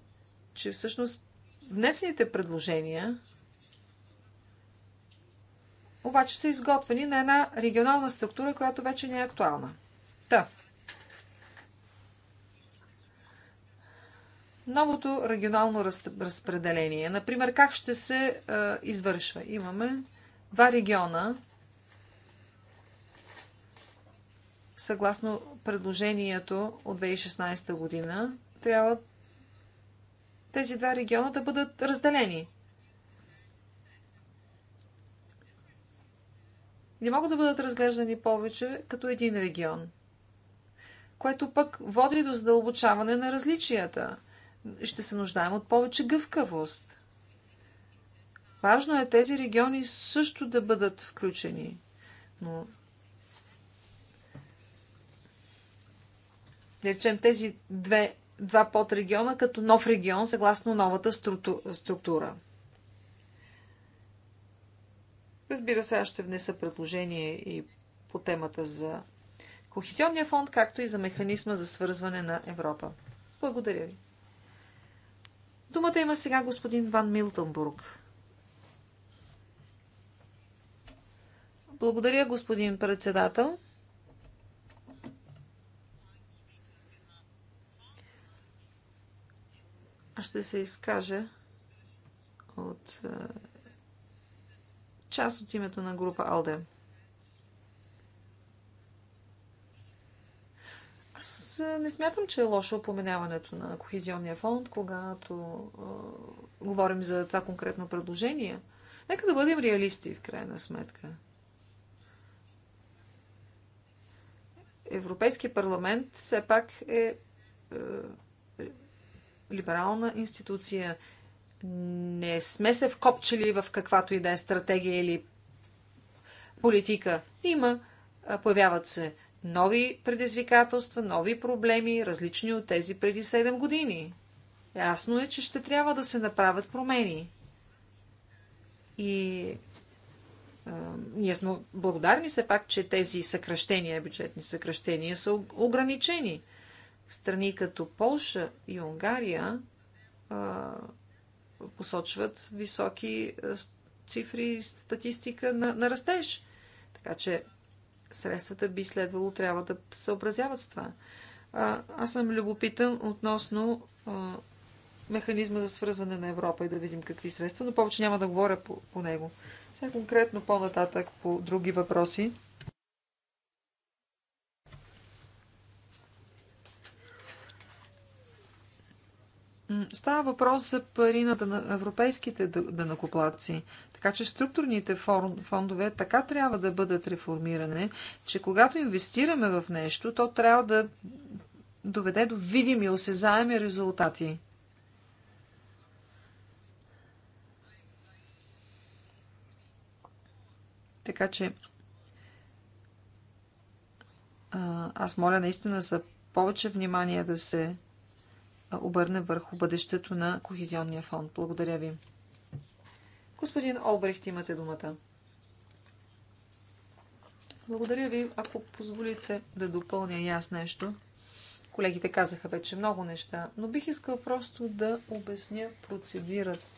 че всъщност внесените предложения обаче са изготвени на една регионална структура, която вече не е актуална. Та, да. новото регионално разпределение. Например, как ще се е, извършва? Имаме два региона, съгласно предложението от 2016 година, трябва тези два региона да бъдат разделени. Не могат да бъдат разглеждани повече като един регион, което пък води до задълбочаване на различията – ще се нуждаем от повече гъвкавост. Важно е тези региони също да бъдат включени. Но да речем тези две, два подрегиона като нов регион съгласно новата структура. Разбира се, аз ще внеса предложение и по темата за Кохизионния фонд, както и за механизма за свързване на Европа. Благодаря ви. Думата има сега господин Ван Милтенбург. Благодаря, господин председател. Аз ще се изкажа от е, част от името на група Алде. Аз не смятам, че е лошо упоменаването на Кохезионния фонд, когато е, говорим за това конкретно предложение. Нека да бъдем реалисти, в крайна сметка. Европейския парламент все пак е, е либерална институция. Не сме се вкопчили в каквато и да е стратегия или политика. Има, появяват се нови предизвикателства, нови проблеми, различни от тези преди 7 години. Ясно е, че ще трябва да се направят промени. И а, ние сме благодарни все пак, че тези съкръщения, бюджетни съкръщения, са ограничени. Страни като Полша и Унгария а, посочват високи цифри и статистика на, на растеж. Така че средствата би следвало трябва да съобразяват с това. А, аз съм любопитан относно а, механизма за свързване на Европа и да видим какви средства, но повече няма да говоря по, по него. Сега конкретно по-нататък по други въпроси. Става въпрос за пари на европейските данакоплаци. Така че структурните фондове така трябва да бъдат реформирани, че когато инвестираме в нещо, то трябва да доведе до видими, осезаеми резултати. Така че аз моля наистина за повече внимание да се обърне върху бъдещето на Кохизионния фонд. Благодаря ви. Господин Олбрехт, имате думата. Благодаря ви. Ако позволите да допълня и аз нещо. Колегите казаха вече много неща, но бих искал просто да обясня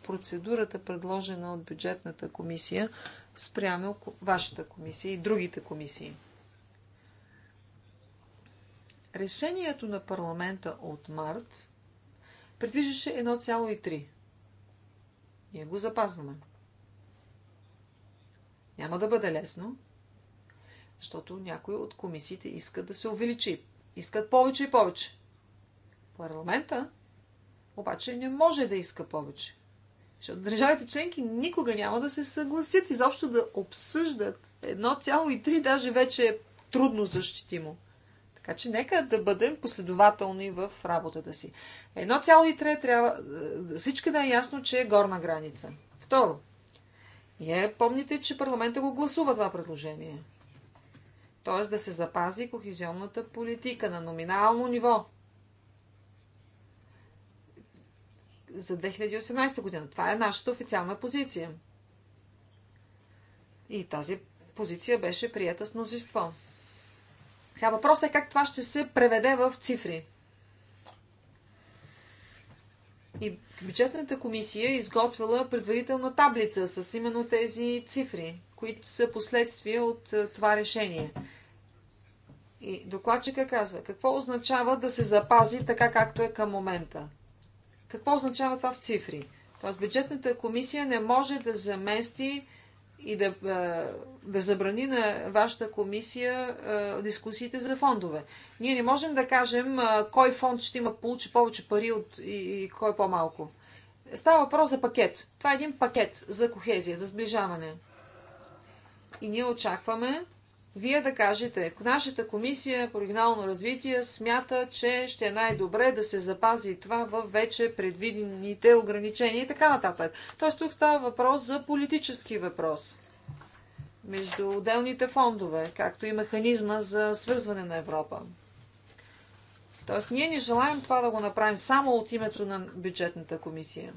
процедурата, предложена от бюджетната комисия спрямо вашата комисия и другите комисии. Решението на парламента от март предвиждаше 1,3. Ние го запазваме. Няма да бъде лесно, защото някои от комисиите искат да се увеличи. Искат повече и повече. Парламента обаче не може да иска повече. Защото държавите членки никога няма да се съгласят изобщо да обсъждат 1,3, даже вече е трудно защитимо. Така че нека да бъдем последователни в работата си. Едно цяло и тре трябва е, всички да е ясно, че е горна граница. Второ, е, помните, че парламента го гласува това предложение. Тоест да се запази кохезионната политика на номинално ниво. За 2018 година. Това е нашата официална позиция. И тази позиция беше прията с мнозинство. Сега въпросът е как това ще се преведе в цифри. И бюджетната комисия е изготвила предварителна таблица с именно тези цифри, които са последствия от е, това решение. И докладчика казва, какво означава да се запази така както е към момента? Какво означава това в цифри? Тоест бюджетната комисия не може да замести и да, да забрани на вашата комисия дискусиите за фондове. Ние не можем да кажем кой фонд ще има получи повече пари от, и, и кой по-малко. Става въпрос за пакет. Това е един пакет за кохезия, за сближаване. И ние очакваме вие да кажете, нашата комисия по регионално развитие смята, че ще е най-добре да се запази това в вече предвидените ограничения и така нататък. Тоест тук става въпрос за политически въпрос между отделните фондове, както и механизма за свързване на Европа. Тоест ние не желаем това да го направим само от името на бюджетната комисия.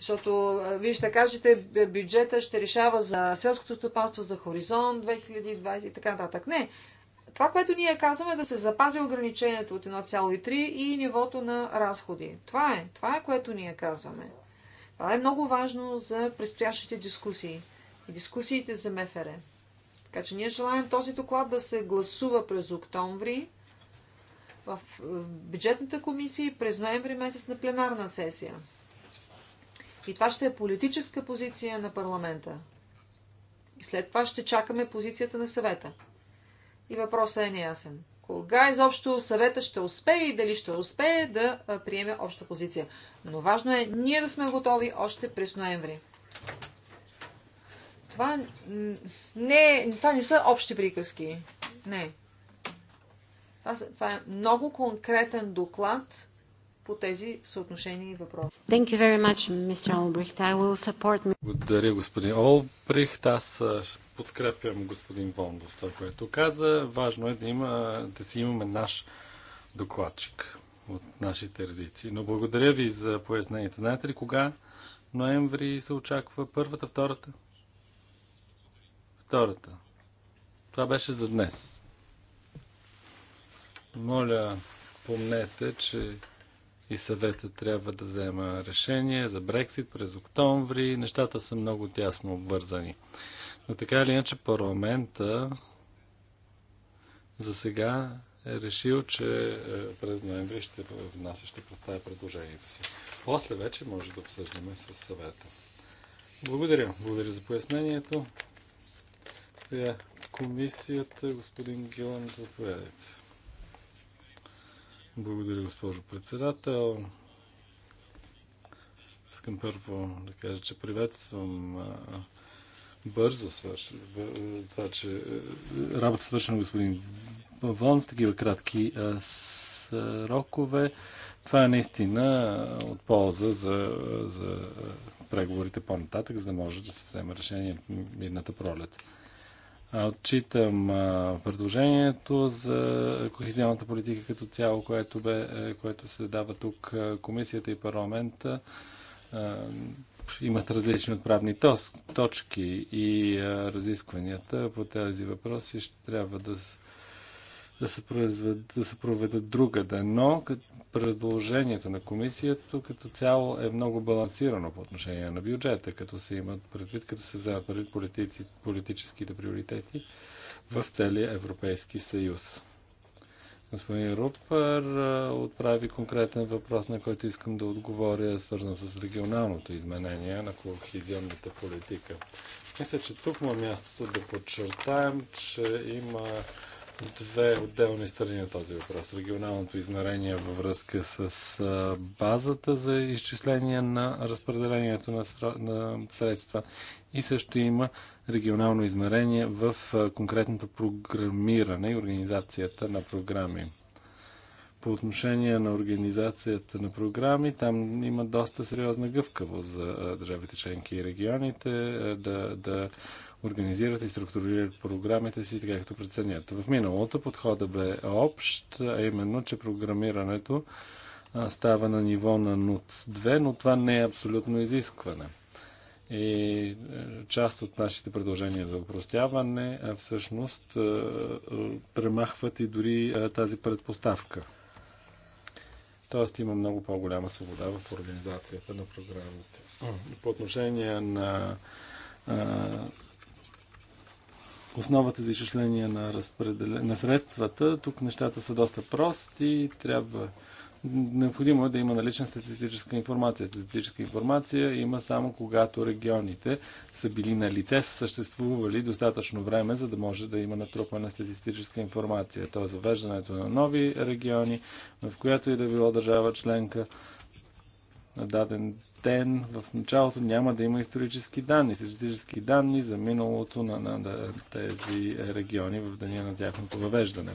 Защото вие ще кажете, бюджета ще решава за селското стопанство, за хоризонт 2020 и така нататък. Не. Това, което ние казваме е да се запази ограничението от 1,3 и нивото на разходи. Това е. Това е, което ние казваме. Това е много важно за предстоящите дискусии и дискусиите за МФР. Така че ние желаем този доклад да се гласува през октомври в бюджетната комисия и през ноември месец на пленарна сесия. И това ще е политическа позиция на парламента. И след това ще чакаме позицията на съвета. И въпросът е неясен. Кога изобщо съвета ще успее и дали ще успее да приеме обща позиция. Но важно е ние да сме готови още през ноември. Това не, е, това не са общи приказки. Не. Това, това е много конкретен доклад по тези съотношения и въпроси. Thank you very much, Mr. Albrecht. I will support... Me. Благодаря, господин Олбрихт. Аз подкрепям господин Вон в това, което каза. Важно е да, има, да си имаме наш докладчик от нашите редици. Но благодаря ви за пояснението. Знаете ли кога ноември се очаква първата, втората? Втората. Това беше за днес. Моля, помнете, че и съвета трябва да взема решение за Брексит през октомври. Нещата са много тясно обвързани. Но така или иначе парламента за сега е решил, че е, през ноември ще внася, ще представя предложението си. После вече може да обсъждаме с съвета. Благодаря. Благодаря за пояснението. Сега комисията, господин Гилан, заповядайте. Благодаря, госпожо председател. Искам първо да кажа, че приветствам бързо Това, че е, работа свършена господин Вон в такива кратки срокове. Това е наистина от полза за, за преговорите по-нататък, за да може да се вземе решение мирната пролет. Отчитам предложението за кохезионната политика като цяло, което, бе, е, което се дава тук комисията и парламента. Имат различни отправни точки и разискванията по тези въпроси ще трябва да се да се, произвед, да се проведат другаде. Но предложението на комисията като цяло е много балансирано по отношение на бюджета, като се имат предвид, като се вземат предвид политици, политическите приоритети в целия Европейски съюз. Господин Рупер отправи конкретен въпрос, на който искам да отговоря, свързан с регионалното изменение на кохизионната политика. Мисля, че тук му е мястото да подчертаем, че има две отделни страни на този въпрос. Регионалното измерение във връзка с базата за изчисление на разпределението на, на средства и също има регионално измерение в конкретното програмиране и организацията на програми. По отношение на организацията на програми, там има доста сериозна гъвкавост за държавите членки и регионите да, да организират и структурират програмите си така както преценят. В миналото подхода бе общ, а именно, че програмирането става на ниво на НУЦ 2 но това не е абсолютно изискване. И е, част от нашите предложения за упростяване всъщност е, е, премахват и дори тази предпоставка. Тоест има много по-голяма свобода в организацията на програмите. По отношение на основата за изчисление на, разпределе... на средствата, тук нещата са доста прости. Трябва Необходимо е да има налична статистическа информация. Статистическа информация има само когато регионите са били на лице, са съществували достатъчно време, за да може да има натрупана статистическа информация. Тоест, въвеждането на нови региони, в която и да било държава членка на даден платен в началото, няма да има исторически данни. Исторически данни за миналото на, на, на тези региони в деня на тяхното въвеждане.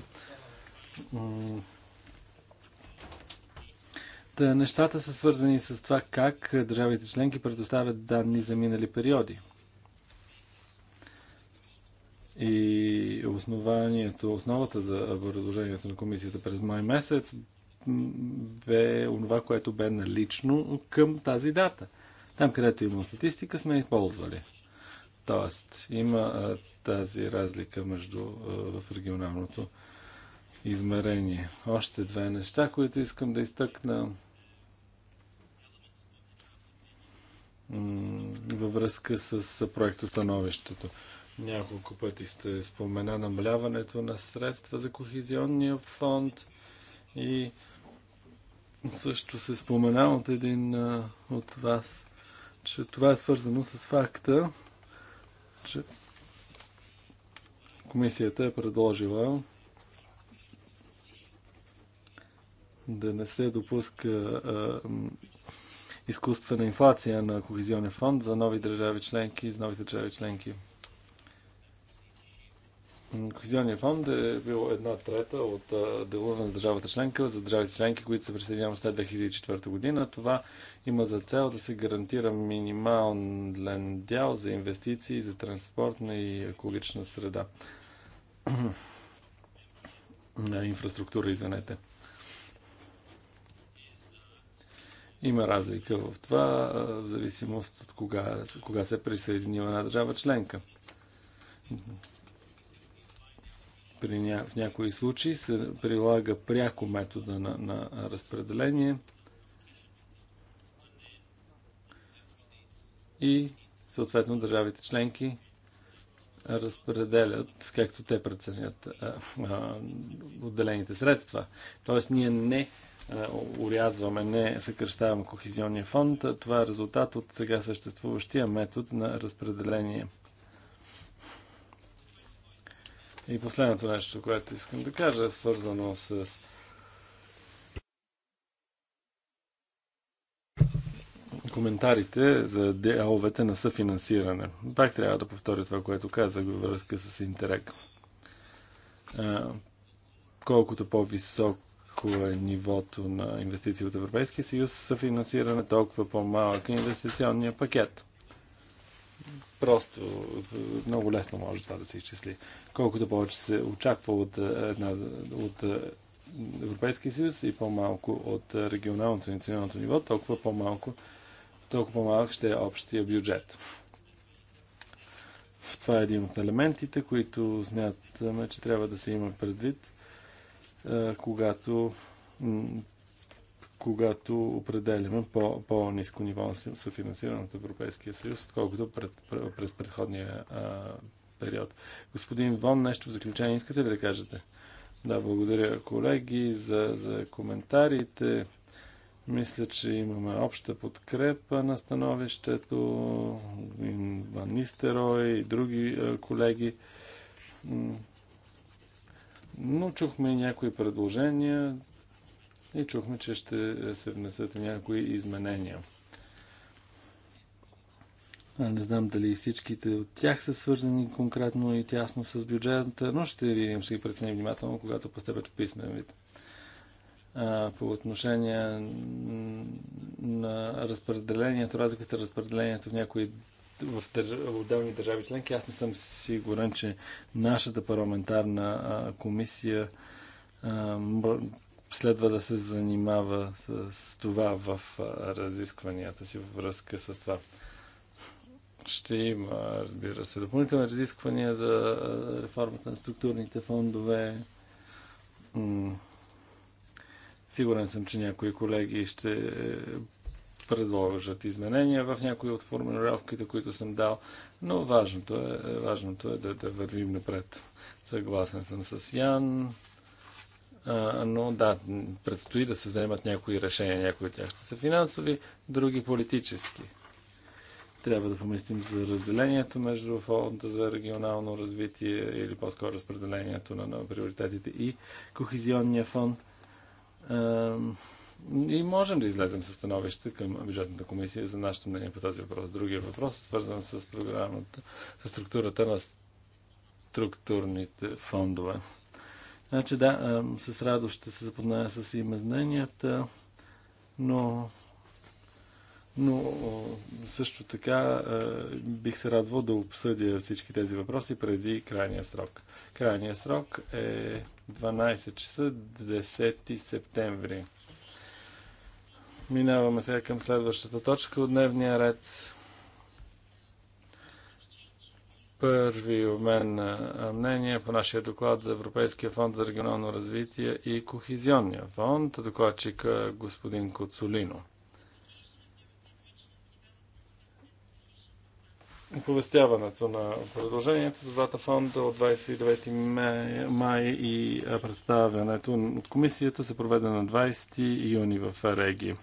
Та, нещата са свързани с това как държавите членки предоставят данни за минали периоди. И основанието, основата за предложението на комисията през май месец бе онова, което бе налично към тази дата. Там, където има статистика, сме използвали. Тоест, има а, тази разлика между а, в регионалното измерение. Още две неща, които искам да изтъкна във връзка с проектостановището. Няколко пъти сте спомена намаляването на средства за кохизионния фонд и също се спомена от един а, от вас, че това е свързано с факта, че комисията е предложила да не се допуска а, изкуствена инфлация на кохезионния фонд за нови държави членки и за новите държави членки. Кохезионния фонд е бил една трета от дела на държавата членка за държавите членки, които се присъединяват след 2004 година. Това има за цел да се гарантира минимален дял за инвестиции, за транспортна и екологична среда. [clears throat] инфраструктура, извинете. Има разлика в това, в зависимост от кога, кога се присъединила една държава членка при ня... в някои случаи се прилага пряко метода на, на разпределение и съответно държавите членки разпределят, както те преценят отделените средства. Тоест ние не а, урязваме, не съкръщаваме кохезионния фонд. Това е резултат от сега съществуващия метод на разпределение – и последното нещо, което искам да кажа, е свързано с коментарите за деловете на съфинансиране. Пак трябва да повторя това, което казах във връзка с Интерек. Колкото по-високо е нивото на инвестиции от Европейския съюз, съфинансиране, толкова по-малък е инвестиционния пакет. Просто е, много лесно може това да се изчисли. Колкото повече се очаква от, е, една, от е, Европейския съюз и по-малко от регионалното и националното ниво, толкова по-малко толкова по-малък ще е общия бюджет. Това е един от елементите, които смятаме, че трябва да се има предвид, когато когато определяме по, по-низко ниво на съфинансиране от Европейския съюз, отколкото пред, през предходния а, период. Господин Вон, нещо в заключение искате ли да кажете? Да, благодаря колеги за, за коментарите. Мисля, че имаме обща подкрепа на становището. Ван Нистерой и други а, колеги. Но чухме и някои предложения и чухме, че ще се внесат някои изменения. Не знам дали всичките от тях са свързани конкретно и тясно с бюджета, но ще видим, ще ги преценим внимателно, когато постъпят в писмен вид. А, по отношение на разпределението, разликата разпределението в някои в отделни държави членки, аз не съм сигурен, че нашата парламентарна комисия следва да се занимава с това в разискванията си във връзка с това. Ще има, разбира се, допълнителни разисквания за реформата на структурните фондове. Сигурен съм, че някои колеги ще е, предложат изменения в някои от формулировките, които съм дал, но важното е, важното е да, да вървим напред. Съгласен съм с Ян но да, предстои да се вземат някои решения. Някои от тях ще са финансови, други политически. Трябва да помислим за разделението между фонда за регионално развитие или по-скоро разпределението на, приоритетите и кохезионния фонд. И можем да излезем със становище към бюджетната комисия за нашето мнение по този въпрос. Другия въпрос е свързан с програмата, с структурата на структурните фондове. Значи да, с радост ще се запозная с имезненията, но но също така бих се радвал да обсъдя всички тези въпроси преди крайния срок. Крайния срок е 12 часа 10 септември. Минаваме сега към следващата точка от дневния ред. първи обмен на мнение по нашия доклад за Европейския фонд за регионално развитие и Кохизионния фонд, докладчика господин Коцолино. Оповестяването на продължението за двата фонда от 29 май, май и представянето от комисията се проведе на 20 юни в Реги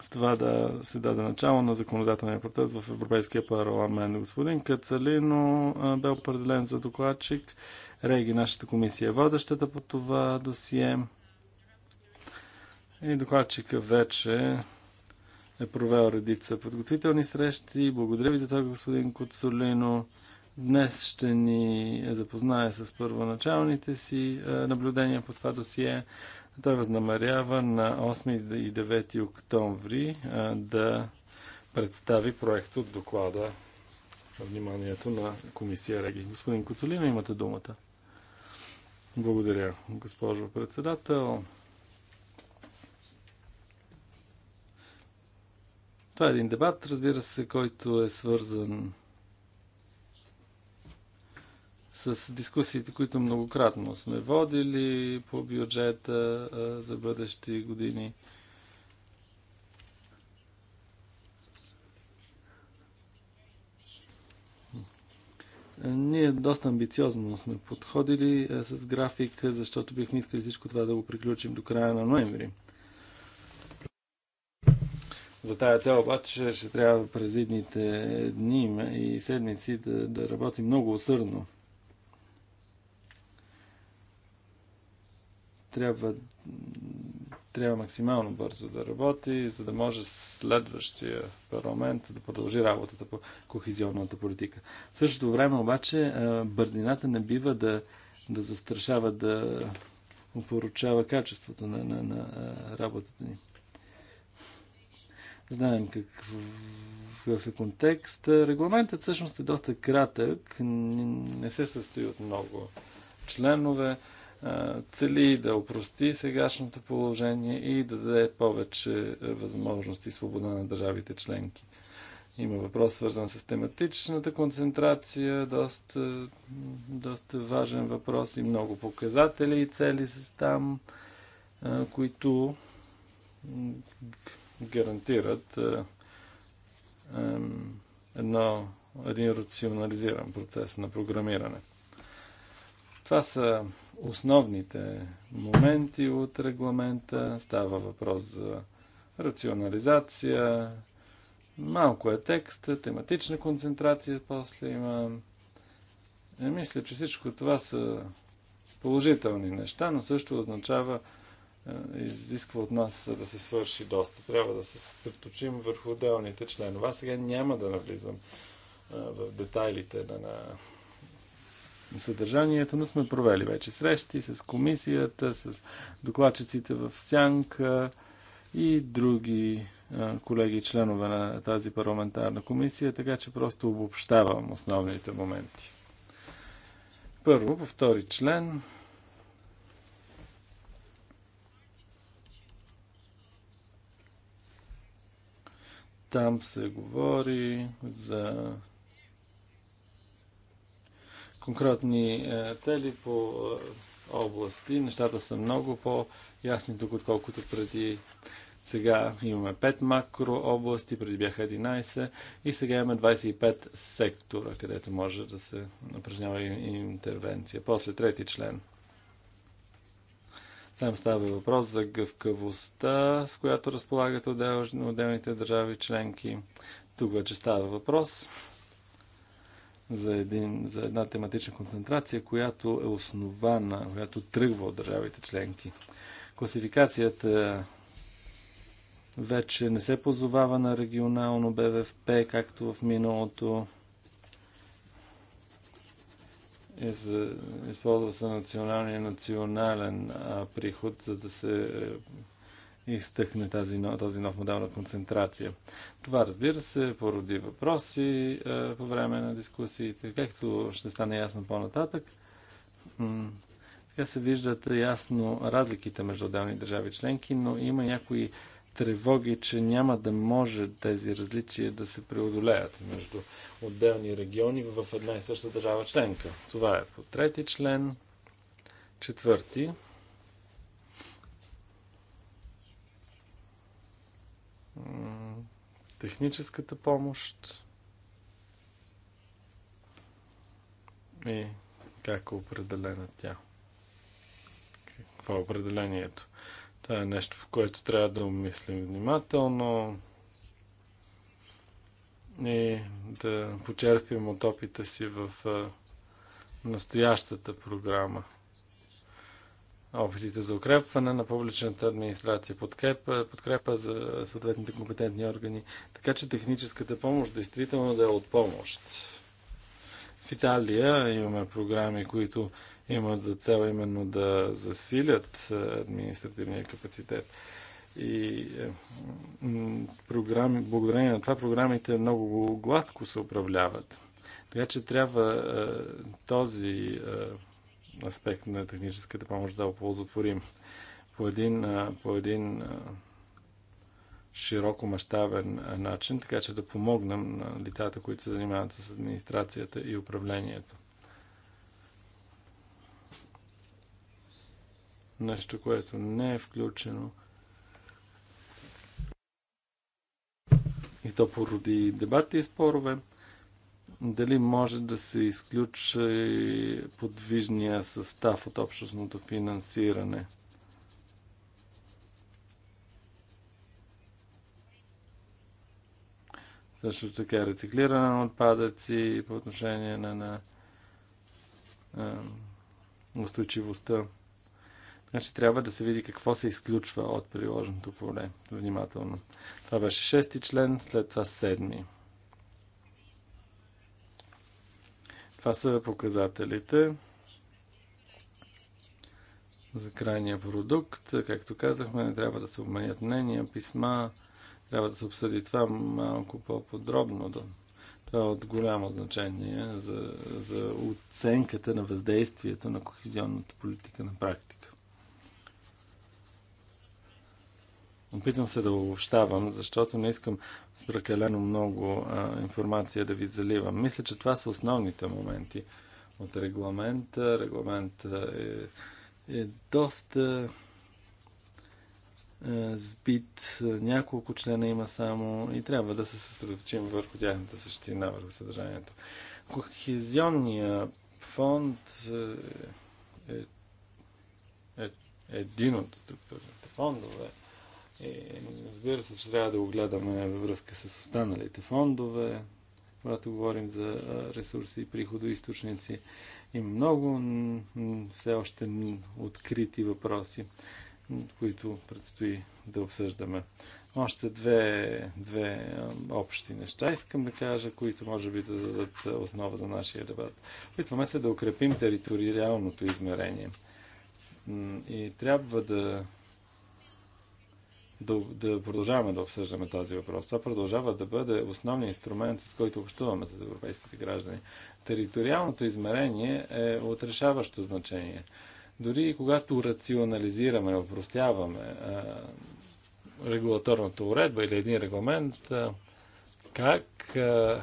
с това да се даде начало на законодателния протест в Европейския парламент. Господин Кацалино бе определен за докладчик. Реги, нашата комисия е водещата по това досие. И докладчика вече е провел редица подготвителни срещи. Благодаря ви за това, господин Куцолино. Днес ще ни е запознае с първоначалните си наблюдения по това досие. Той възнамерява на 8 и 9 октомври да представи проект от доклада на вниманието на комисия Реги. Господин Коцелина, имате думата. Благодаря, госпожо председател. Това е един дебат, разбира се, който е свързан с дискусиите, които многократно сме водили по бюджета за бъдещи години. Ние доста амбициозно сме подходили с график, защото бихме искали всичко това да го приключим до края на ноември. За тая цел обаче ще трябва през едните дни и седмици да, да работим много усърдно. трябва, трябва максимално бързо да работи, за да може следващия парламент да продължи работата по кохизионната политика. В същото време обаче бързината не бива да, да застрашава, да опоручава качеството на, на, на работата ни. Знаем какъв е контекст. Регламентът всъщност е доста кратък, не се състои от много членове цели да опрости сегашното положение и да даде повече възможности и свобода на държавите членки. Има въпрос свързан с тематичната концентрация, доста, доста важен въпрос и много показатели и цели са там, които гарантират едно, един рационализиран процес на програмиране. Това са основните моменти от регламента. Става въпрос за рационализация, малко е текст, тематична концентрация после има. И е, мисля, че всичко това са положителни неща, но също означава, е, изисква от нас да се свърши доста. Трябва да се съсредоточим върху отделните членове. Сега няма да навлизам е, в детайлите на, на съдържанието, но сме провели вече срещи с комисията, с докладчиците в Сянка и други колеги, членове на тази парламентарна комисия, така че просто обобщавам основните моменти. Първо, по втори член. Там се говори за конкретни е, цели по е, области. Нещата са много по-ясни тук, отколкото преди. Сега имаме 5 макро области, преди бяха 11 и сега имаме 25 сектора, където може да се упражнява интервенция. После трети член. Там става въпрос за гъвкавостта, с която разполагат отделните държави членки. Тук вече става въпрос за, един, за една тематична концентрация, която е основана, която тръгва от държавите членки. Класификацията вече не се позовава на регионално БВП, както в миналото. Използва се националния национален а, приход, за да се изтъкне тази, този нов модел на концентрация. Това, разбира се, породи въпроси е, по време на дискусиите, както ще стане ясно по-нататък. Така се виждат ясно разликите между отделни държави членки, но има някои тревоги, че няма да може тези различия да се преодолеят между отделни региони в една и съща държава членка. Това е по трети член, четвърти. техническата помощ и как е определена тя. Какво е определението? Това е нещо, в което трябва да умислим внимателно и да почерпим от опита си в настоящата програма опитите за укрепване на публичната администрация, подкрепа, подкрепа за съответните компетентни органи, така че техническата помощ действително да е от помощ. В Италия имаме програми, които имат за цел именно да засилят е, административния капацитет. И е, програми, благодарение на това програмите много гладко се управляват. Така че трябва е, този аспект на техническата помощ да оползотворим по един, по един широко мащабен начин, така че да помогнем на лицата, които се занимават с администрацията и управлението. Нещо, което не е включено. И то породи дебати и спорове дали може да се изключи подвижния състав от общностното финансиране. Също така рециклиране на отпадъци по отношение на, на е, устойчивостта. Значи трябва да се види какво се изключва от приложеното поле внимателно. Това беше шести член, след това седми. Това са показателите за крайния продукт. Както казахме, не трябва да се обменят мнения, писма, трябва да се обсъди това малко по-подробно. Това е от голямо значение за, за оценката на въздействието на кохезионната политика на практика. Опитвам се да обобщавам, защото не искам с прекалено много а, информация да ви заливам. Мисля, че това са основните моменти от регламента. Регламента е, е доста е, сбит. Няколко члена има само и трябва да се съсредоточим върху тяхната същина, върху съдържанието. Кохезионния фонд е, е, е един от структурните фондове и, е, разбира се, че трябва да го гледаме във връзка с останалите фондове, когато говорим за ресурси и приходоисточници. Има много все още открити въпроси, които предстои да обсъждаме. Още две, две общи неща искам да кажа, които може би да дадат основа за нашия дебат. Опитваме се да укрепим териториалното измерение. И трябва да да, да продължаваме да обсъждаме този въпрос. Това продължава да бъде основният инструмент, с който общуваме с европейските граждани. Териториалното измерение е от решаващо значение. Дори и когато рационализираме, опростяваме регулаторната уредба или един регламент, а, как, а,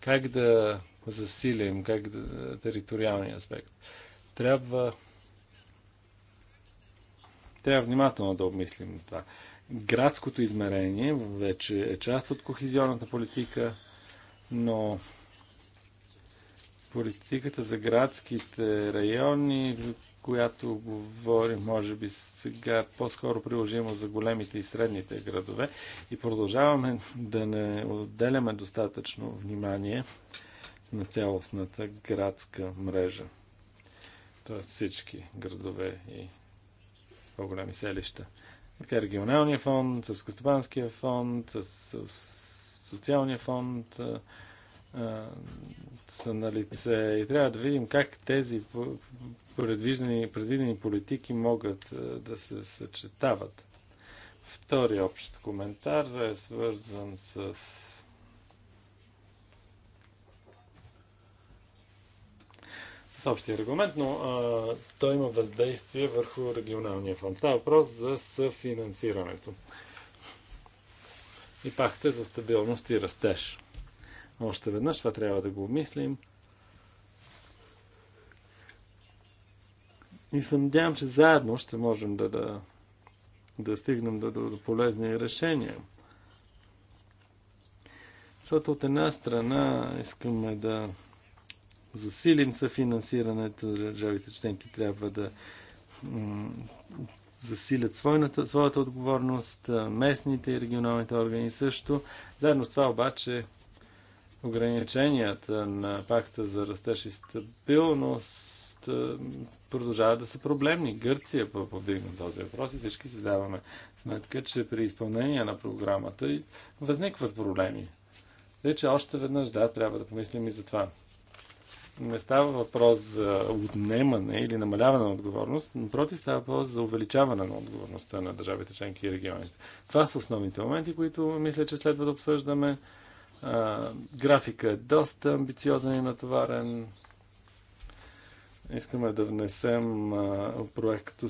как да засилим как да, териториалния аспект? Трябва трябва внимателно да обмислим това. Градското измерение вече е част от кохизионната политика, но политиката за градските райони, която говорим, може би сега по-скоро приложимо за големите и средните градове. И продължаваме да не отделяме достатъчно внимание на цялостната градска мрежа. Тоест всички градове и по-големи селища. Така, регионалния фонд, Сърскостопанския фонд, с, социалния фонд а, а, са на лице. И трябва да видим как тези предвидени, предвидени политики могат а, да се съчетават. Втори общ коментар е свързан с с общия регламент, но а, той има въздействие върху регионалния фонд. Това е въпрос за съфинансирането. И пахте за стабилност и растеж. Още веднъж това трябва да го обмислим. И се надявам, че заедно ще можем да, да, да стигнем до, до, до полезни решения. Защото от една страна искаме да засилим съфинансирането, държавите членки трябва да засилят своята, своята отговорност, местните и регионалните органи също. Заедно с това обаче ограниченията на пакта за растеж и стабилност продължават да са проблемни. Гърция повдигна този въпрос и всички си даваме сметка, че при изпълнение на програмата възникват проблеми. Вече още веднъж, да, трябва да помислим и за това не става въпрос за отнемане или намаляване на отговорност, напротив става въпрос за увеличаване на отговорността на държавите членки и регионите. Това са основните моменти, които мисля, че следва да обсъждаме. А, графика е доста амбициозен и натоварен. Искаме да внесем проекто,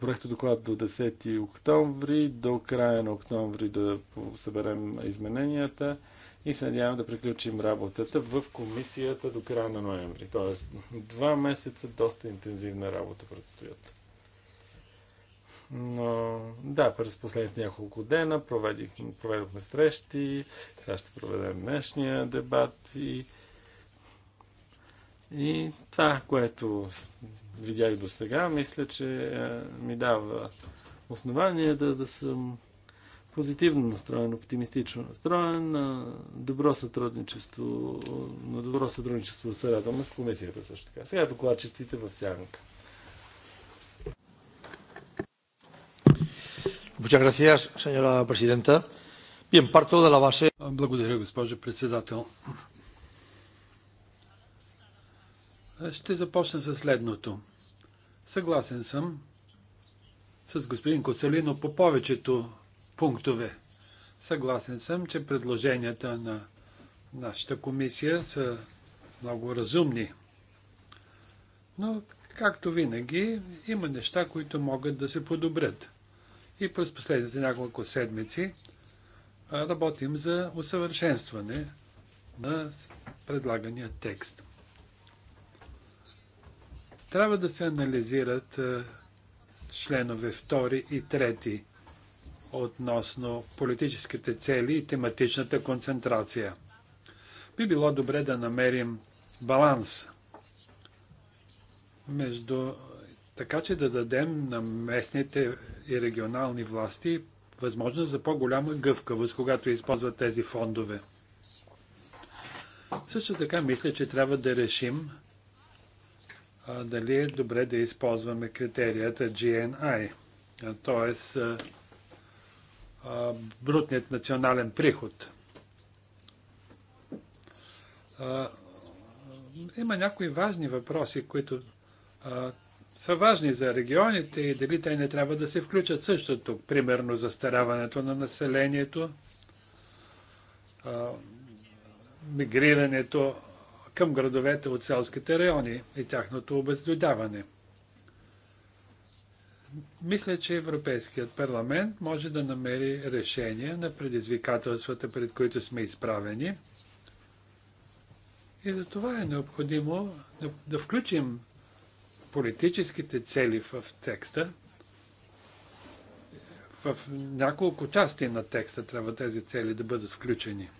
проекто доклад до 10 октомври, до края на октомври да съберем измененията и се надявам да приключим работата в комисията до края на ноември. Тоест, два месеца доста интензивна работа предстоят. Но да, през последните няколко дена проведохме срещи, сега ще проведем днешния дебат и, и това, което видях до сега, мисля, че е, ми дава основание да, да съм позитивно настроен, оптимистично настроен, на добро сътрудничество, на добро сътрудничество с Радома, с комисията също така. Сега докладчиците в сянка. Благодаря, госпожо председател. Ще започна с следното. Съгласен съм с господин Коцелино по повечето пунктове. Съгласен съм, че предложенията на нашата комисия са много разумни. Но, както винаги, има неща, които могат да се подобрят. И през последните няколко седмици работим за усъвършенстване на предлагания текст. Трябва да се анализират членове 2 и 3 относно политическите цели и тематичната концентрация. Би било добре да намерим баланс между така, че да дадем на местните и регионални власти възможност за по-голяма гъвкавост, когато използват тези фондове. Също така мисля, че трябва да решим а, дали е добре да използваме критерията GNI, т.е брутният национален приход. Има някои важни въпроси, които са важни за регионите и дали те не трябва да се включат същото. Примерно застаряването на населението, мигрирането към градовете от селските райони и тяхното обезлюдяване. Мисля, че Европейският парламент може да намери решение на предизвикателствата, пред които сме изправени. И за това е необходимо да, да включим политическите цели в текста. В няколко части на текста трябва тези цели да бъдат включени.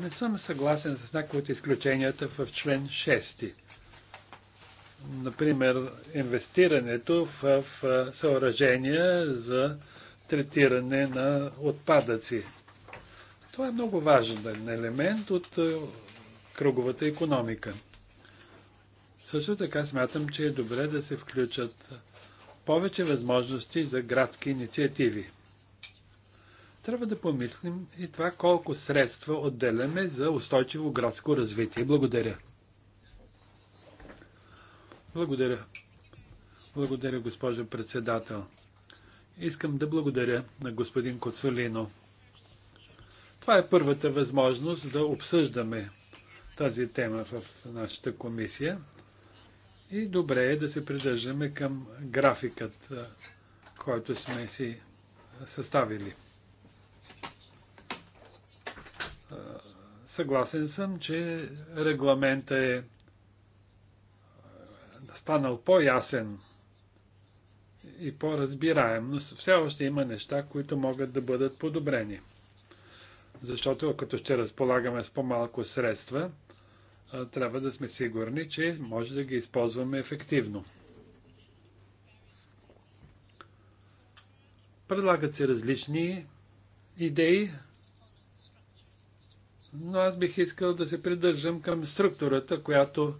Не съм съгласен с някои от изключенията в член 6. Например, инвестирането в, в съоръжения за третиране на отпадъци. Това е много важен елемент от кръговата економика. Също така смятам, че е добре да се включат повече възможности за градски инициативи. Трябва да помислим и това колко средства отделяме за устойчиво градско развитие. Благодаря. Благодаря. Благодаря, госпожо председател. Искам да благодаря на господин Коцолино. Това е първата възможност да обсъждаме тази тема в нашата комисия. И добре е да се придържаме към графикът, който сме си съставили. Съгласен съм, че регламента е станал по-ясен и по-разбираем, но все още има неща, които могат да бъдат подобрени. Защото като ще разполагаме с по-малко средства, трябва да сме сигурни, че може да ги използваме ефективно. Предлагат се различни идеи, но аз бих искал да се придържам към структурата, която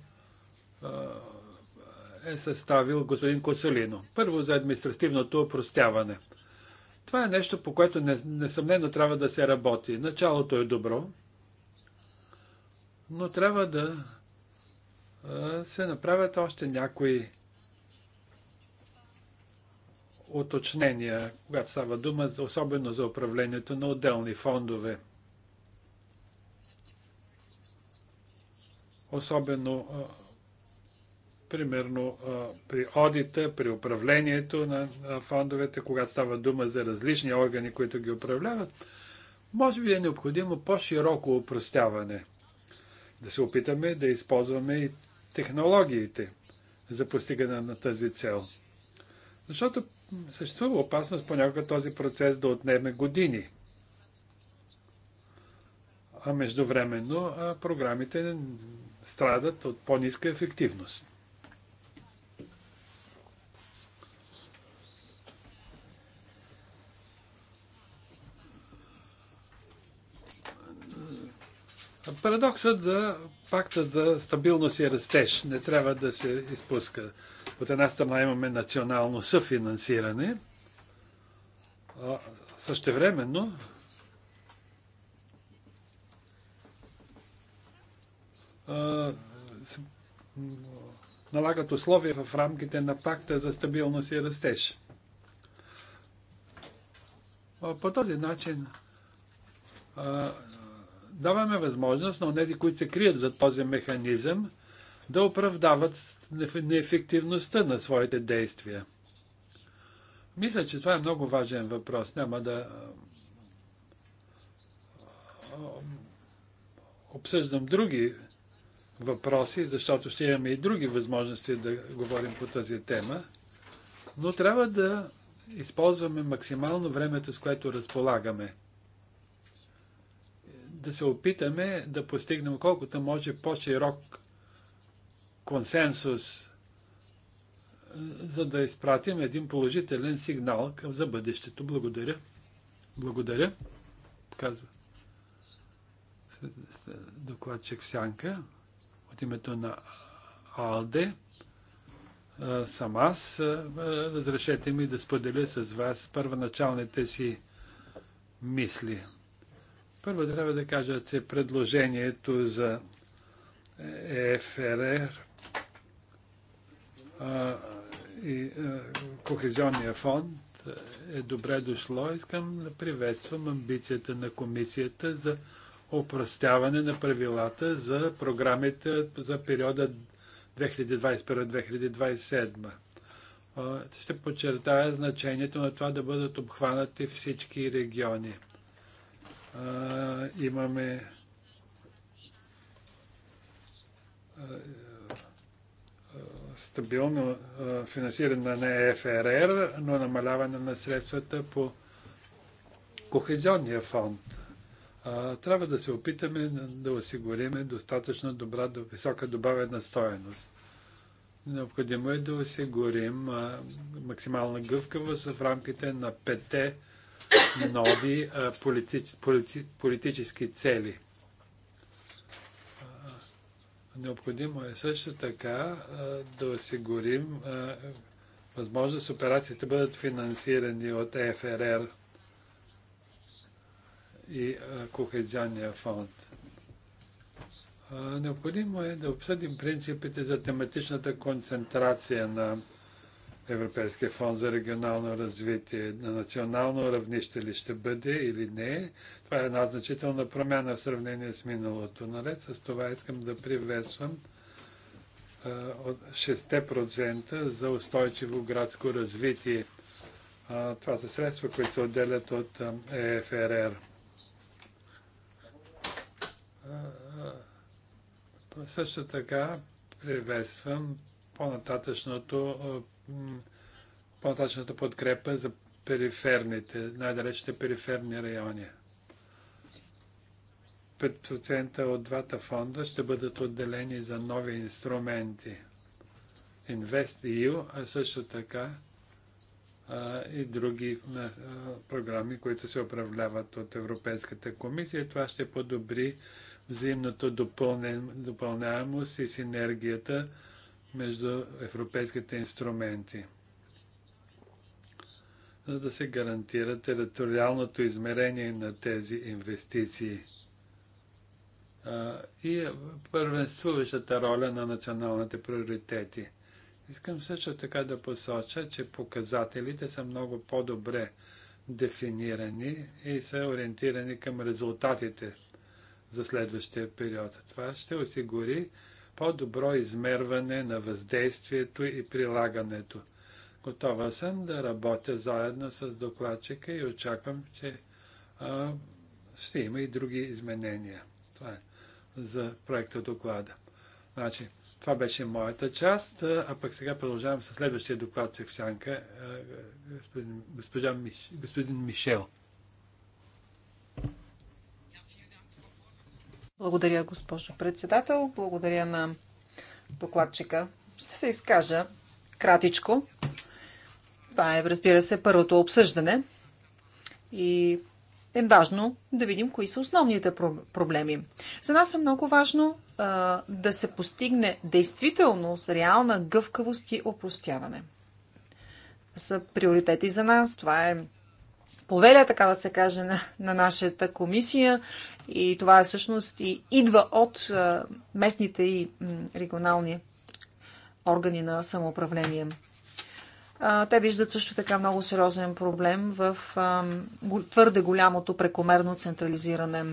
е съставил господин Косолино. Първо за административното опростяване. Това е нещо, по което несъмнено трябва да се работи. Началото е добро, но трябва да се направят още някои уточнения, когато става дума, особено за управлението на отделни фондове. Особено примерно при одита, при управлението на фондовете, когато става дума за различни органи, които ги управляват, може би е необходимо по-широко упростяване. Да се опитаме да използваме и технологиите за постигане на тази цел. Защото съществува опасност понякога този процес да отнеме години. А междувременно а програмите страдат от по-ниска ефективност. Парадоксът за факта за стабилност и растеж не трябва да се изпуска. От една страна имаме национално съфинансиране, а същевременно а, налагат условия в рамките на пакта за стабилност и растеж. по този начин а, даваме възможност на тези, които се крият за този механизъм, да оправдават неефективността на своите действия. Мисля, че това е много важен въпрос. Няма да обсъждам други въпроси, защото ще имаме и други възможности да говорим по тази тема, но трябва да използваме максимално времето, с което разполагаме да се опитаме да постигнем колкото може по-широк консенсус, за да изпратим един положителен сигнал за бъдещето. Благодаря. Благодаря. Казва докладчик в сянка от името на АЛДЕ. сам аз. Разрешете ми да споделя с вас първоначалните си мисли. Първо трябва да кажа, че предложението за ЕФРР а, и а, Кохезионния фонд е добре дошло. Искам да приветствам амбицията на комисията за опростяване на правилата за програмите за периода 2021-2027. Ще подчертая значението на това да бъдат обхванати всички региони а, имаме а, стабилно а, финансиране на ЕФРР, но намаляване на средствата по Кохезионния фонд. А, трябва да се опитаме да осигуриме достатъчно добра, висока добавена стоеност. Необходимо е да осигурим а, максимална гъвкавост в рамките на пете нови политически цели. Необходимо е също така да осигурим възможност операциите бъдат финансирани от ЕФРР и Кохезионния фонд. Необходимо е да обсъдим принципите за тематичната концентрация на Европейския фонд за регионално развитие на национално равнище ли ще бъде или не. Това е една значителна промяна в сравнение с миналото. Наред с това искам да приветствам от 6% за устойчиво градско развитие. това са средства, които се отделят от ЕФРР. също така приветствам по-нататъчното по точната подкрепа за периферните, най-далечните периферни райони. 5% от двата фонда ще бъдат отделени за нови инструменти. InvestEU, а също така а, и други а, програми, които се управляват от Европейската комисия. Това ще подобри взаимното допълняемост и синергията между европейските инструменти, за да се гарантира териториалното измерение на тези инвестиции и е първенствуващата роля на националните приоритети. Искам също така да посоча, че показателите са много по-добре дефинирани и са ориентирани към резултатите за следващия период. Това ще осигури по-добро измерване на въздействието и прилагането. Готова съм да работя заедно с докладчика и очаквам, че а, ще има и други изменения. Това е за проекта доклада. Значи, това беше моята част, а пък сега продължавам с следващия докладчик в Сянка, господин, господин, Миш, господин Мишел. Благодаря, госпожо председател. Благодаря на докладчика. Ще се изкажа кратичко. Това е, разбира се, първото обсъждане. И е важно да видим кои са основните проблеми. За нас е много важно а, да се постигне действително с реална гъвкавост и опростяване. Са приоритети за нас. Това е повеля, така да се каже, на, на нашата комисия. И това е всъщност и идва от а, местните и регионални органи на самоуправление. А, те виждат също така много сериозен проблем в а, твърде голямото прекомерно централизиране.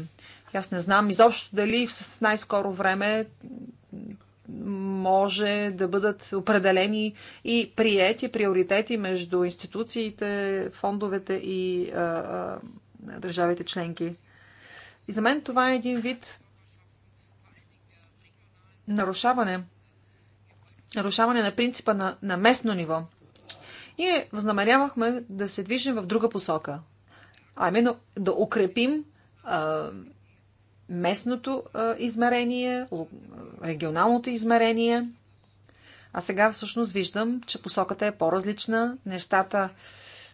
Аз не знам изобщо дали в най-скоро време може да бъдат определени и приети приоритети между институциите, фондовете и а, а, държавите членки. И за мен това е един вид нарушаване. Нарушаване на принципа на, на местно ниво. Ние възнамерявахме да се движим в друга посока, а именно да укрепим а, местното измерение, регионалното измерение. А сега всъщност виждам, че посоката е по-различна, нещата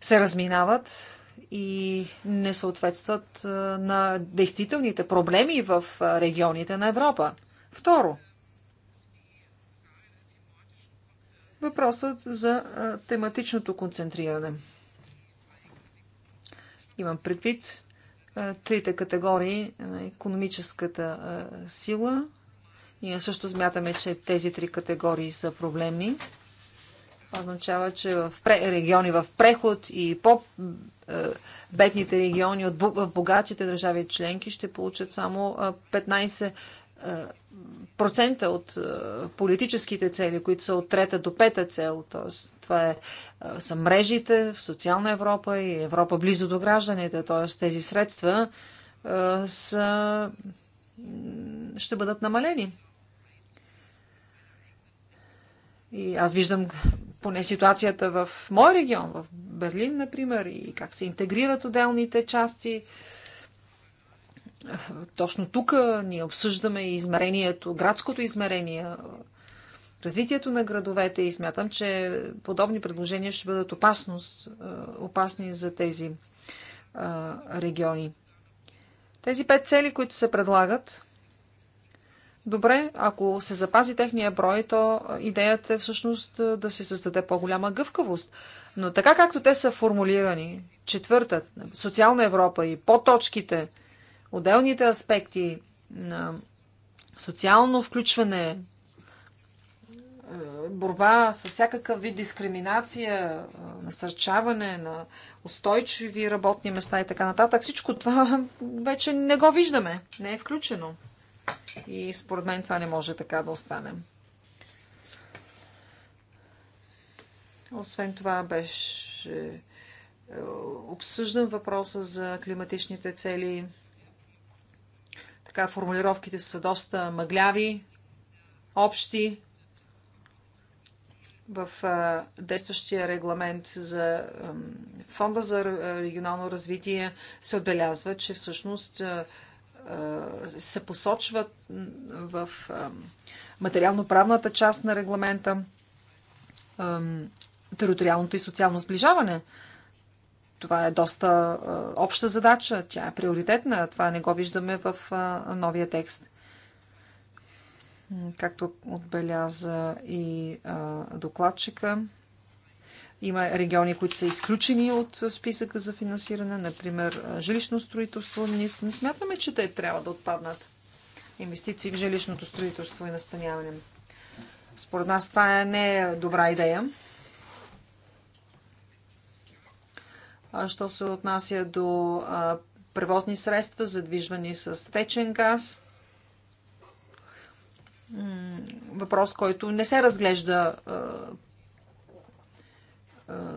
се разминават и не съответстват на действителните проблеми в регионите на Европа. Второ, въпросът за тематичното концентриране. Имам предвид е, трите категории на е, економическата е, сила. Ние също смятаме, че тези три категории са проблемни. Това означава, че в региони в преход и по-бедните региони от в богатите държави членки ще получат само 15 процента от е, политическите цели, които са от трета до пета цел, т.е. това е, е, са мрежите в социална Европа и Европа близо до гражданите, т.е. тези средства е, са, ще бъдат намалени. И аз виждам поне ситуацията в мой регион, в Берлин, например, и как се интегрират отделните части. Точно тук ние обсъждаме измерението, градското измерение, развитието на градовете и смятам, че подобни предложения ще бъдат опасност, опасни за тези региони. Тези пет цели, които се предлагат, добре, ако се запази техния брой, то идеята е всъщност да се създаде по-голяма гъвкавост. Но така както те са формулирани, четвъртът, социална Европа и по-точките – отделните аспекти на социално включване, е, борба с всякакъв вид дискриминация, е, насърчаване на устойчиви работни места и така нататък, всичко това вече не го виждаме. Не е включено. И според мен това не може така да останем. Освен това беше е, обсъждан въпроса за климатичните цели. Така формулировките са доста мъгляви, общи. В действащия регламент за Фонда за регионално развитие се отбелязва, че всъщност се посочват в материално-правната част на регламента териториалното и социално сближаване това е доста обща задача, тя е приоритетна, това не го виждаме в новия текст. Както отбеляза и докладчика, има региони, които са изключени от списъка за финансиране, например жилищно строителство. Ние не смятаме, че те трябва да отпаднат. Инвестиции в жилищното строителство и настаняване. Според нас това е не е добра идея. що се отнася до превозни средства, задвижвани с течен газ. Въпрос, който не се разглежда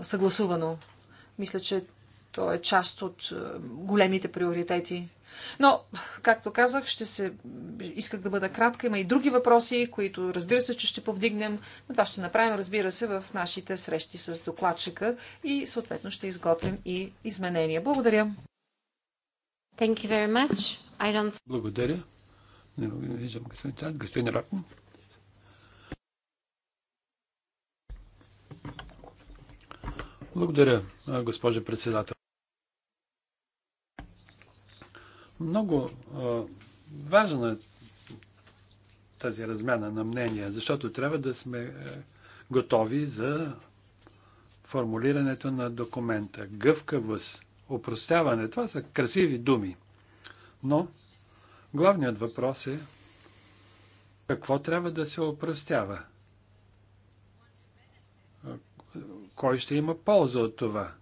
съгласувано. Мисля, че то е част от големите приоритети но, както казах, ще се... исках да бъда кратка. Има и други въпроси, които разбира се, че ще повдигнем. Но това ще направим, разбира се, в нашите срещи с докладчика и съответно ще изготвим и изменения. Благодаря. Thank you very much. I don't... Благодаря. Не виждам господин Цад. Господин Благодаря, госпожа председател. Много а, важна е тази размяна на мнения, защото трябва да сме е, готови за формулирането на документа. Гъвкавост, опростяване, това са красиви думи. Но главният въпрос е какво трябва да се опростява? Кой ще има полза от това?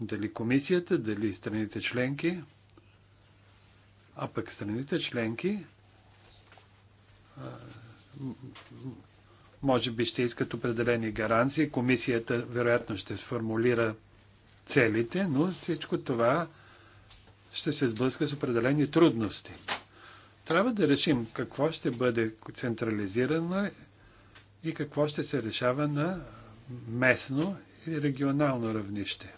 Дали комисията, дали страните членки? А пък страните членки може би ще искат определени гаранции. Комисията вероятно ще сформулира целите, но всичко това ще се сблъска с определени трудности. Трябва да решим какво ще бъде централизирано и какво ще се решава на местно и регионално равнище.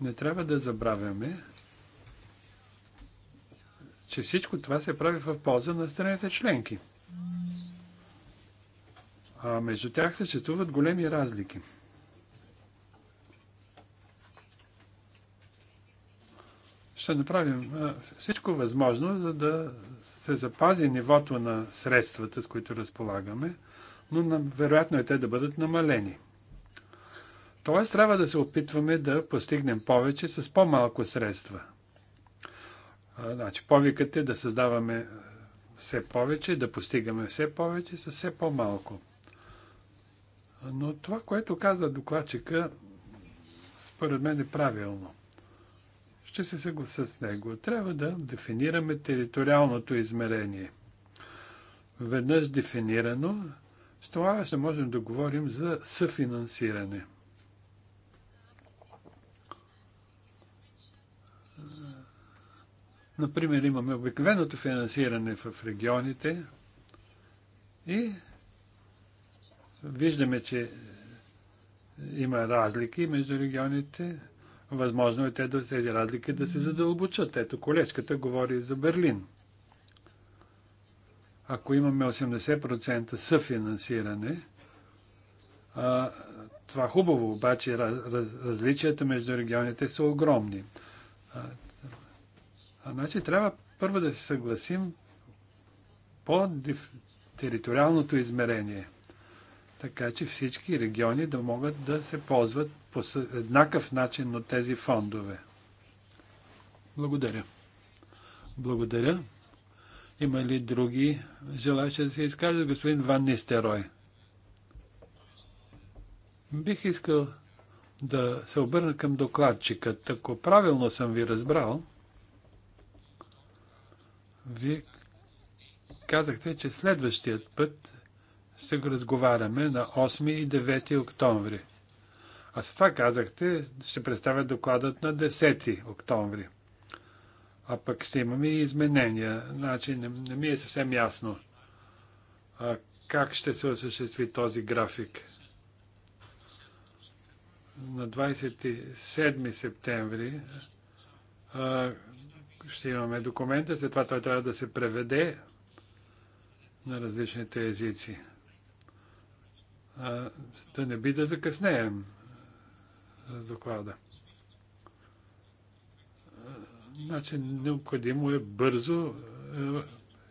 Не трябва да забравяме, че всичко това се прави в полза на страните членки. А между тях съществуват големи разлики. Ще направим всичко възможно, за да се запази нивото на средствата, с които разполагаме, но вероятно е те да бъдат намалени. Тоест трябва да се опитваме да постигнем повече с по-малко средства – Значи, повикът е да създаваме все повече, да постигаме все повече с все по-малко. Но това, което каза докладчика, според мен е правилно. Ще се съглася с него. Трябва да дефинираме териториалното измерение. Веднъж дефинирано, с това ще можем да говорим за съфинансиране – Например, имаме обикновеното финансиране в регионите и виждаме, че има разлики между регионите. Възможно е тези разлики да се задълбочат. Ето, колежката говори за Берлин. Ако имаме 80% съфинансиране, а, това хубаво, обаче раз, раз, различията между регионите са огромни. А, Значи трябва първо да се съгласим по териториалното измерение, така че всички региони да могат да се ползват по еднакъв начин от тези фондове. Благодаря. Благодаря. Има ли други желаящи да се изкажат? Господин Ван Нистерой. Бих искал да се обърна към докладчикът. Ако правилно съм ви разбрал, вие казахте, че следващият път ще го разговаряме на 8 и 9 октомври. А с това казахте, ще представя докладът на 10 октомври. А пък ще имаме и изменения. Значи не, не ми е съвсем ясно а, как ще се осъществи този график. На 27 септември а, ще имаме документа, след това той трябва да се преведе на различните езици. А, да не би да закъснеем с доклада. Значи необходимо е бързо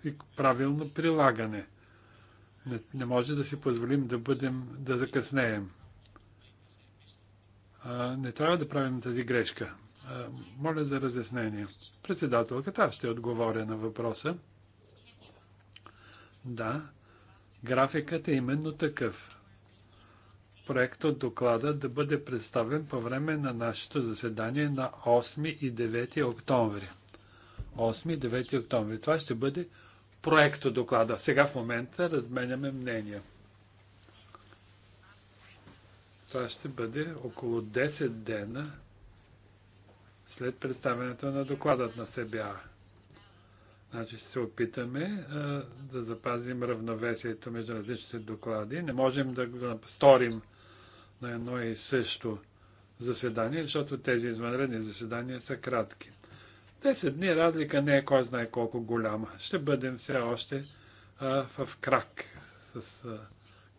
и правилно прилагане. Не, не може да си позволим да бъдем, да закъснеем. А, не трябва да правим тази грешка. Моля за разяснение. Председателката, ще отговоря на въпроса. Да, графикът е именно такъв. Проект от доклада да бъде представен по време на нашето заседание на 8 и 9 октомври. 8 и 9 октомври. Това ще бъде проект от доклада. Сега в момента разменяме мнения. Това ще бъде около 10 дена след представянето на докладът на СБА. Значи ще се опитаме а, да запазим равновесието между различните доклади. Не можем да го сторим на едно и също заседание, защото тези извънредни заседания са кратки. 10 дни разлика не е кой знае колко голяма. Ще бъдем все още а, в крак с а,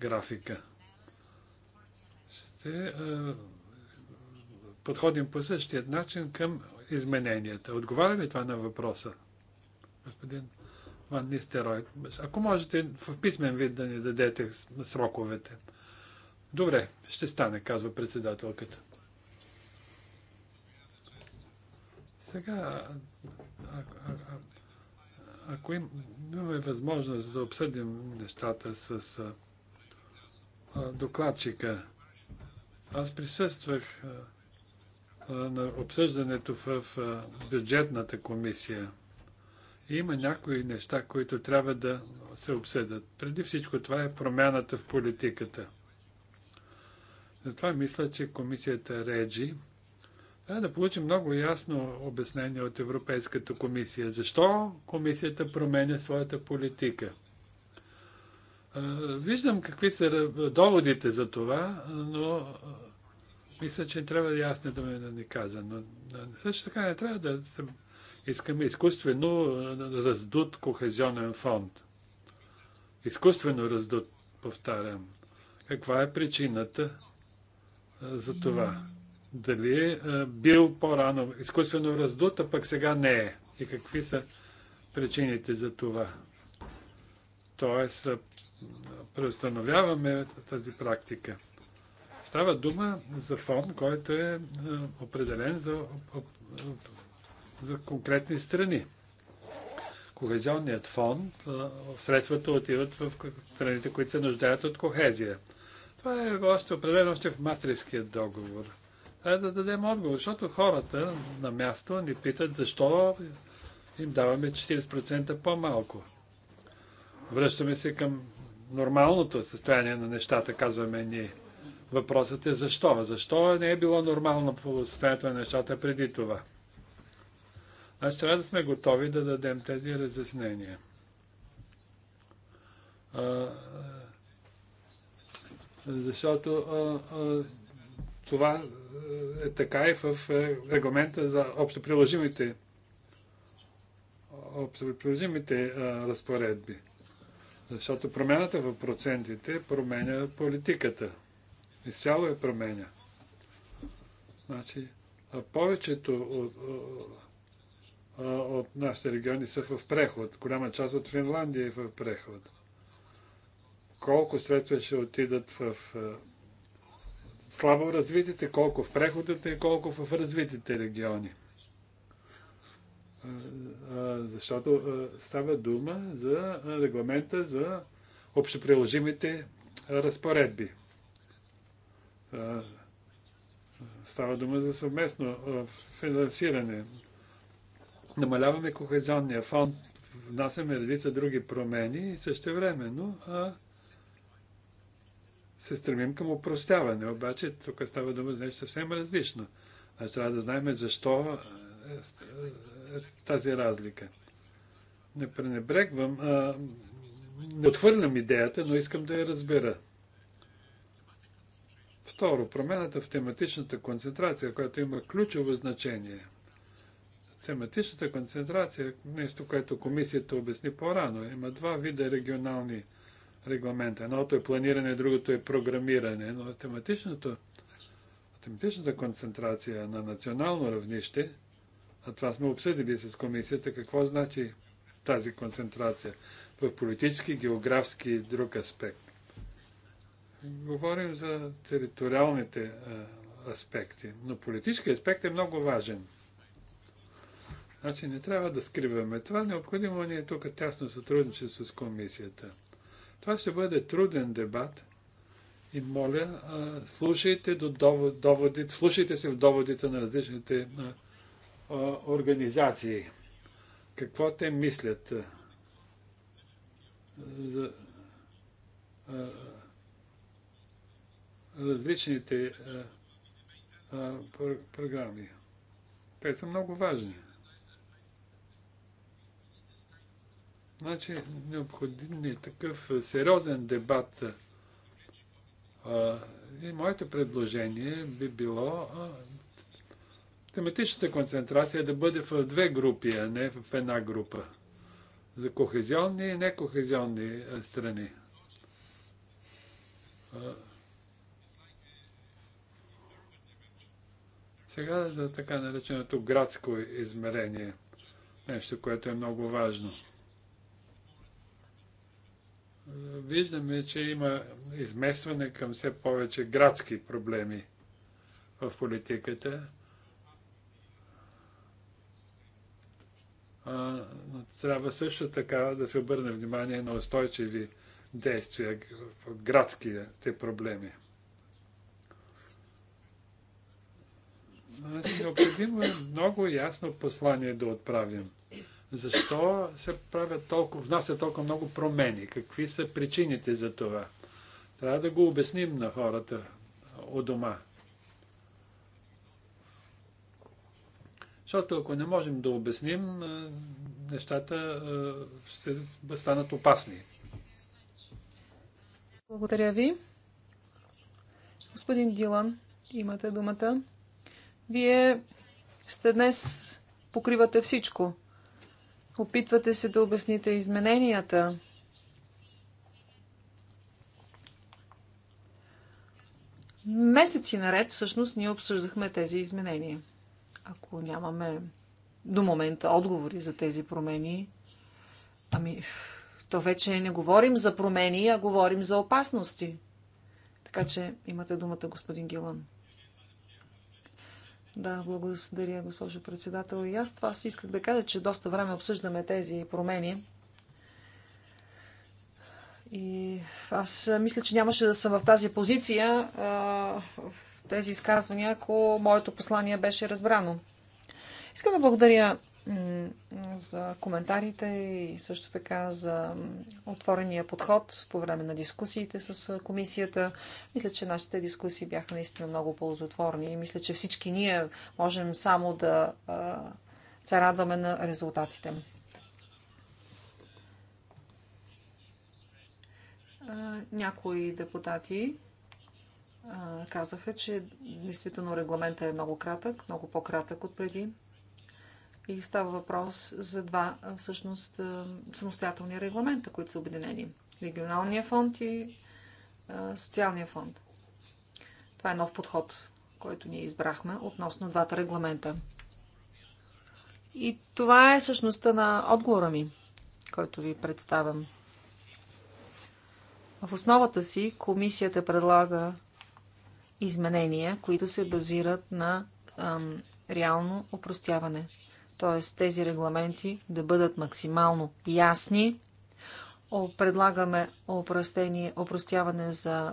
графика. Ще а, подходим по същия начин към измененията. Отговаря ли това на въпроса? Господин Ван Нистерой, ако можете в писмен вид да ни дадете сроковете. Добре, ще стане, казва председателката. Сега, ако, ако, имаме възможност да обсъдим нещата с а, докладчика, аз присъствах а, на обсъждането в бюджетната комисия. Има някои неща, които трябва да се обсъдят. Преди всичко това е промяната в политиката. Затова мисля, че комисията Реджи трябва да получи много ясно обяснение от Европейската комисия. Защо комисията променя своята политика? Виждам какви са доводите за това, но мисля, че трябва да ясно да ме да ни каза, но също така не трябва да искаме изкуствено раздут кохезионен фонд. Изкуствено раздут, повтарям. Каква е причината за това? Дали е бил по-рано изкуствено раздут, а пък сега не е? И какви са причините за това? Тоест, преустановяваме тази практика. Става дума за фон, който е, е определен за, за конкретни страни. Кохезионният фон, е, средствата отиват в страните, които се нуждаят от кохезия. Това е още определено още в Мастриският договор. Трябва да дадем отговор, защото хората на място ни питат защо им даваме 40% по-малко. Връщаме се към нормалното състояние на нещата, казваме ние. Въпросът е защо? Защо не е било нормално по състоянието на нещата преди това? Аз трябва да сме готови да дадем тези разяснения. А, защото а, а, това е така и в е, регламента за общоприложимите, общоприложимите разпоредби. Защото промяната в процентите променя политиката. Изцяло я променя. Значи, а повечето от, от нашите региони са в преход. Голяма част от Финландия е в преход. Колко средства ще отидат в слабо развитите, колко в преходите и колко в развитите региони. Защото става дума за регламента за общоприложимите разпоредби. Става дума за съвместно финансиране. Намаляваме кохезионния фонд, внасяме редица други промени и същевременно а, се стремим към упростяване. Обаче тук става дума за нещо съвсем различно. А трябва да знаем защо е, тази разлика. Не пренебрегвам, а, не отхвърлям идеята, но искам да я разбера. Второ, промената в тематичната концентрация, която има ключово значение. Тематичната концентрация, е нещо, което комисията обясни по-рано, има два вида регионални регламента. Едното е планиране, другото е програмиране, но тематичното тематичната концентрация е на национално равнище, а това сме обсъдили с комисията, какво значи тази концентрация в политически, географски и друг аспект говорим за териториалните е, аспекти, но политически аспект е много важен. Значи не трябва да скриваме това, необходимо ни е тук тясно сътрудничество с комисията. Това ще бъде труден дебат и моля, е, слушайте, до доводите, слушайте се в доводите на различните е, организации. Какво те мислят за различните е, а, пр програми. Те са много важни. Значи, необходим е такъв е, сериозен дебат. Е, а, и моето предложение би било а, тематичната концентрация да бъде в две групи, а не в една група. За кохезионни и некохезионни страни. А, Сега за така нареченото градско измерение. Нещо, което е много важно. Виждаме, че има изместване към все повече градски проблеми в политиката. А, но трябва също така да се обърне внимание на устойчиви действия в градските проблеми. Нали, необходимо е много ясно послание да отправим. Защо се правят толкова, внасят толкова много промени? Какви са причините за това? Трябва да го обясним на хората у дома. Защото ако не можем да обясним, нещата ще станат опасни. Благодаря ви. Господин Дилан, имате думата. Вие сте днес покривате всичко. Опитвате се да обясните измененията. Месеци наред, всъщност, ние обсъждахме тези изменения. Ако нямаме до момента отговори за тези промени, ами, то вече не говорим за промени, а говорим за опасности. Така че имате думата, господин Гилан. Да, благодаря, госпожо председател. И аз това си исках да кажа, че доста време обсъждаме тези промени. И аз мисля, че нямаше да съм в тази позиция, в тези изказвания, ако моето послание беше разбрано. Искам да благодаря за коментарите и също така за отворения подход по време на дискусиите с комисията. Мисля, че нашите дискусии бяха наистина много ползотворни и мисля, че всички ние можем само да се радваме на резултатите. Някои депутати казаха, че действително регламентът е много кратък, много по-кратък от преди. И става въпрос за два всъщност самостоятелни регламента, които са обединени. Регионалния фонд и социалния фонд. Това е нов подход, който ние избрахме относно двата регламента. И това е същността на отговора ми, който ви представям. В основата си комисията предлага изменения, които се базират на ам, реално упростяване – т.е. тези регламенти да бъдат максимално ясни. Предлагаме опростяване за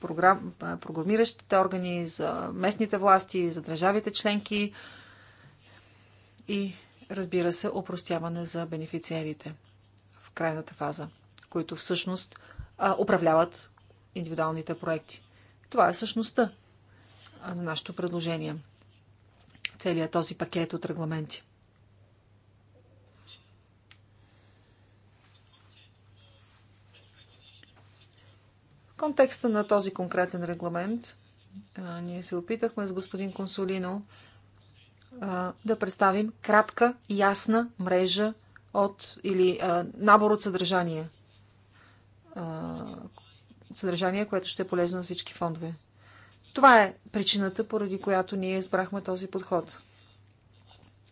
програм, програмиращите органи, за местните власти, за държавите членки и, разбира се, опростяване за бенефициерите в крайната фаза, които всъщност управляват индивидуалните проекти. Това е същността на нашето предложение целият този пакет от регламенти. В контекста на този конкретен регламент ние се опитахме с господин Консолино да представим кратка, ясна мрежа от или а, набор от съдържание. А, съдържание, което ще е полезно на всички фондове. Това е причината, поради която ние избрахме този подход.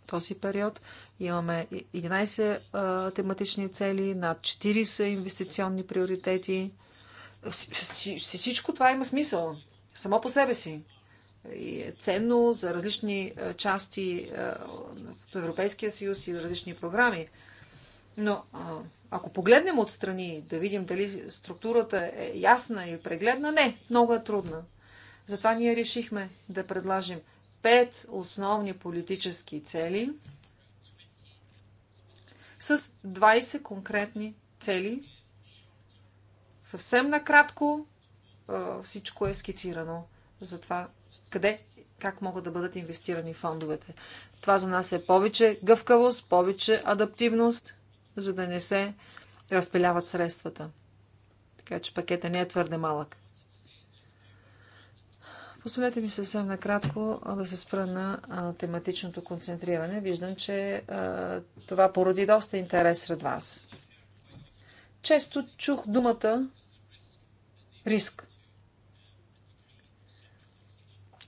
Този период имаме 11 а, тематични цели, над 40 инвестиционни приоритети. Всичко това има смисъл само по себе си. И е ценно за различни части от Европейския съюз и различни програми. Но ако погледнем отстрани, да видим дали структурата е ясна и прегледна, не, много е трудна. Затова ние решихме да предложим пет основни политически цели с 20 конкретни цели. Съвсем накратко всичко е скицирано за това къде, как могат да бъдат инвестирани фондовете. Това за нас е повече гъвкавост, повече адаптивност, за да не се разпиляват средствата. Така че пакета не е твърде малък. Позволете ми съвсем накратко да се спра на тематичното концентриране. Виждам, че това породи доста интерес сред вас. Често чух думата риск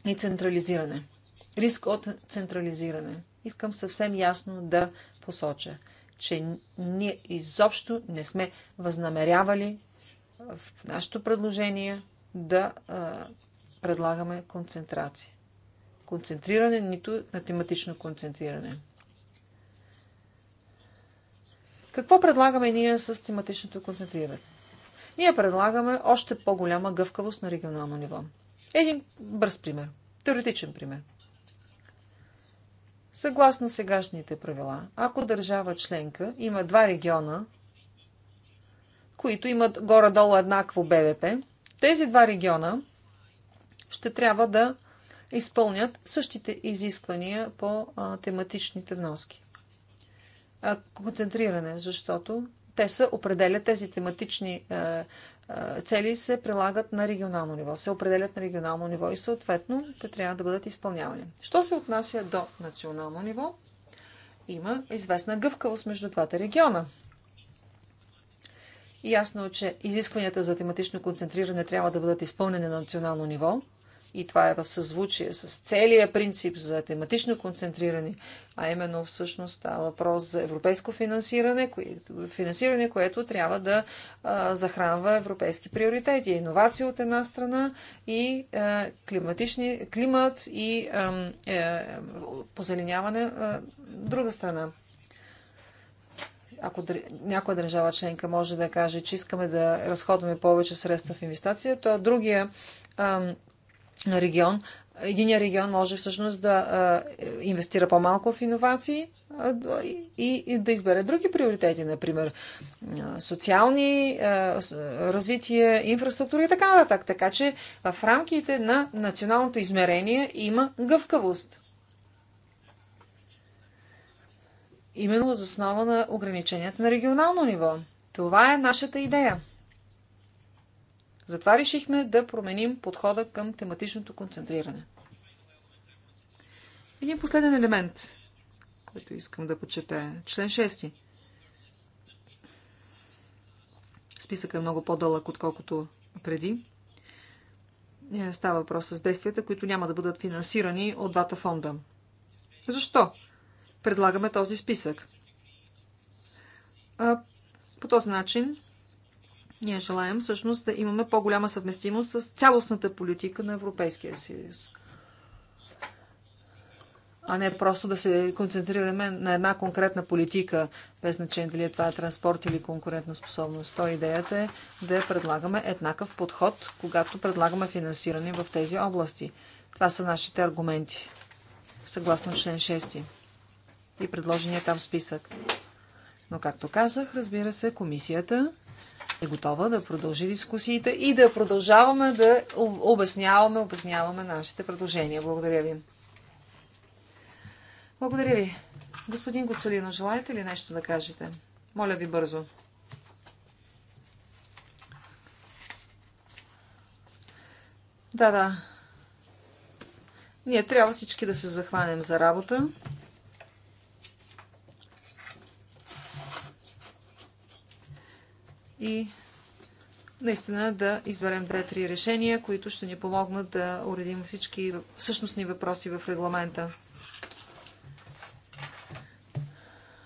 и централизиране. Риск от централизиране. Искам съвсем ясно да посоча, че ние изобщо не сме възнамерявали в нашето предложение да предлагаме концентрация. Концентриране, нито на тематично концентриране. Какво предлагаме ние с тематичното концентриране? Ние предлагаме още по-голяма гъвкавост на регионално ниво. Един бърз пример. Теоретичен пример. Съгласно сегашните правила, ако държава членка има два региона, които имат горе-долу еднакво БВП, тези два региона – ще трябва да изпълнят същите изисквания по тематичните вноски. концентриране, защото те се определят, тези тематични е, е, цели се прилагат на регионално ниво, се определят на регионално ниво и съответно те трябва да бъдат изпълнявани. Що се отнася до национално ниво, има известна гъвкавост между двата региона – Ясно е, че изискванията за тематично концентриране трябва да бъдат изпълнени на национално ниво и това е в съзвучие с целия принцип за тематично концентриране, а именно всъщност става въпрос за европейско финансиране, кое, финансиране, което трябва да а, захранва европейски приоритети. Иновации от една страна и а, климатични, климат и а, е, позеленяване а, друга страна ако някоя държава членка може да каже, че искаме да разходваме повече средства в инвестиция, то другия регион, единия регион може всъщност да а, е, инвестира по-малко в иновации а, и, и да избере други приоритети, например социални а, развитие, инфраструктура и така нататък. Така че в рамките на националното измерение има гъвкавост. именно въз основа на ограниченията на регионално ниво. Това е нашата идея. Затова решихме да променим подхода към тематичното концентриране. Един последен елемент, който искам да почетая. Член 6. Списък е много по-дълъг, отколкото преди. Е, става въпрос с действията, които няма да бъдат финансирани от двата фонда. Защо? предлагаме този списък. По този начин ние желаем всъщност да имаме по-голяма съвместимост с цялостната политика на Европейския съюз. А не просто да се концентрираме на една конкретна политика, без значение дали е това е транспорт или конкурентна способност. То идеята е да предлагаме еднакъв подход, когато предлагаме финансиране в тези области. Това са нашите аргументи, съгласно член 6 и предложения там списък. Но, както казах, разбира се, комисията е готова да продължи дискусиите и да продължаваме да обясняваме, обясняваме нашите предложения. Благодаря ви. Благодаря ви. Господин Гоцелино, желаете ли нещо да кажете? Моля ви бързо. Да, да. Ние трябва всички да се захванем за работа. и наистина да изберем две-три решения, които ще ни помогнат да уредим всички същностни въпроси в регламента.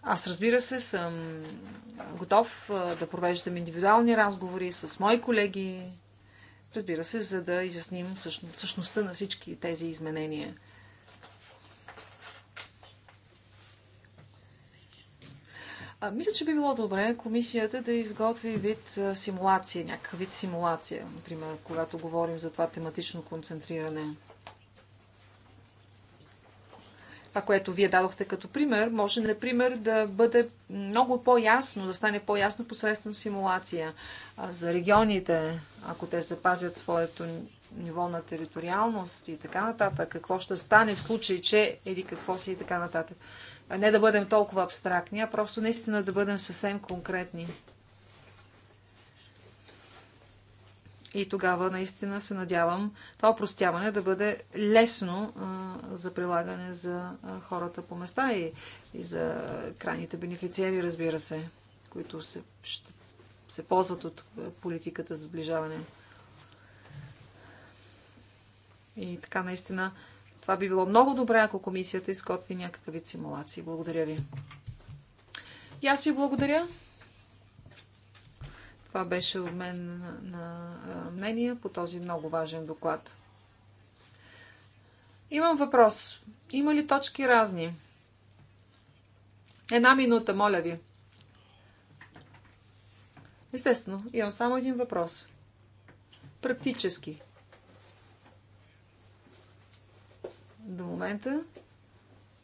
Аз разбира се съм готов да провеждам индивидуални разговори с мои колеги, разбира се, за да изясним същността на всички тези изменения. А, мисля, че би било добре комисията да изготви вид а, симулация, някакъв вид симулация, например, когато говорим за това тематично концентриране. Това, което вие дадохте като пример, може, например, да бъде много по-ясно, да стане по-ясно посредством симулация а, за регионите, ако те запазят своето ниво на териториалност и така нататък, какво ще стане в случай, че еди какво си и така нататък. А не да бъдем толкова абстрактни, а просто наистина да бъдем съвсем конкретни. И тогава наистина се надявам това опростяване да бъде лесно а, за прилагане за а, хората по места и, и за крайните бенефициери, разбира се, които се, ще, се ползват от политиката за сближаване. И така наистина това би било много добре, ако комисията изготви някакъв вид симулации. Благодаря ви. И аз ви благодаря. Това беше обмен на мнение по този много важен доклад. Имам въпрос. Има ли точки разни? Една минута, моля ви. Естествено, имам само един въпрос. Практически. до момента,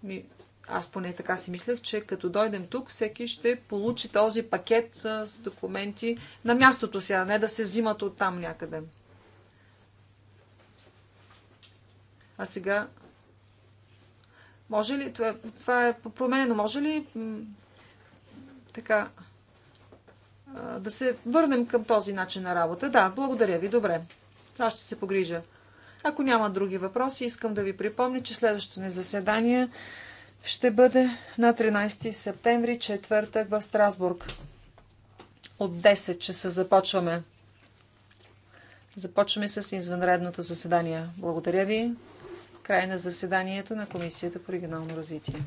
ми, аз поне така си мислех, че като дойдем тук, всеки ще получи този пакет с документи на мястото си, а не да се взимат от там някъде. А сега, може ли, това, това е променено, може ли така да се върнем към този начин на работа? Да, благодаря ви, добре. Аз ще се погрижа. Ако няма други въпроси, искам да ви припомня, че следващото ни заседание ще бъде на 13 септември, четвъртък в Страсбург. От 10 часа започваме. Започваме с извънредното заседание. Благодаря ви. Край на заседанието на Комисията по регионално развитие.